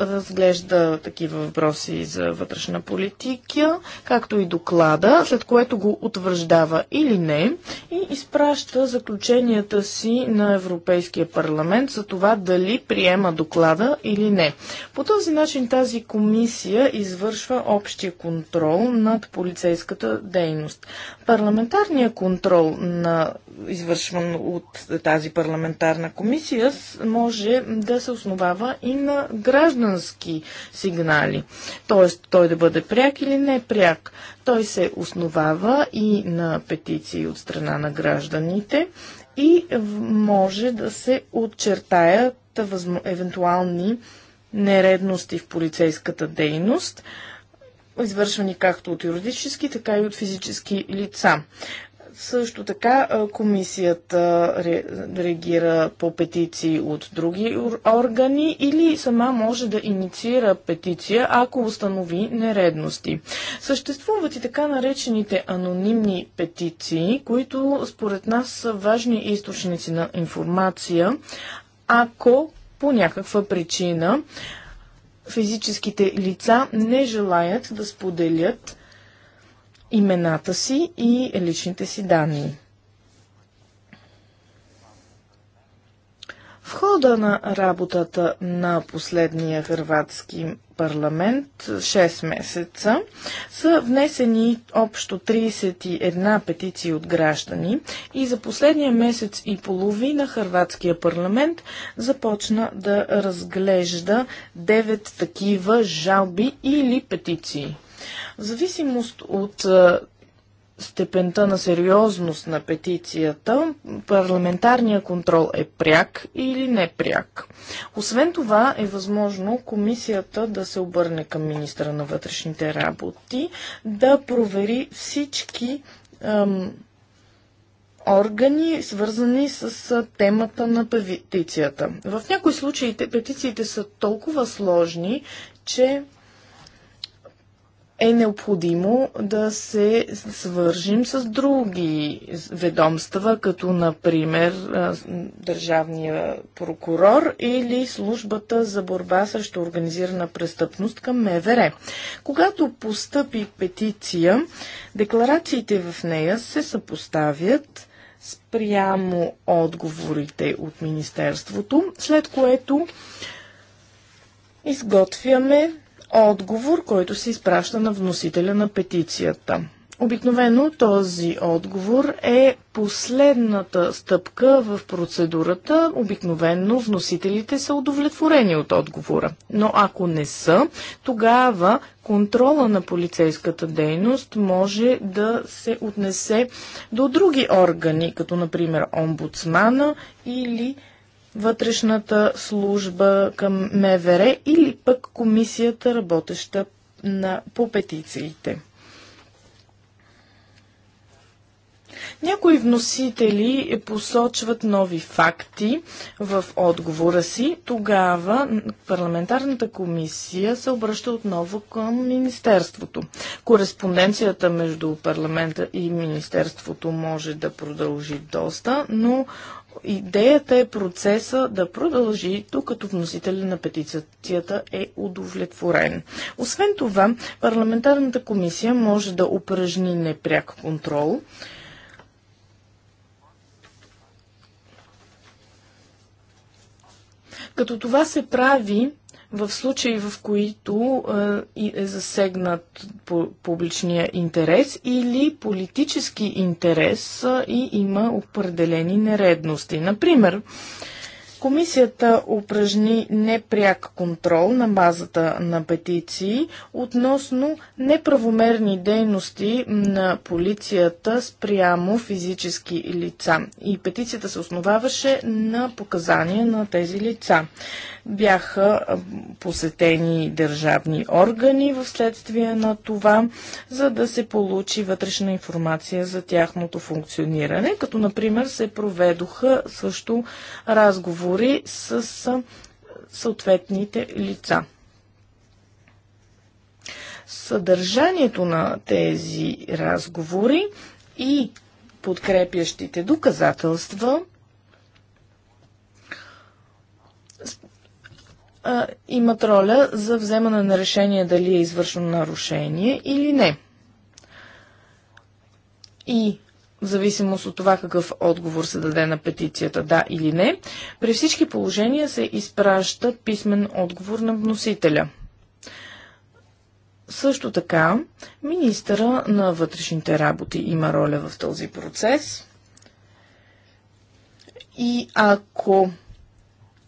разглежда такива въпроси за вътрешна политика, както и доклада, след което го утвърждава или не и изпраща заключенията си на Европейския парламент за това дали приема доклада или не. По този начин тази комисия извършва общия контрол над полицейската дейност. Парламентарният контрол на извършван от тази парламентарна комисия, може да се основава и на граждански сигнали. Тоест, той да бъде пряк или не пряк. Той се основава и на петиции от страна на гражданите и може да се отчертаят евентуални нередности в полицейската дейност извършвани както от юридически, така и от физически лица. Също така комисията реагира по петиции от други органи или сама може да инициира петиция, ако установи нередности. Съществуват и така наречените анонимни петиции, които според нас са важни източници на информация, ако по някаква причина физическите лица не желаят да споделят имената си и личните си данни. В хода на работата на последния хрватски парламент 6 месеца са внесени общо 31 петиции от граждани и за последния месец и половина хрватския парламент започна да разглежда 9 такива жалби или петиции. В зависимост от степента на сериозност на петицията, парламентарния контрол е пряк или непряк. Освен това е възможно комисията да се обърне към министра на вътрешните работи, да провери всички органи, свързани с темата на петицията. В някои случаи петициите са толкова сложни, че е необходимо да се свържим с други ведомства, като например Държавния прокурор или службата за борба срещу организирана престъпност към МВР. Когато постъпи петиция, декларациите в нея се съпоставят спрямо отговорите от Министерството, след което изготвяме отговор, който се изпраща на вносителя на петицията. Обикновено този отговор е последната стъпка в процедурата. Обикновено вносителите са удовлетворени от отговора. Но ако не са, тогава контрола на полицейската дейност може да се отнесе до други органи, като например омбудсмана или вътрешната служба към МВР или пък комисията работеща на, по петициите. Някои вносители посочват нови факти в отговора си. Тогава парламентарната комисия се обръща отново към Министерството. Кореспонденцията между парламента и Министерството може да продължи доста, но Идеята е процеса да продължи, докато вносителя на петицията е удовлетворен. Освен това, парламентарната комисия може да упражни непряк контрол. Като това се прави в случаи, в които е засегнат публичния интерес или политически интерес и има определени нередности. Например, Комисията упражни непряк контрол на базата на петиции относно неправомерни дейности на полицията спрямо физически лица. И петицията се основаваше на показания на тези лица. Бяха посетени държавни органи в следствие на това, за да се получи вътрешна информация за тяхното функциониране, като например се проведоха също разговори разговори с съответните лица. Съдържанието на тези разговори и подкрепящите доказателства имат роля за вземане на решение дали е извършено нарушение или не. И в зависимост от това какъв отговор се даде на петицията, да или не, при всички положения се изпраща писмен отговор на вносителя. Също така, министъра на вътрешните работи има роля в този процес. И ако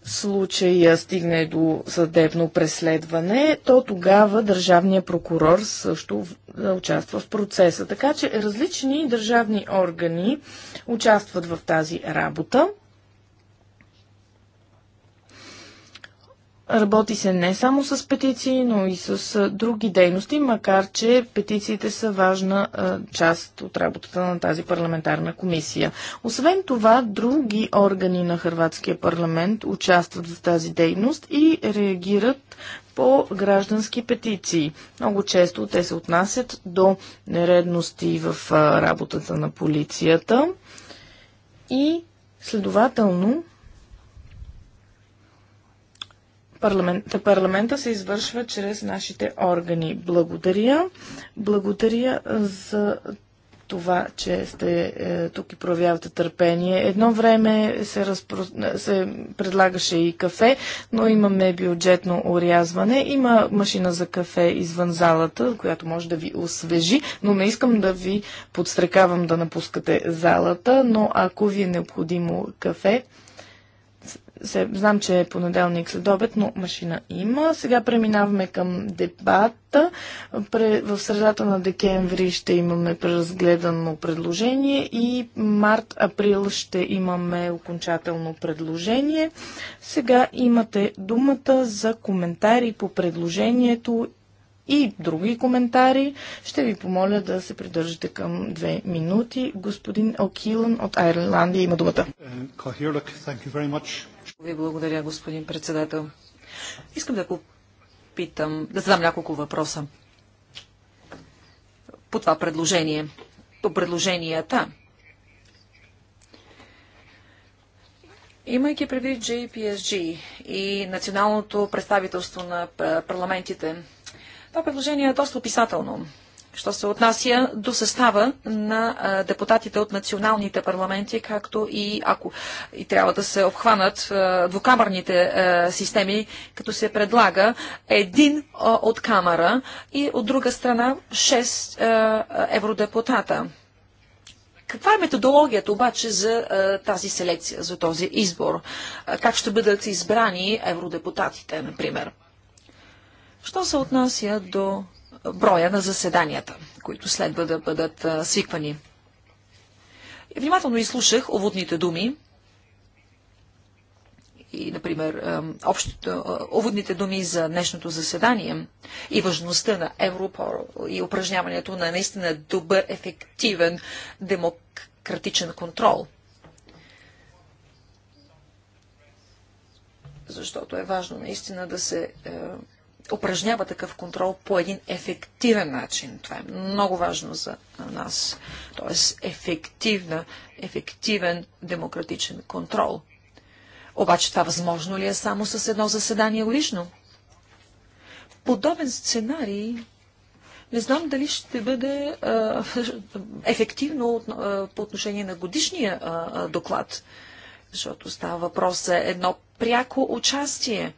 случая стигне до съдебно преследване, то тогава държавният прокурор също е, участва в процеса. Така че различни държавни органи участват в тази работа. Работи се не само с петиции, но и с други дейности, макар че петициите са важна част от работата на тази парламентарна комисия. Освен това, други органи на Хрватския парламент участват в тази дейност и реагират по граждански петиции. Много често те се отнасят до нередности в работата на полицията и следователно парламент, парламента се извършва чрез нашите органи. Благодаря. Благодаря за това, че сте е, тук и проявявате търпение. Едно време се, разпро... се предлагаше и кафе, но имаме бюджетно урязване. Има машина за кафе извън залата, която може да ви освежи, но не искам да ви подстрекавам да напускате залата, но ако ви е необходимо кафе, знам, че е понеделник след обед, но машина има. Сега преминаваме към дебата. В средата на декември ще имаме преразгледано предложение и март-април ще имаме окончателно предложение. Сега имате думата за коментари по предложението и други коментари. Ще ви помоля да се придържате към две минути. Господин Окилън от Айрландия има думата. Uh, ви благодаря, господин председател. Искам да попитам, да задам няколко въпроса по това предложение, по предложенията. Имайки предвид JPSG и националното представителство на парламентите, това предложение е доста описателно що се отнася до състава на депутатите от националните парламенти, както и ако и трябва да се обхванат двукамерните системи, като се предлага един от камера и от друга страна 6 евродепутата. Каква е методологията обаче за тази селекция, за този избор? Как ще бъдат избрани евродепутатите, например? Що се отнася до броя на заседанията, които следва да бъдат свиквани. Внимателно изслушах оводните думи и, например, оводните думи за днешното заседание и важността на Европол и упражняването на наистина добър, ефективен демократичен контрол. Защото е важно наистина да се упражнява такъв контрол по един ефективен начин. Това е много важно за нас. Тоест ефективна, ефективен демократичен контрол. Обаче това възможно ли е само с едно заседание годишно? Подобен сценарий не знам дали ще бъде а, ефективно от, а, по отношение на годишния а, доклад, защото става въпрос за едно пряко участие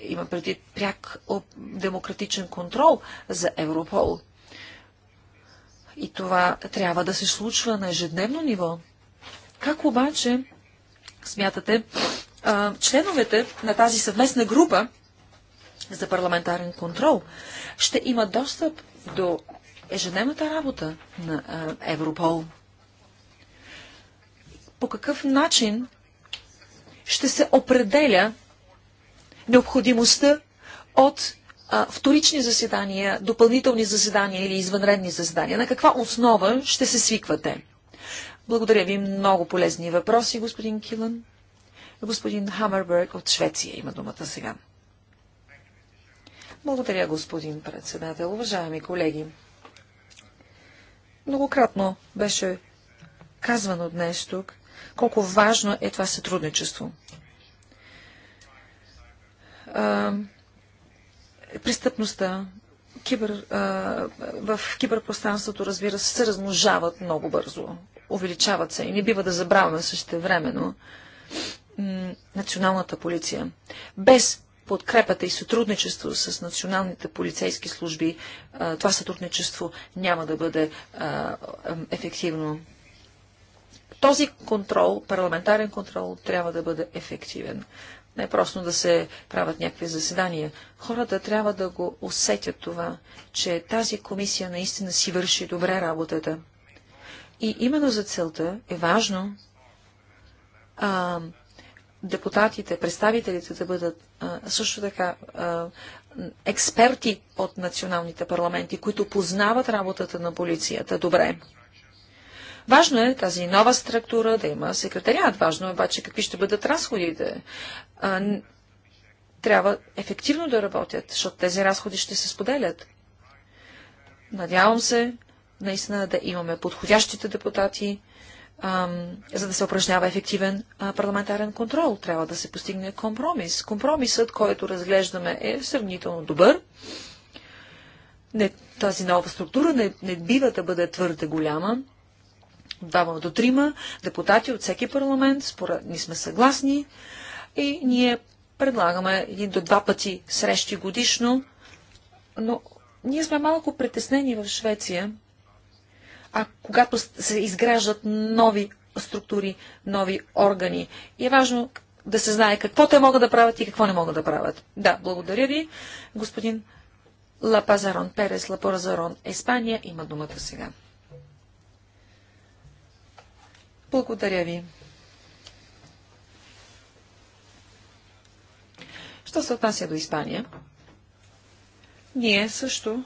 има преди пряк демократичен контрол за Европол. И това трябва да се случва на ежедневно ниво. Как обаче смятате членовете на тази съвместна група за парламентарен контрол ще имат достъп до ежедневната работа на Европол? По какъв начин ще се определя необходимостта от а, вторични заседания, допълнителни заседания или извънредни заседания? На каква основа ще се свиквате? Благодаря ви. Много полезни въпроси, господин Килан. Господин Хамерберг от Швеция има думата сега. Благодаря, господин председател. Уважаеми колеги, многократно беше казвано днес тук, колко важно е това сътрудничество а, престъпността кибер, а, в киберпространството, разбира се, се размножават много бързо. Увеличават се и не бива да забравяме също времено националната полиция. Без подкрепата и сътрудничество с националните полицейски служби, а, това сътрудничество няма да бъде а, ефективно. Този контрол, парламентарен контрол, трябва да бъде ефективен. Не е просто да се правят някакви заседания. Хората трябва да го усетят това, че тази комисия наистина си върши добре работата. И именно за целта е важно а, депутатите, представителите да бъдат а, също така а, експерти от националните парламенти, които познават работата на полицията добре. Важно е тази нова структура да има секретариат. Важно е обаче какви ще бъдат разходите. А, трябва ефективно да работят, защото тези разходи ще се споделят. Надявам се наистина да имаме подходящите депутати, ам, за да се упражнява ефективен а, парламентарен контрол. Трябва да се постигне компромис. Компромисът, който разглеждаме, е сравнително добър. Не, тази нова структура не, не бива да бъде твърде голяма двама до трима депутати от всеки парламент, според ни сме съгласни и ние предлагаме един до два пъти срещи годишно, но ние сме малко притеснени в Швеция, а когато се изграждат нови структури, нови органи. И е важно да се знае какво те могат да правят и какво не могат да правят. Да, благодаря ви. Господин Лапазарон Перес, Лапоразарон, Испания има думата сега. Благодаря ви. Що се отнася до Испания? Ние също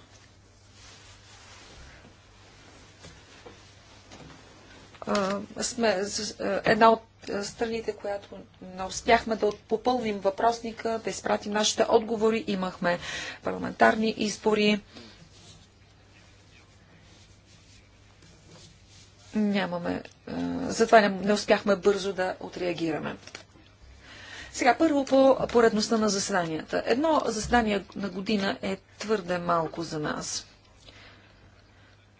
сме една от страните, която не успяхме да попълним въпросника, да изпратим нашите отговори. Имахме парламентарни избори. нямаме, затова не, не успяхме бързо да отреагираме. Сега първо по поредността на заседанията. Едно заседание на година е твърде малко за нас.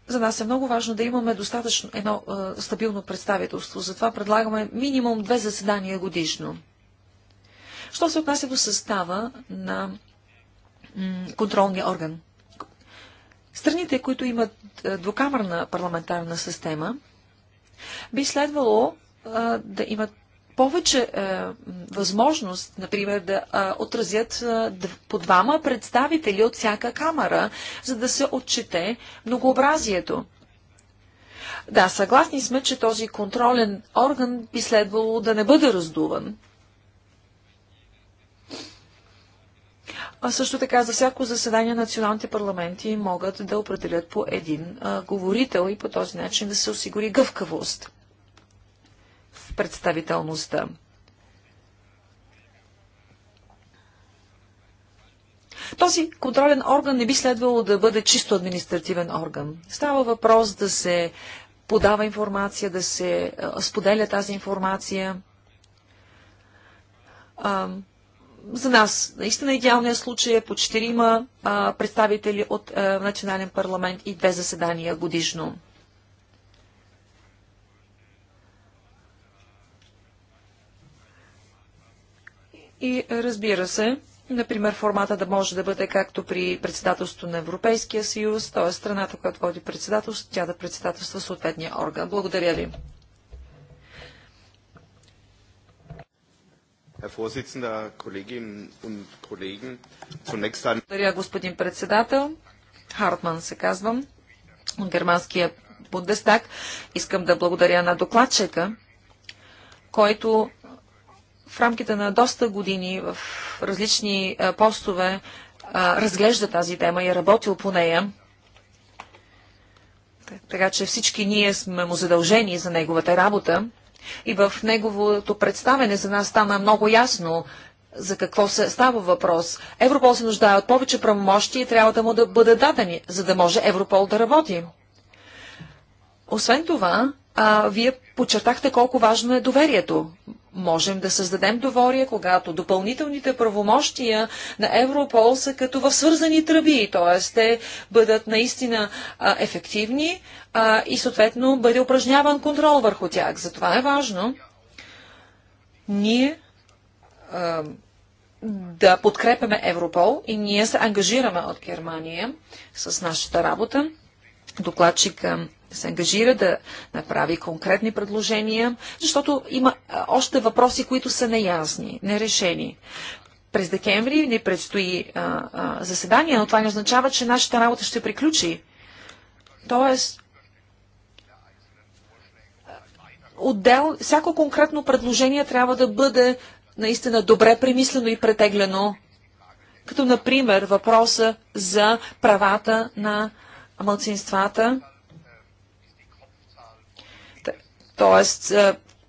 За нас е много важно да имаме достатъчно едно е, стабилно представителство. Затова предлагаме минимум две заседания годишно. Що се отнася до състава на контролния орган? Страните, които имат е, двукамерна парламентарна система, би следвало а, е, да имат повече е, възможност, например, да е, отразят е, по двама представители от всяка камера, за да се отчете многообразието. Да, съгласни сме, че този контролен орган би следвало да не бъде раздуван, А също така за всяко заседание националните парламенти могат да определят по един а, говорител и по този начин да се осигури гъвкавост в представителността. Този контролен орган не би следвало да бъде чисто административен орган. Става въпрос да се подава информация, да се а, споделя тази информация. А, за нас наистина идеалният случай е по четирима представители от а, Национален парламент и две заседания годишно. И разбира се, например, формата да може да бъде както при председателството на Европейския съюз, т.е. страната, която води председателство, тя да председателства съответния орган. Благодаря ви. Благодаря, господин председател. Хартман се казвам, от германския Бундестаг. Искам да благодаря на докладчика, който в рамките на доста години в различни постове разглежда тази тема и е работил по нея. Така че всички ние сме му задължени за неговата работа. И в неговото представене за нас стана много ясно за какво се става въпрос. Европол се нуждае от повече правомощи и трябва да му да бъде дадени, за да може Европол да работи. Освен това, а, вие подчертахте колко важно е доверието. Можем да създадем доверие, когато допълнителните правомощия на Европол са като в свързани тръби, т.е. те бъдат наистина а, ефективни а, и съответно бъде упражняван контрол върху тях. Затова е важно ние а, да подкрепяме Европол и ние се ангажираме от Германия с нашата работа. Докладчика да се ангажира, да направи конкретни предложения, защото има още въпроси, които са неясни, нерешени. През декември ни предстои а, а, заседание, но това не означава, че нашата работа ще приключи. Тоест, отдел, всяко конкретно предложение трябва да бъде наистина добре премислено и претеглено, като например въпроса за правата на мълцинствата т.е.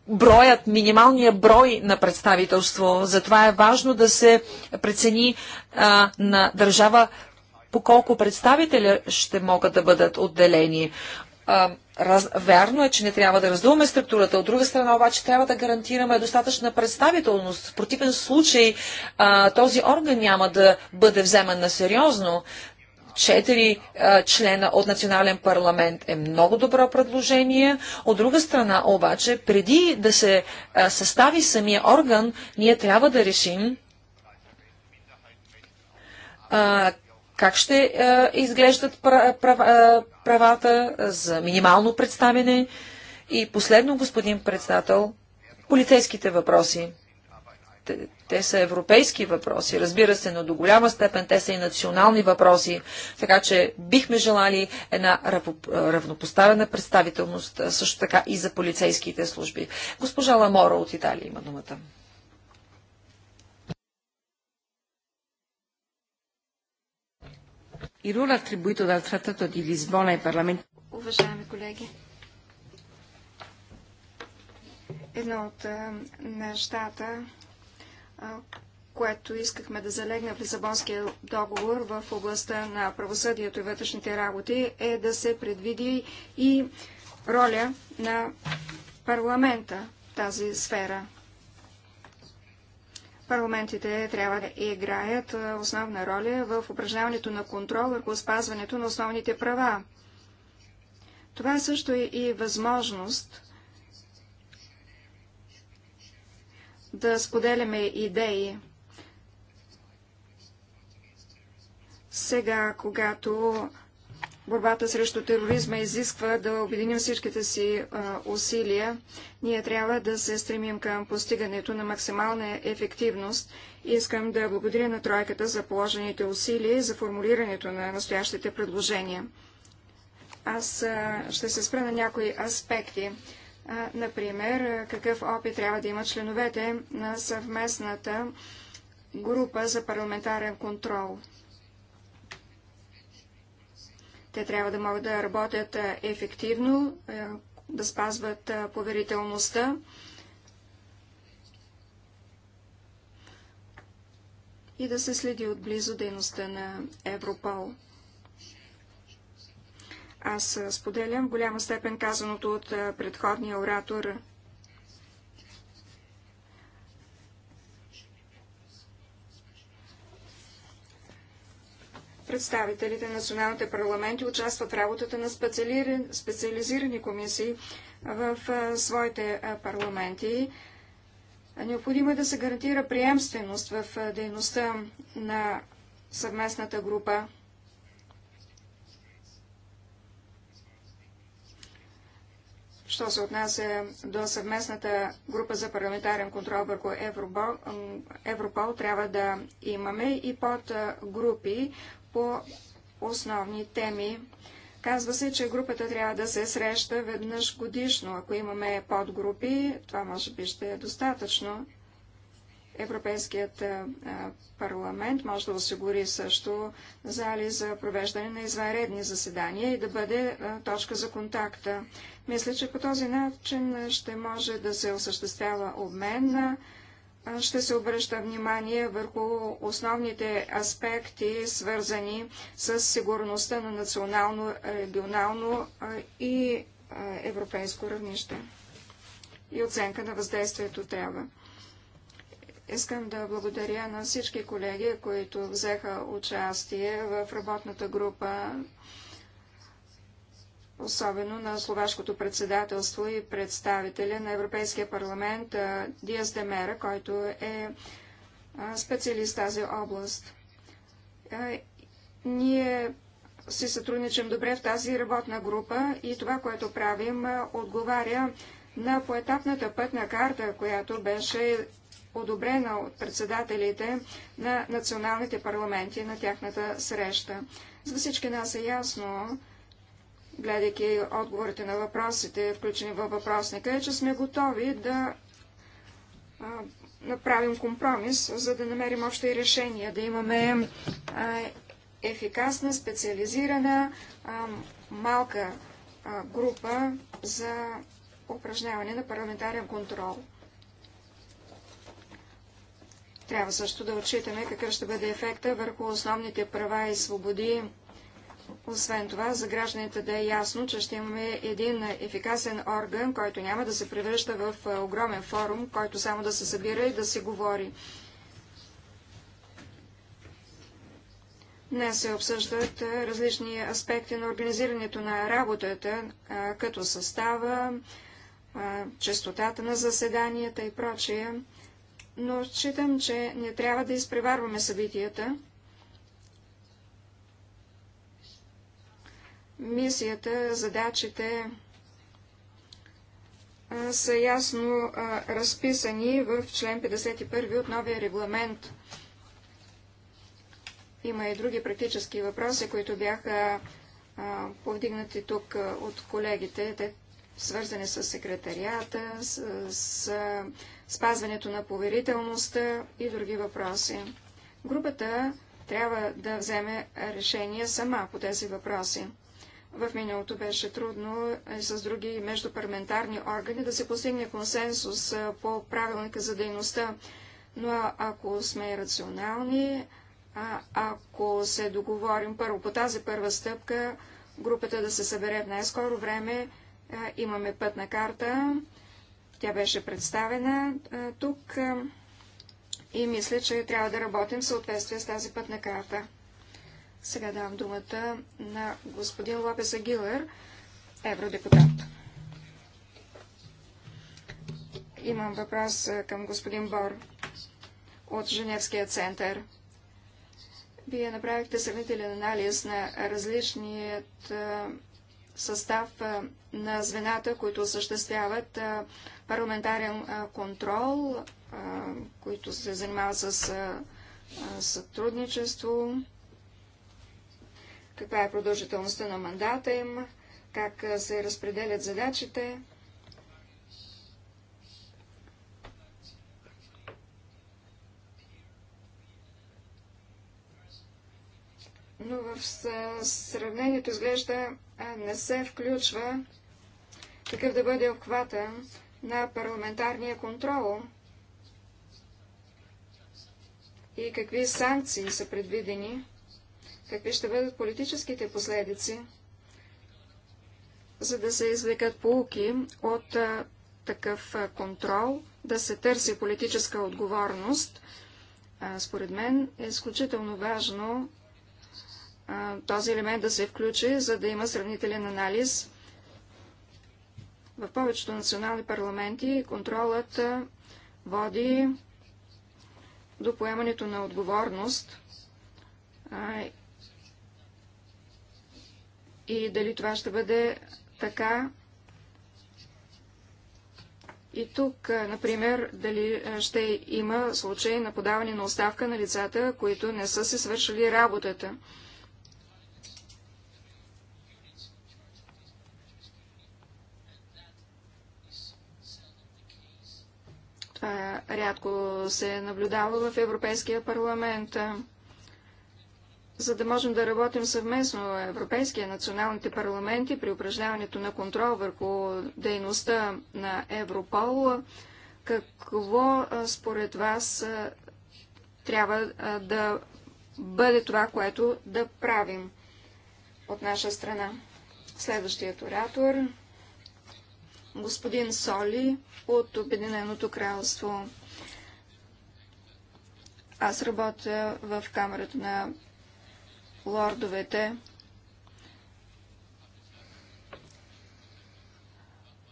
броят, минималния брой на представителство. Затова е важно да се прецени а, е, на държава по колко представителя ще могат да бъдат отделени. А, е, раз, вярно е, че не трябва да раздуваме структурата. От друга страна обаче трябва да гарантираме достатъчна представителност. В противен случай а, е, този орган няма да бъде вземан на сериозно четири члена от национален парламент е много добро предложение. От друга страна обаче, преди да се а, състави самия орган, ние трябва да решим а, как ще а, изглеждат правата за минимално представене. И последно, господин председател, полицейските въпроси. Те, те са европейски въпроси, разбира се, но до голяма степен те са и национални въпроси, така че бихме желали една равнопоставена представителност също така и за полицейските служби. Госпожа Ламора от Италия има думата. Уважаеми колеги, едно от нещата, което искахме да залегне в Лисабонския договор в областта на правосъдието и вътрешните работи, е да се предвиди и роля на парламента в тази сфера. Парламентите трябва да играят основна роля в упражняването на контрол върху спазването на основните права. Това е също и възможност да споделяме идеи. Сега, когато борбата срещу тероризма изисква да обединим всичките си а, усилия, ние трябва да се стремим към постигането на максимална ефективност. Искам да благодаря на тройката за положените усилия и за формулирането на настоящите предложения. Аз а, ще се спра на някои аспекти. Например, какъв опит трябва да имат членовете на съвместната група за парламентарен контрол. Те трябва да могат да работят ефективно, да спазват поверителността. и да се следи отблизо дейността на Европол. Аз споделям в голяма степен казаното от предходния оратор. Представителите на националните парламенти участват в работата на специализирани комисии в своите парламенти. Необходимо е да се гарантира приемственост в дейността на съвместната група. що се отнася до съвместната група за парламентарен контрол върху Европол, Европол трябва да имаме и под групи по основни теми. Казва се, че групата трябва да се среща веднъж годишно. Ако имаме подгрупи, това може би ще е достатъчно. Европейският парламент може да осигури също зали за провеждане на извънредни заседания и да бъде точка за контакта. Мисля, че по този начин ще може да се осъществява обмен. Ще се обръща внимание върху основните аспекти, свързани с сигурността на национално, регионално и европейско равнище. И оценка на въздействието трябва. Искам да благодаря на всички колеги, които взеха участие в работната група, особено на словашкото председателство и представителя на Европейския парламент Диас Демера, който е специалист в тази област. Ние си сътрудничам добре в тази работна група и това, което правим, отговаря на поетапната пътна карта, която беше одобрена от председателите на националните парламенти на тяхната среща. За всички нас е ясно, гледайки отговорите на въпросите, включени във въпросника, е, че сме готови да а, направим компромис, за да намерим общи решения, да имаме а, ефикасна, специализирана, а, малка група за упражняване на парламентарен контрол. Трябва също да отчитаме какъв ще бъде ефекта върху основните права и свободи. Освен това, за гражданите да е ясно, че ще имаме един ефикасен орган, който няма да се превръща в огромен форум, който само да се събира и да се говори. Днес се обсъждат различни аспекти на организирането на работата, като състава, частотата на заседанията и прочие но считам, че не трябва да изпреварваме събитията. Мисията, задачите са ясно разписани в член 51 от новия регламент. Има и други практически въпроси, които бяха повдигнати тук от колегите. Те свързани с секретарията, с, с спазването на поверителността и други въпроси. Групата трябва да вземе решение сама по тези въпроси. В миналото беше трудно и с други междупарламентарни органи да се постигне консенсус по правилника за дейността, но ако сме рационални, а ако се договорим първо по тази първа стъпка, групата да се събере в най-скоро време, имаме пътна карта, тя беше представена тук и мисля, че трябва да работим в съответствие с тази пътна карта. Сега давам думата на господин Лопес Агилер, евродепутат. Имам въпрос към господин Бор от Женевския център. Вие направихте сравнителен анализ на различният състав на звената, които осъществяват парламентарен контрол, които се занимават с сътрудничество, каква е продължителността на мандата им, как се разпределят задачите. но в сравнението изглежда не се включва такъв да бъде обхвата на парламентарния контрол и какви санкции са предвидени, какви ще бъдат политическите последици, за да се извлекат полуки от а, такъв а, контрол, да се търси политическа отговорност. А, според мен е изключително важно този елемент да се включи, за да има сравнителен анализ. В повечето национални парламенти контролът води до поемането на отговорност и дали това ще бъде така. И тук, например, дали ще има случай на подаване на оставка на лицата, които не са се свършили работата. Това е, рядко се наблюдава в Европейския парламент. Е, за да можем да работим съвместно Европейския националните парламенти при упражняването на контрол върху дейността на Европол, какво е, според вас трябва да бъде това, което да правим от наша страна? Следващият оратор господин Соли от Обединеното кралство. Аз работя в камерата на лордовете.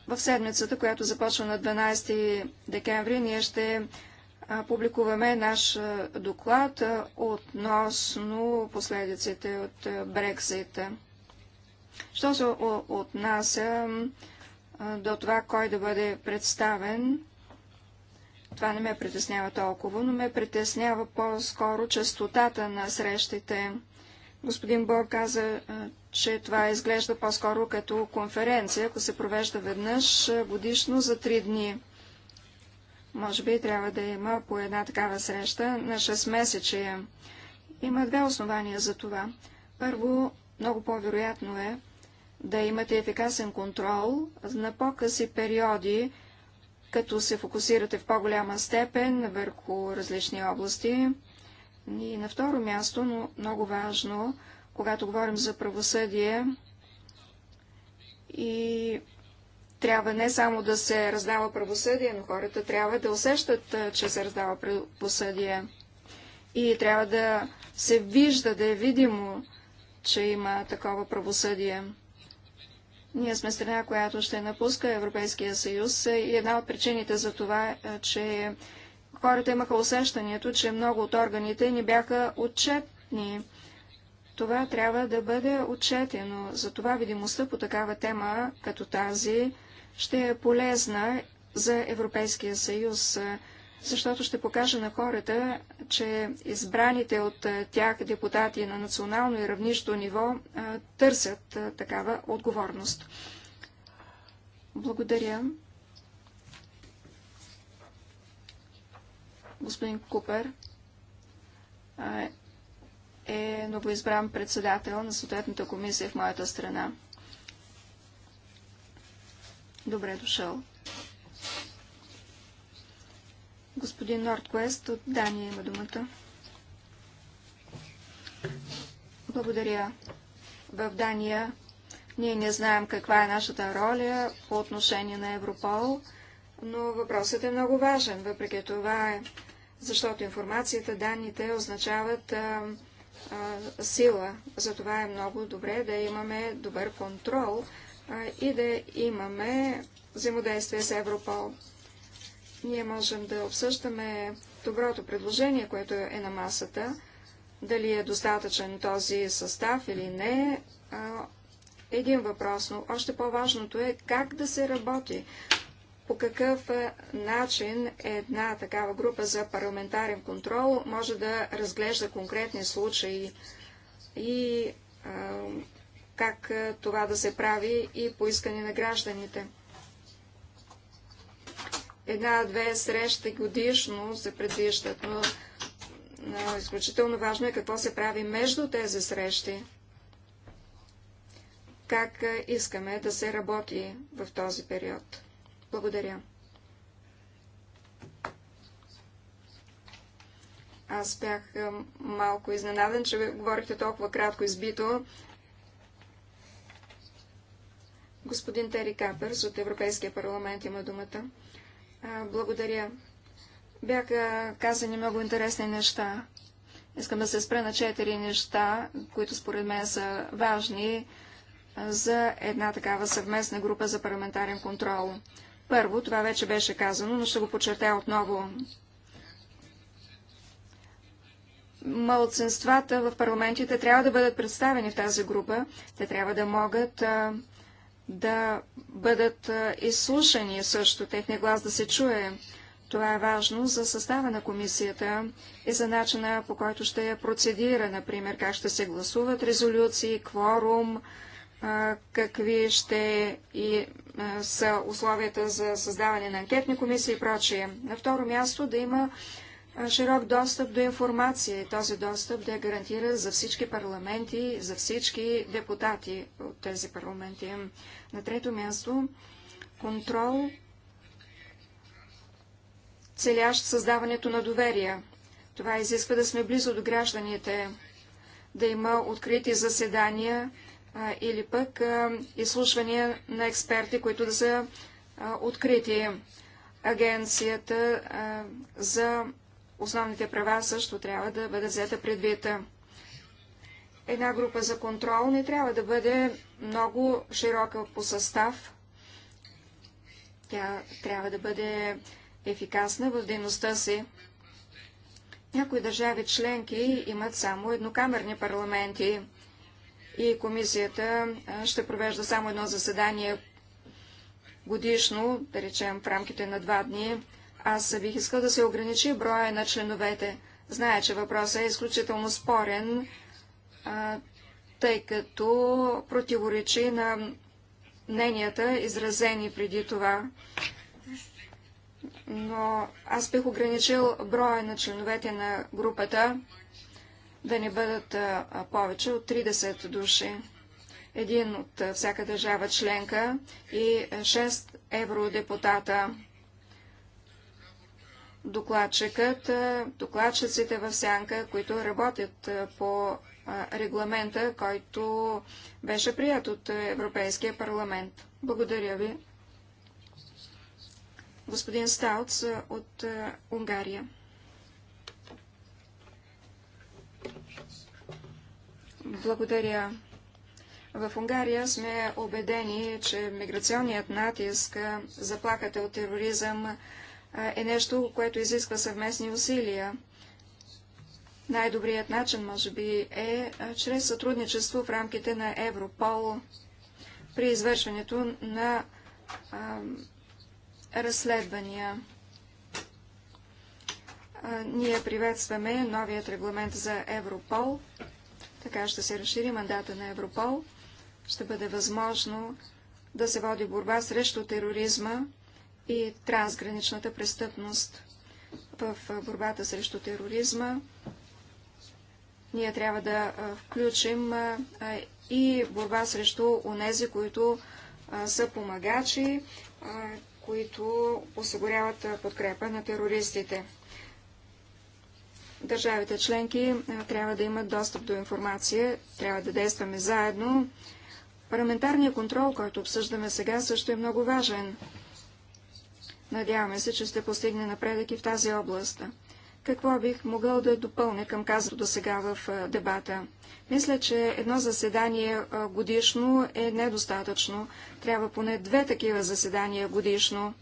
В седмицата, която започва на 12 декември, ние ще публикуваме наш доклад относно последиците от Брексита. Що се отнася до това кой да бъде представен. Това не ме притеснява толкова, но ме притеснява по-скоро частотата на срещите. Господин Бор каза, че това изглежда по-скоро като конференция, ако се провежда веднъж годишно за три дни. Може би трябва да има по една такава среща на 6 месечия. Има две основания за това. Първо, много по-вероятно е да имате ефикасен контрол на по-къси периоди, като се фокусирате в по-голяма степен върху различни области. И на второ място, но много важно, когато говорим за правосъдие и трябва не само да се раздава правосъдие, но хората трябва да усещат, че се раздава правосъдие. И трябва да се вижда, да е видимо, че има такова правосъдие. Ние сме страна, която ще напуска Европейския съюз и една от причините за това, е, че хората имаха усещането, че много от органите ни бяха отчетни. Това трябва да бъде отчетено. Затова видимостта по такава тема, като тази, ще е полезна за Европейския съюз защото ще покаже на хората, че избраните от тях депутати на национално и равнищо ниво търсят такава отговорност. Благодаря. Господин Купер е новоизбран председател на съответната комисия в моята страна. Добре дошъл. Господин Нордквест от Дания има думата. Благодаря. В Дания ние не знаем каква е нашата роля по отношение на Европол, но въпросът е много важен. Въпреки това е, защото информацията, данните означават а, а, сила. Затова е много добре да имаме добър контрол а, и да имаме взаимодействие с Европол. Ние можем да обсъждаме доброто предложение, което е на масата, дали е достатъчен този състав или не. Един въпрос, но още по-важното е как да се работи по какъв начин една такава група за парламентарен контрол може да разглежда конкретни случаи и а, как това да се прави и по искане на гражданите. Една-две срещи годишно се предвиждат, но, изключително важно е какво се прави между тези срещи. Как искаме да се работи в този период. Благодаря. Аз бях малко изненаден, че говорихте толкова кратко избито. Господин Тери Капърс от Европейския парламент има думата. Благодаря. Бяха казани много интересни неща. Искам да се спра на четири неща, които според мен са важни за една такава съвместна група за парламентарен контрол. Първо, това вече беше казано, но ще го подчертая отново. Малцинствата в парламентите трябва да бъдат представени в тази група. Те трябва да могат а, да бъдат изслушани също, техния глас да се чуе. Това е важно за състава на комисията и за начина по който ще я процедира, например, как ще се гласуват резолюции, кворум, какви ще и са условията за създаване на анкетни комисии и прочие. На второ място да има широк достъп до информация и този достъп да е гарантира за всички парламенти, за всички депутати от тези парламенти. На трето място, контрол, целящ създаването на доверие. Това изисква да сме близо до гражданите, да има открити заседания а, или пък а, изслушвания на експерти, които да са а, открити. Агенцията а, за Основните права също трябва да бъдат взета предвид. Една група за контрол не трябва да бъде много широка по състав. Тя трябва да бъде ефикасна в дейността си. Някои държави членки имат само еднокамерни парламенти и комисията ще провежда само едно заседание годишно, да речем в рамките на два дни. Аз бих искал да се ограничи броя на членовете. Зная, че въпросът е изключително спорен, а, тъй като противоречи на мненията, изразени преди това. Но аз бих ограничил броя на членовете на групата да не бъдат а, повече от 30 души. Един от всяка държава членка и 6 евродепутата докладчикът, докладчиците в сянка, които работят по регламента, който беше прият от Европейския парламент. Благодаря ви. Господин Стауц от Унгария. Благодаря. В Унгария сме убедени, че миграционният натиск, заплахата от тероризъм, е нещо, което изисква съвместни усилия. Най-добрият начин, може би, е чрез сътрудничество в рамките на Европол при извършването на а, разследвания. А, ние приветстваме новият регламент за Европол. Така ще се разшири мандата на Европол. Ще бъде възможно да се води борба срещу тероризма и трансграничната престъпност в борбата срещу тероризма. Ние трябва да включим и борба срещу онези, които са помагачи, които осигуряват подкрепа на терористите. Държавите членки трябва да имат достъп до информация, трябва да действаме заедно. Парламентарният контрол, който обсъждаме сега, също е много важен. Надяваме се, че ще постигне напредък и в тази област. Какво бих могъл да допълня към казато до сега в дебата? Мисля, че едно заседание годишно е недостатъчно. Трябва поне две такива заседания годишно.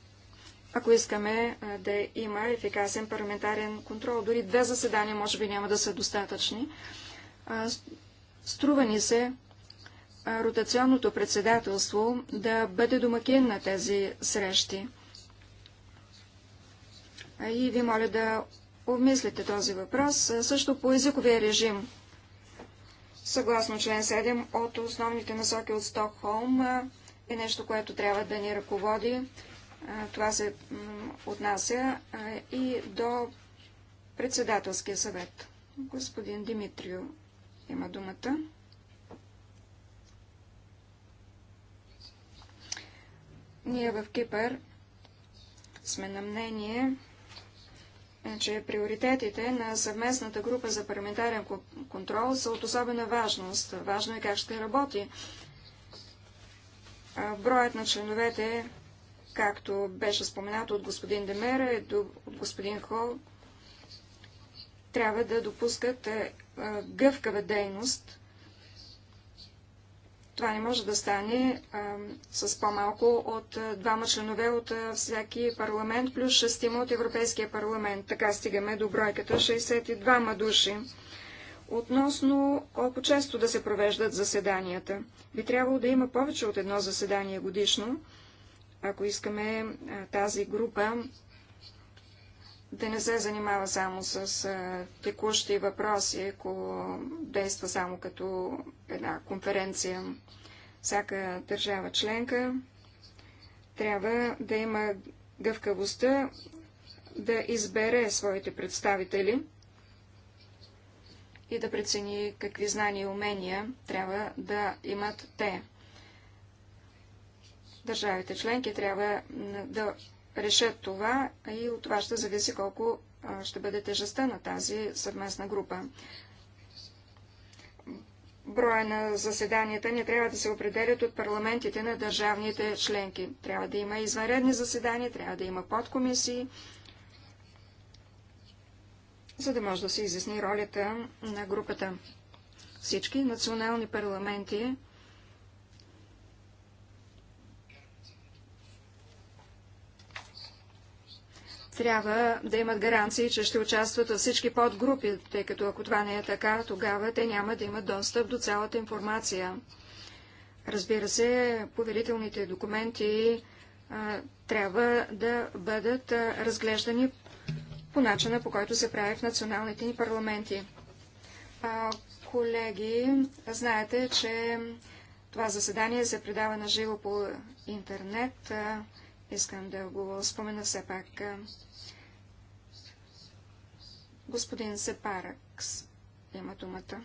Ако искаме да има ефикасен парламентарен контрол, дори две заседания може би няма да са достатъчни. Струва ни се ротационното председателство да бъде домакин на тези срещи и ви моля да обмислите този въпрос. Също по езиковия режим. Съгласно член 7 от основните насоки от Стокхолм е нещо, което трябва да ни ръководи. Това се отнася и до председателския съвет. Господин Димитрио има думата. Ние в Кипър сме на мнение, че приоритетите на съвместната група за парламентарен контрол са от особена важност. Важно е как ще работи. Броят на членовете, както беше споменато от господин Демера и от господин Хол, трябва да допускат гъвкава дейност това не може да стане а, с по-малко от а, двама членове от а, всяки парламент, плюс шестима от Европейския парламент. Така стигаме до бройката 62 ма души. Относно колко често да се провеждат заседанията. Би трябвало да има повече от едно заседание годишно, ако искаме а, тази група да не се занимава само с текущи въпроси, ако действа само като една конференция. Всяка държава членка трябва да има гъвкавостта да избере своите представители и да прецени какви знания и умения трябва да имат те. Държавите членки трябва да решат това и от това ще зависи колко ще бъде тежестта на тази съвместна група. Броя на заседанията не трябва да се определят от парламентите на държавните членки. Трябва да има извънредни заседания, трябва да има подкомисии, за да може да се изясни ролята на групата. Всички национални парламенти трябва да имат гаранции, че ще участват във всички подгрупи, тъй като ако това не е така, тогава те няма да имат достъп до цялата информация. Разбира се, поверителните документи а, трябва да бъдат а, разглеждани по начина, по който се прави в националните ни парламенти. А, колеги, знаете, че това заседание се предава на живо по интернет. А, Искам да го спомена все пак. Господин Сепаракс има думата.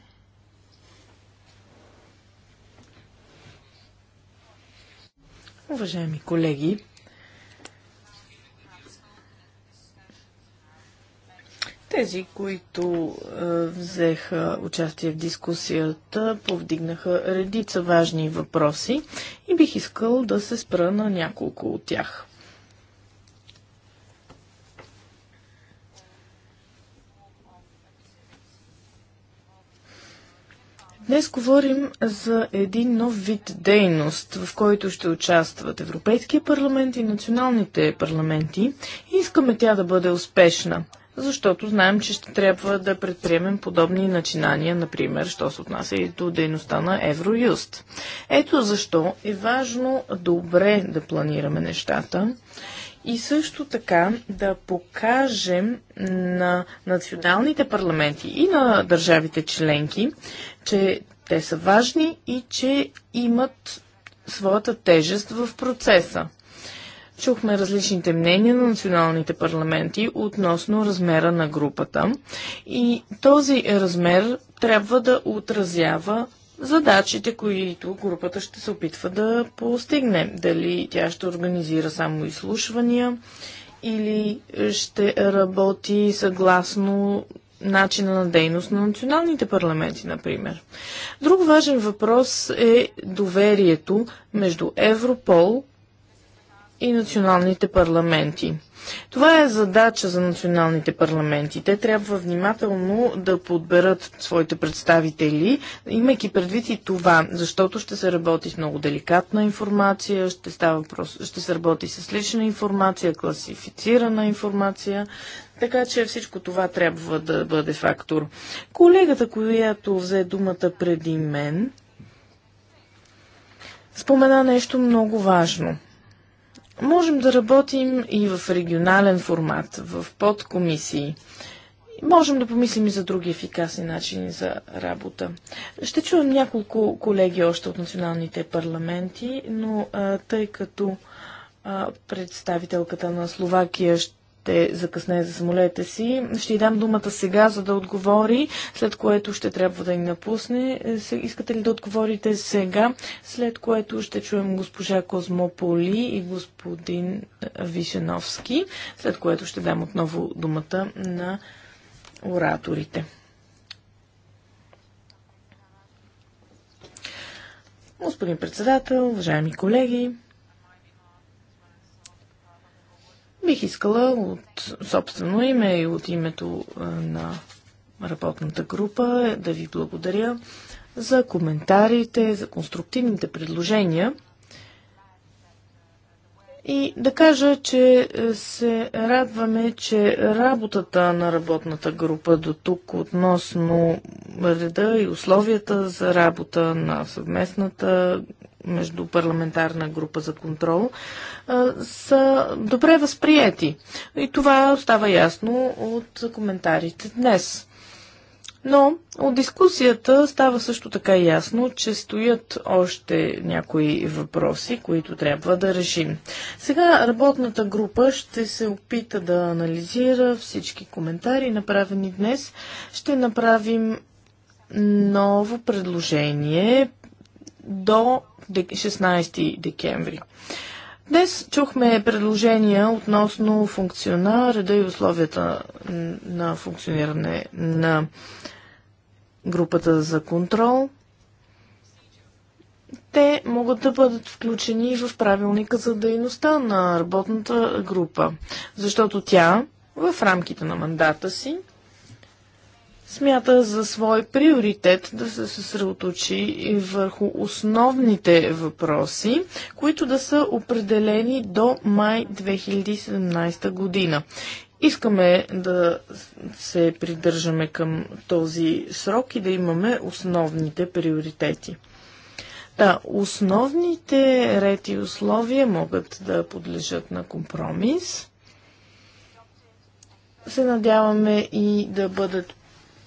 Уважаеми колеги, Тези, които е, взеха участие в дискусията, повдигнаха редица важни въпроси и бих искал да се спра на няколко от тях. Днес говорим за един нов вид дейност, в който ще участват Европейския парламент и националните парламенти. и Искаме тя да бъде успешна защото знаем, че ще трябва да предприемем подобни начинания, например, що се отнася и до дейността на Евроюст. Ето защо е важно добре да планираме нещата и също така да покажем на националните парламенти и на държавите членки, че те са важни и че имат своята тежест в процеса. Чухме различните мнения на националните парламенти относно размера на групата и този размер трябва да отразява задачите, които групата ще се опитва да постигне. Дали тя ще организира само изслушвания или ще работи съгласно начина на дейност на националните парламенти, например. Друг важен въпрос е доверието между Европол и националните парламенти. Това е задача за националните парламенти. Те трябва внимателно да подберат своите представители, имайки предвид и това, защото ще се работи с много деликатна информация, ще, става ще се работи с лична информация, класифицирана информация, така че всичко това трябва да бъде фактор. Колегата, която взе думата преди мен, спомена нещо много важно – Можем да работим и в регионален формат, в подкомисии. Можем да помислим и за други ефикасни начини за работа. Ще чувам няколко колеги още от националните парламенти, но а, тъй като а, представителката на Словакия ще ще закъсне за самолета си. Ще й дам думата сега, за да отговори, след което ще трябва да ни напусне. Искате ли да отговорите сега, след което ще чуем госпожа Козмополи и господин Вишеновски, след което ще дам отново думата на ораторите. Господин председател, уважаеми колеги, Бих искала от собствено име и от името на работната група е, да ви благодаря за коментарите, за конструктивните предложения и да кажа, че е, се радваме, че работата на работната група до тук относно реда и условията за работа на съвместната между парламентарна група за контрол, са добре възприяти. И това остава ясно от коментарите днес. Но от дискусията става също така ясно, че стоят още някои въпроси, които трябва да решим. Сега работната група ще се опита да анализира всички коментари, направени днес. Ще направим ново предложение до 16 декември. Днес чухме предложения относно функциона, реда и условията на функциониране на групата за контрол. Те могат да бъдат включени в правилника за дейността на работната група, защото тя в рамките на мандата си смята за свой приоритет да се съсредоточи върху основните въпроси, които да са определени до май 2017 година. Искаме да се придържаме към този срок и да имаме основните приоритети. Да, основните ред и условия могат да подлежат на компромис. Се надяваме и да бъдат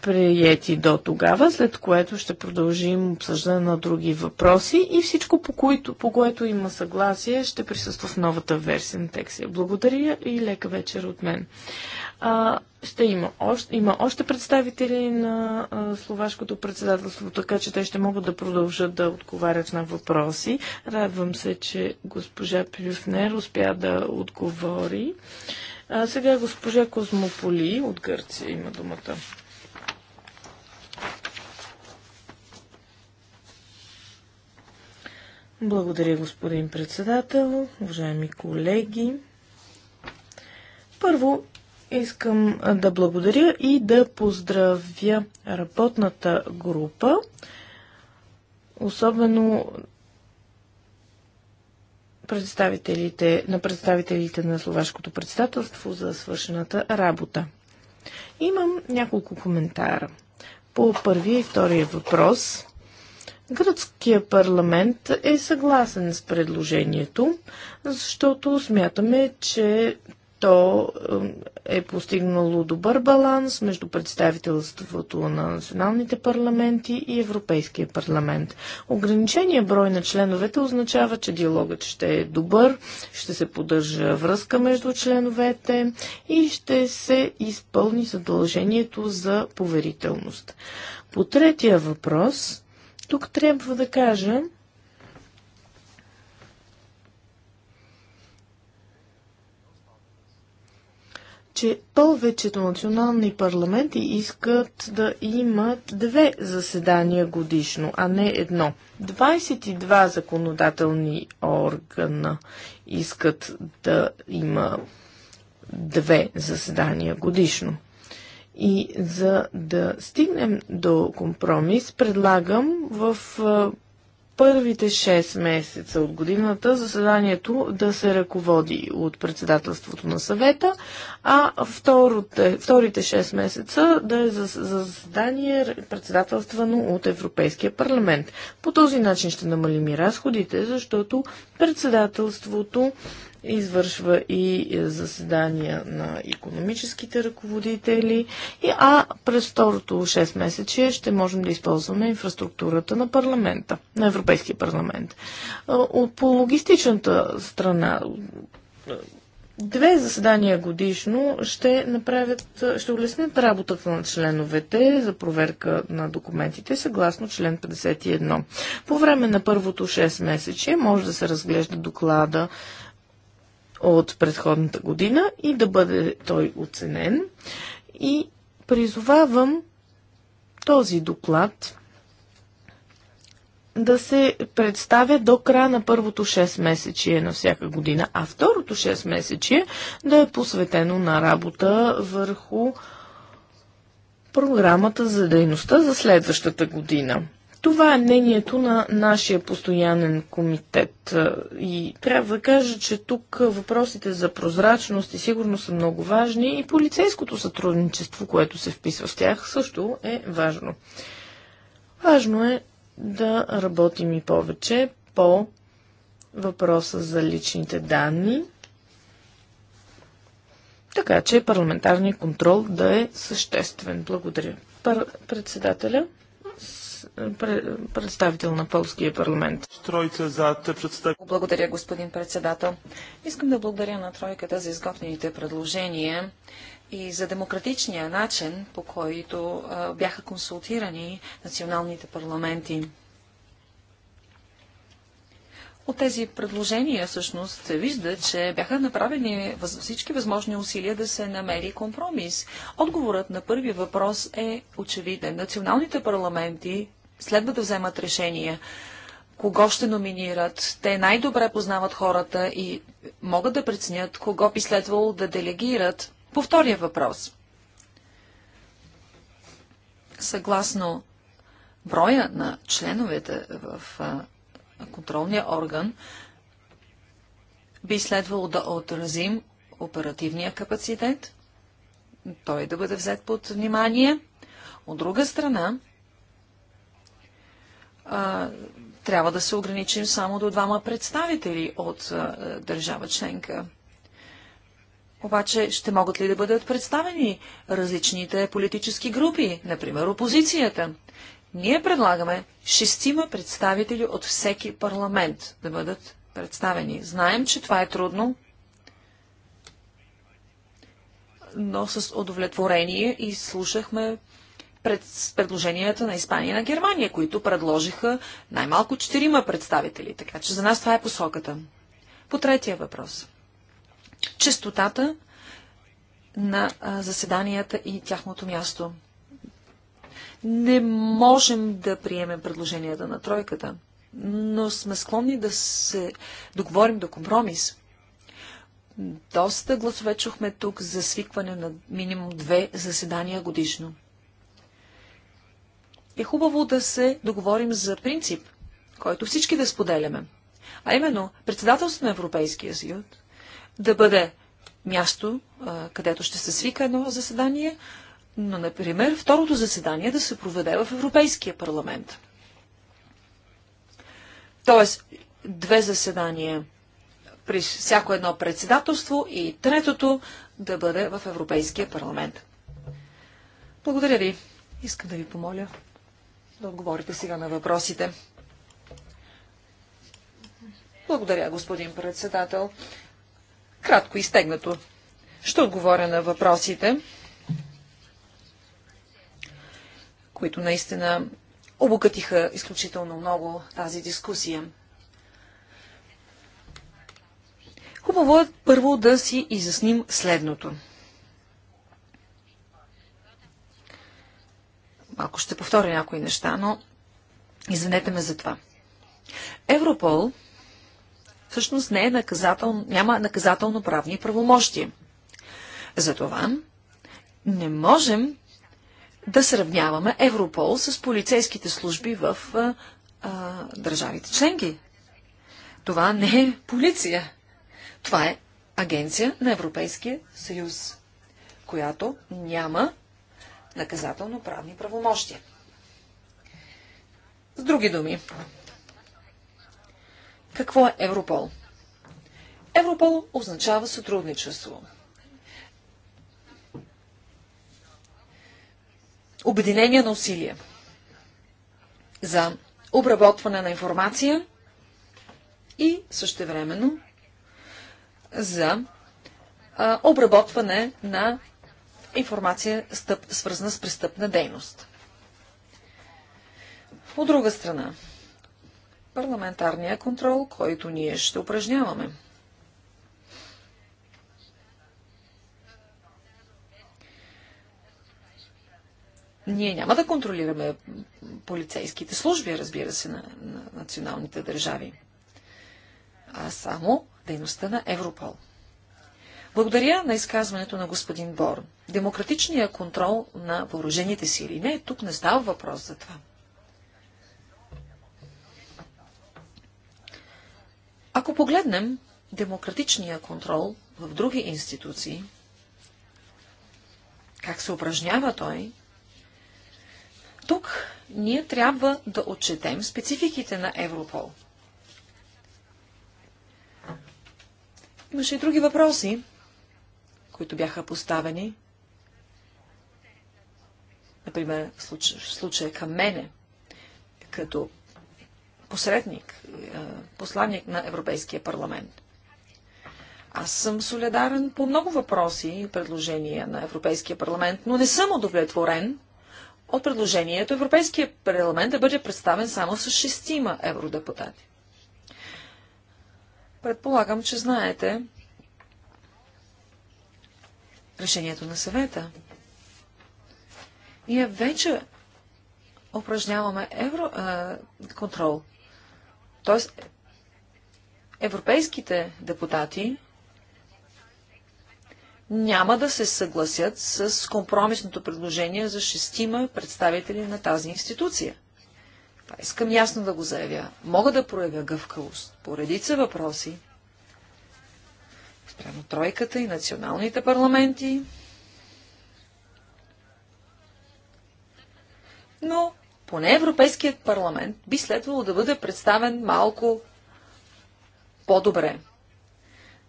приети до тогава, след което ще продължим обсъждане на други въпроси и всичко, по, които, по което има съгласие, ще присъства в новата версия на текстия. Благодаря и лека вечер от мен. А, ще има още, има още представители на а, словашкото председателство, така че те ще могат да продължат да отговарят на въпроси. Радвам се, че госпожа Плюфнер успя да отговори. А сега госпожа Козмополи от Гърция има думата. Благодаря, господин председател, уважаеми колеги. Първо, искам да благодаря и да поздравя работната група, особено представителите, на представителите на Словашкото председателство за свършената работа. Имам няколко коментара. По първия и втория въпрос – Гръцкият парламент е съгласен с предложението, защото смятаме, че то е постигнало добър баланс между представителството на националните парламенти и Европейския парламент. Ограничения брой на членовете означава, че диалогът ще е добър, ще се поддържа връзка между членовете и ще се изпълни задължението за поверителност. По третия въпрос тук трябва да кажа, че повечето национални парламенти искат да имат две заседания годишно, а не едно. 22 законодателни органа искат да има две заседания годишно. И за да стигнем до компромис, предлагам в първите 6 месеца от годината заседанието да се ръководи от председателството на съвета, а вторите, вторите 6 месеца да е за, за заседание председателствано от Европейския парламент. По този начин ще намалим и разходите, защото председателството извършва и е, заседания на економическите ръководители, а през второто 6 месече ще можем да използваме инфраструктурата на парламента, на Европейския парламент. Е, по логистичната страна, е, Две заседания годишно ще направят, ще улеснят работата на членовете за проверка на документите съгласно член 51. По време на първото 6 месече може да се разглежда доклада от предходната година и да бъде той оценен. И призовавам този доклад да се представя до края на първото 6 месечие на всяка година, а второто 6 месечие да е посветено на работа върху програмата за дейността за следващата година. Това е мнението на нашия постоянен комитет. И трябва да кажа, че тук въпросите за прозрачност и сигурност са много важни и полицейското сътрудничество, което се вписва в тях, също е важно. Важно е да работим и повече по въпроса за личните данни, така че парламентарният контрол да е съществен. Благодаря. Председателя представител на полския парламент. за Благодаря, господин председател. Искам да благодаря на тройката за изготвените предложения и за демократичния начин, по който а, бяха консултирани националните парламенти. От тези предложения всъщност се вижда, че бяха направени всички възможни усилия да се намери компромис. Отговорът на първи въпрос е очевиден. Националните парламенти следва да вземат решения кого ще номинират. Те най-добре познават хората и могат да преценят кого би следвало да делегират. По втория въпрос. Съгласно броя на членовете в а, контролния орган, би следвало да отразим оперативния капацитет, той да бъде взет под внимание. От друга страна, а, трябва да се ограничим само до двама представители от а, държава членка. Обаче ще могат ли да бъдат представени различните политически групи, например опозицията? Ние предлагаме шестима представители от всеки парламент да бъдат представени. Знаем, че това е трудно, но с удовлетворение и слушахме пред предложенията на Испания и на Германия, които предложиха най-малко четирима представители. Така че за нас това е посоката. По третия въпрос. Честотата на заседанията и тяхното място. Не можем да приемем предложенията на тройката, но сме склонни да се договорим до компромис. Доста гласове чухме тук за свикване на минимум две заседания годишно е хубаво да се договорим за принцип, който всички да споделяме. А именно, председателството на Европейския съюз да бъде място, където ще се свика едно заседание, но, например, второто заседание да се проведе в Европейския парламент. Тоест, две заседания при всяко едно председателство и третото да бъде в Европейския парламент. Благодаря ви. Искам да ви помоля да отговорите сега на въпросите. Благодаря, господин председател. Кратко изтегнато. Ще отговоря на въпросите, които наистина обогатиха изключително много тази дискусия. Хубаво е първо да си изясним следното – Малко ще повторя някои неща, но извинете ме за това. Европол всъщност не е наказател, няма наказателно-правни правомощи. Затова не можем да сравняваме Европол с полицейските служби в а, а, държавите членки. Това не е полиция. Това е агенция на Европейския съюз, която няма наказателно-правни правомощия. С други думи, какво е Европол? Европол означава сътрудничество. Обединение на усилия за обработване на информация и същевременно за а, обработване на информация, стъп, свързана с престъпна дейност. От друга страна, парламентарния контрол, който ние ще упражняваме. Ние няма да контролираме полицейските служби, разбира се, на, на националните държави, а само дейността на Европол. Благодаря на изказването на господин Борн демократичния контрол на въоръжените сили. Не, тук не става въпрос за това. Ако погледнем демократичния контрол в други институции, как се упражнява той, тук ние трябва да отчетем спецификите на Европол. Имаше и други въпроси, които бяха поставени например, в случая, в случая към мене, като посредник, посланник на Европейския парламент. Аз съм солидарен по много въпроси и предложения на Европейския парламент, но не съм удовлетворен от предложението Европейския парламент да бъде представен само с шестима евродепутати. Предполагам, че знаете решението на съвета – ние вече упражняваме евро, а, контрол. Тоест, европейските депутати няма да се съгласят с компромисното предложение за шестима представители на тази институция. Това искам ясно да го заявя. Мога да проявя гъвкавост по редица въпроси спрямо тройката и националните парламенти, но поне Европейският парламент би следвало да бъде представен малко по-добре.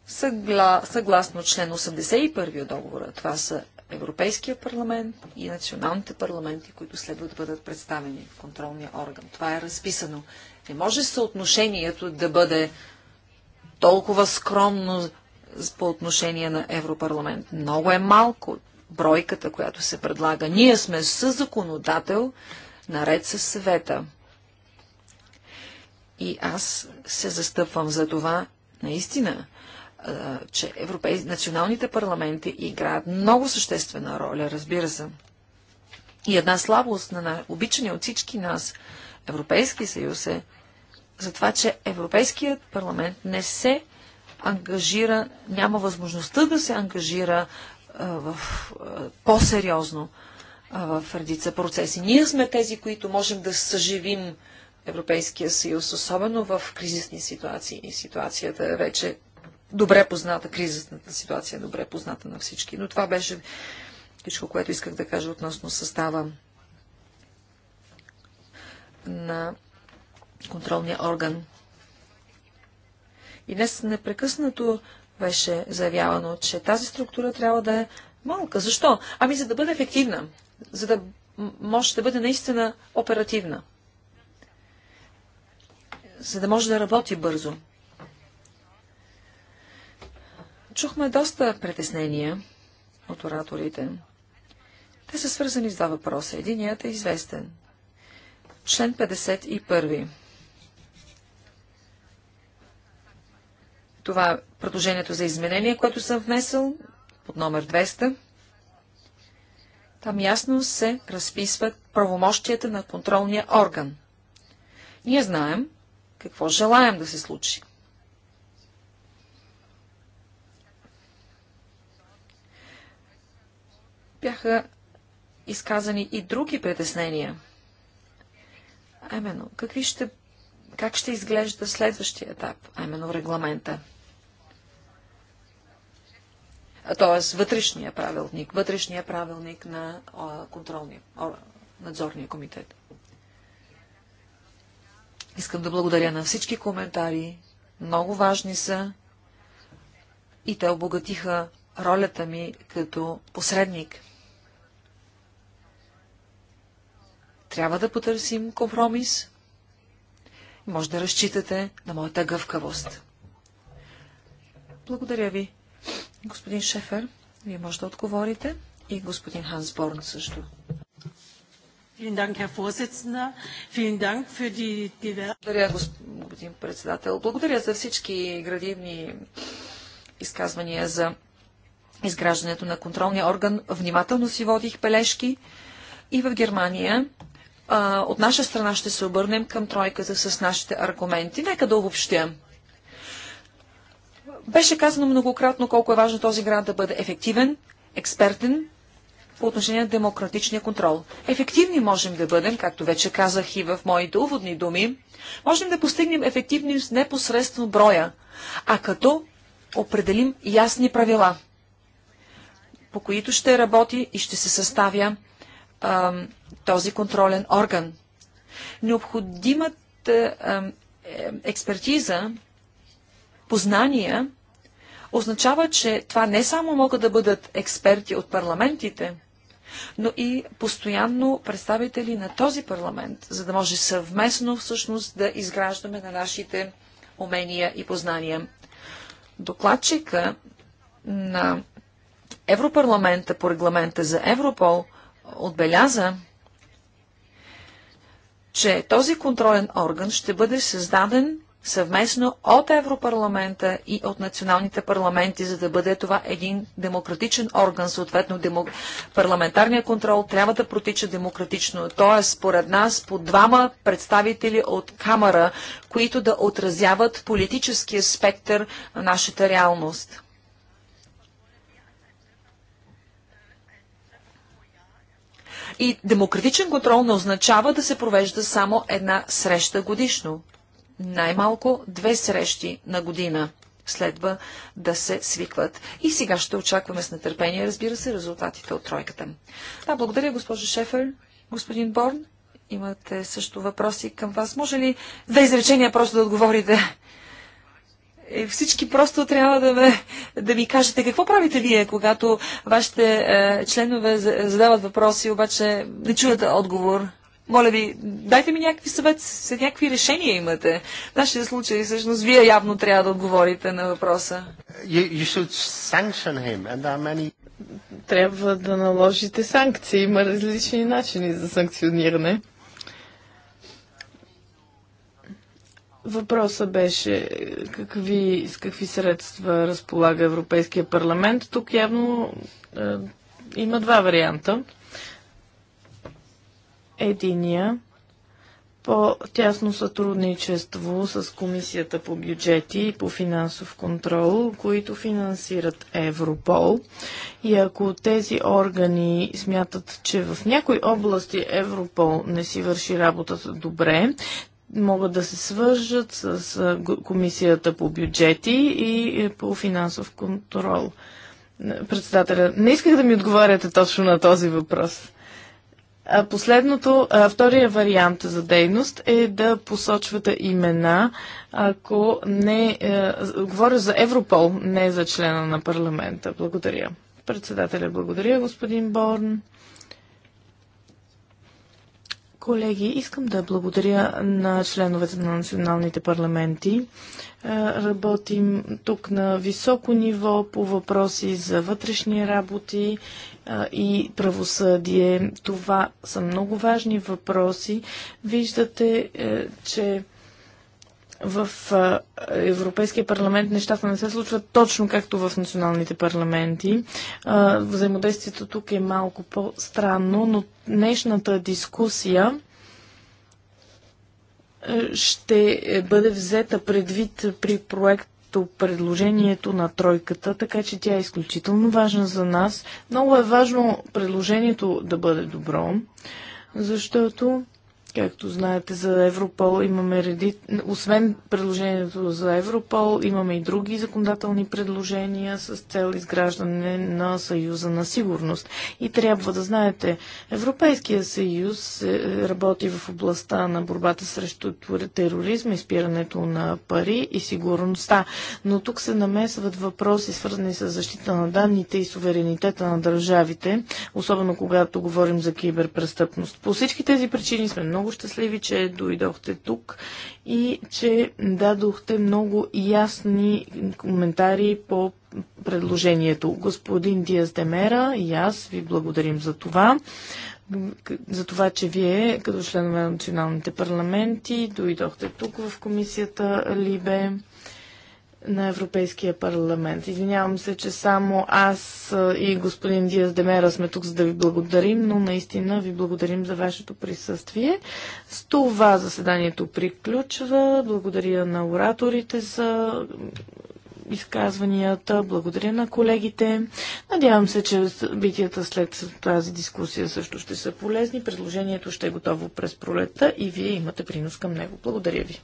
Съгла... Съгласно член 81 от договора, това са Европейския парламент и националните парламенти, които следва да бъдат представени в контролния орган. Това е разписано. Не може съотношението да бъде толкова скромно по отношение на Европарламент. Много е малко бройката, която се предлага. Ние сме със законодател, наред с съвета. И аз се застъпвам за това, наистина, че европей... националните парламенти играят много съществена роля, разбира се. И една слабост на обичане от всички нас, Европейски съюз е за това, че Европейският парламент не се ангажира, няма възможността да се ангажира в, по-сериозно в редица процеси. Ние сме тези, които можем да съживим Европейския съюз, особено в кризисни ситуации. И ситуацията е вече добре позната, кризисната ситуация е добре позната на всички. Но това беше всичко, което исках да кажа относно състава на контролния орган. И днес непрекъснато беше заявявано, че тази структура трябва да е малка. Защо? Ами за да бъде ефективна, за да може да бъде наистина оперативна, за да може да работи бързо. Чухме доста притеснения от ораторите. Те са свързани с два въпроса. Единият е известен. Член 51. Това е предложението за изменение, което съм внесъл под номер 200. Там ясно се разписват правомощията на контролния орган. Ние знаем какво желаем да се случи. Бяха изказани и други притеснения. именно, какви ще, как ще изглежда следващия етап, а именно регламента т.е. вътрешния правилник, вътрешния правилник на контролния, надзорния комитет. Искам да благодаря на всички коментари. Много важни са и те обогатиха ролята ми като посредник. Трябва да потърсим компромис. Може да разчитате на моята гъвкавост. Благодаря ви. Господин Шефер, вие може да отговорите и господин Ханс Борн също. Благодаря, господин председател. Благодаря за всички градивни изказвания за изграждането на контролния орган. Внимателно си водих пелешки и в Германия. от наша страна ще се обърнем към тройката с нашите аргументи. Нека да обобщя. Беше казано многократно колко е важно този град да бъде ефективен, експертен по отношение на демократичния контрол. Ефективни можем да бъдем, както вече казах и в моите уводни думи, можем да постигнем ефективни с непосредствено броя, а като определим ясни правила, по които ще работи и ще се съставя а, този контролен орган. Необходимата а, е, експертиза познания, означава, че това не само могат да бъдат експерти от парламентите, но и постоянно представители на този парламент, за да може съвместно всъщност да изграждаме на нашите умения и познания. Докладчика на Европарламента по регламента за Европол отбеляза, че този контролен орган ще бъде създаден съвместно от Европарламента и от националните парламенти, за да бъде това един демократичен орган. Съответно, демо... парламентарния контрол трябва да протича демократично. т.е. според нас, по двама представители от Камара, които да отразяват политическия спектър на нашата реалност. И демократичен контрол не означава да се провежда само една среща годишно най-малко две срещи на година следва да се свикват. И сега ще очакваме с нетърпение, разбира се, резултатите от тройката. Да, благодаря, госпожо Шефер. Господин Борн, имате също въпроси към вас. Може ли две изречения просто да отговорите? И е, всички просто трябва да, ме, да ми кажете какво правите вие, когато вашите е, членове задават въпроси, обаче не чуят отговор. Моля ви, дайте ми някакви съвет, след някакви решения имате. В нашия случай, всъщност, вие явно трябва да отговорите на въпроса. You, you many... Трябва да наложите санкции. Има различни начини за санкциониране. Въпросът беше какви, с какви средства разполага Европейския парламент. Тук явно е, има два варианта. Единия по-тясно сътрудничество с Комисията по бюджети и по финансов контрол, които финансират Европол. И ако тези органи смятат, че в някои области Европол не си върши работата добре, могат да се свържат с Комисията по бюджети и е, по финансов контрол. Председателя, не исках да ми отговаряте точно на този въпрос. Последното, втория вариант за дейност е да посочвате имена, ако не... Е, говоря за Европол, не за члена на парламента. Благодаря. Председателя, благодаря, господин Борн. Колеги, искам да благодаря на членовете на националните парламенти. Е, работим тук на високо ниво по въпроси за вътрешни работи е, и правосъдие. Това са много важни въпроси. Виждате, е, че в Европейския парламент нещата не се случват точно както в националните парламенти. Взаимодействието тук е малко по-странно, но днешната дискусия е, ще бъде взета предвид при проект предложението на тройката, така че тя е изключително важна за нас. Много е важно предложението да бъде добро, защото Както знаете, за Европол имаме реди... Освен предложението за Европол, имаме и други законодателни предложения с цел изграждане на Съюза на сигурност. И трябва да знаете, Европейския съюз е, работи в областта на борбата срещу тероризма, изпирането на пари и сигурността. Но тук се намесват въпроси, свързани с защита на данните и суверенитета на държавите, особено когато говорим за киберпрестъпност. По всички тези причини сме много много щастливи, че дойдохте тук и че дадохте много ясни коментари по предложението. Господин Диас Демера и аз ви благодарим за това за това, че вие, като членове на националните парламенти, дойдохте тук в комисията Либе на Европейския парламент. Извинявам се, че само аз и господин Диас Демера сме тук, за да ви благодарим, но наистина ви благодарим за вашето присъствие. С това заседанието приключва. Благодаря на ораторите за изказванията. Благодаря на колегите. Надявам се, че събитията след тази дискусия също ще са полезни. Предложението ще е готово през пролета и вие имате принос към него. Благодаря ви.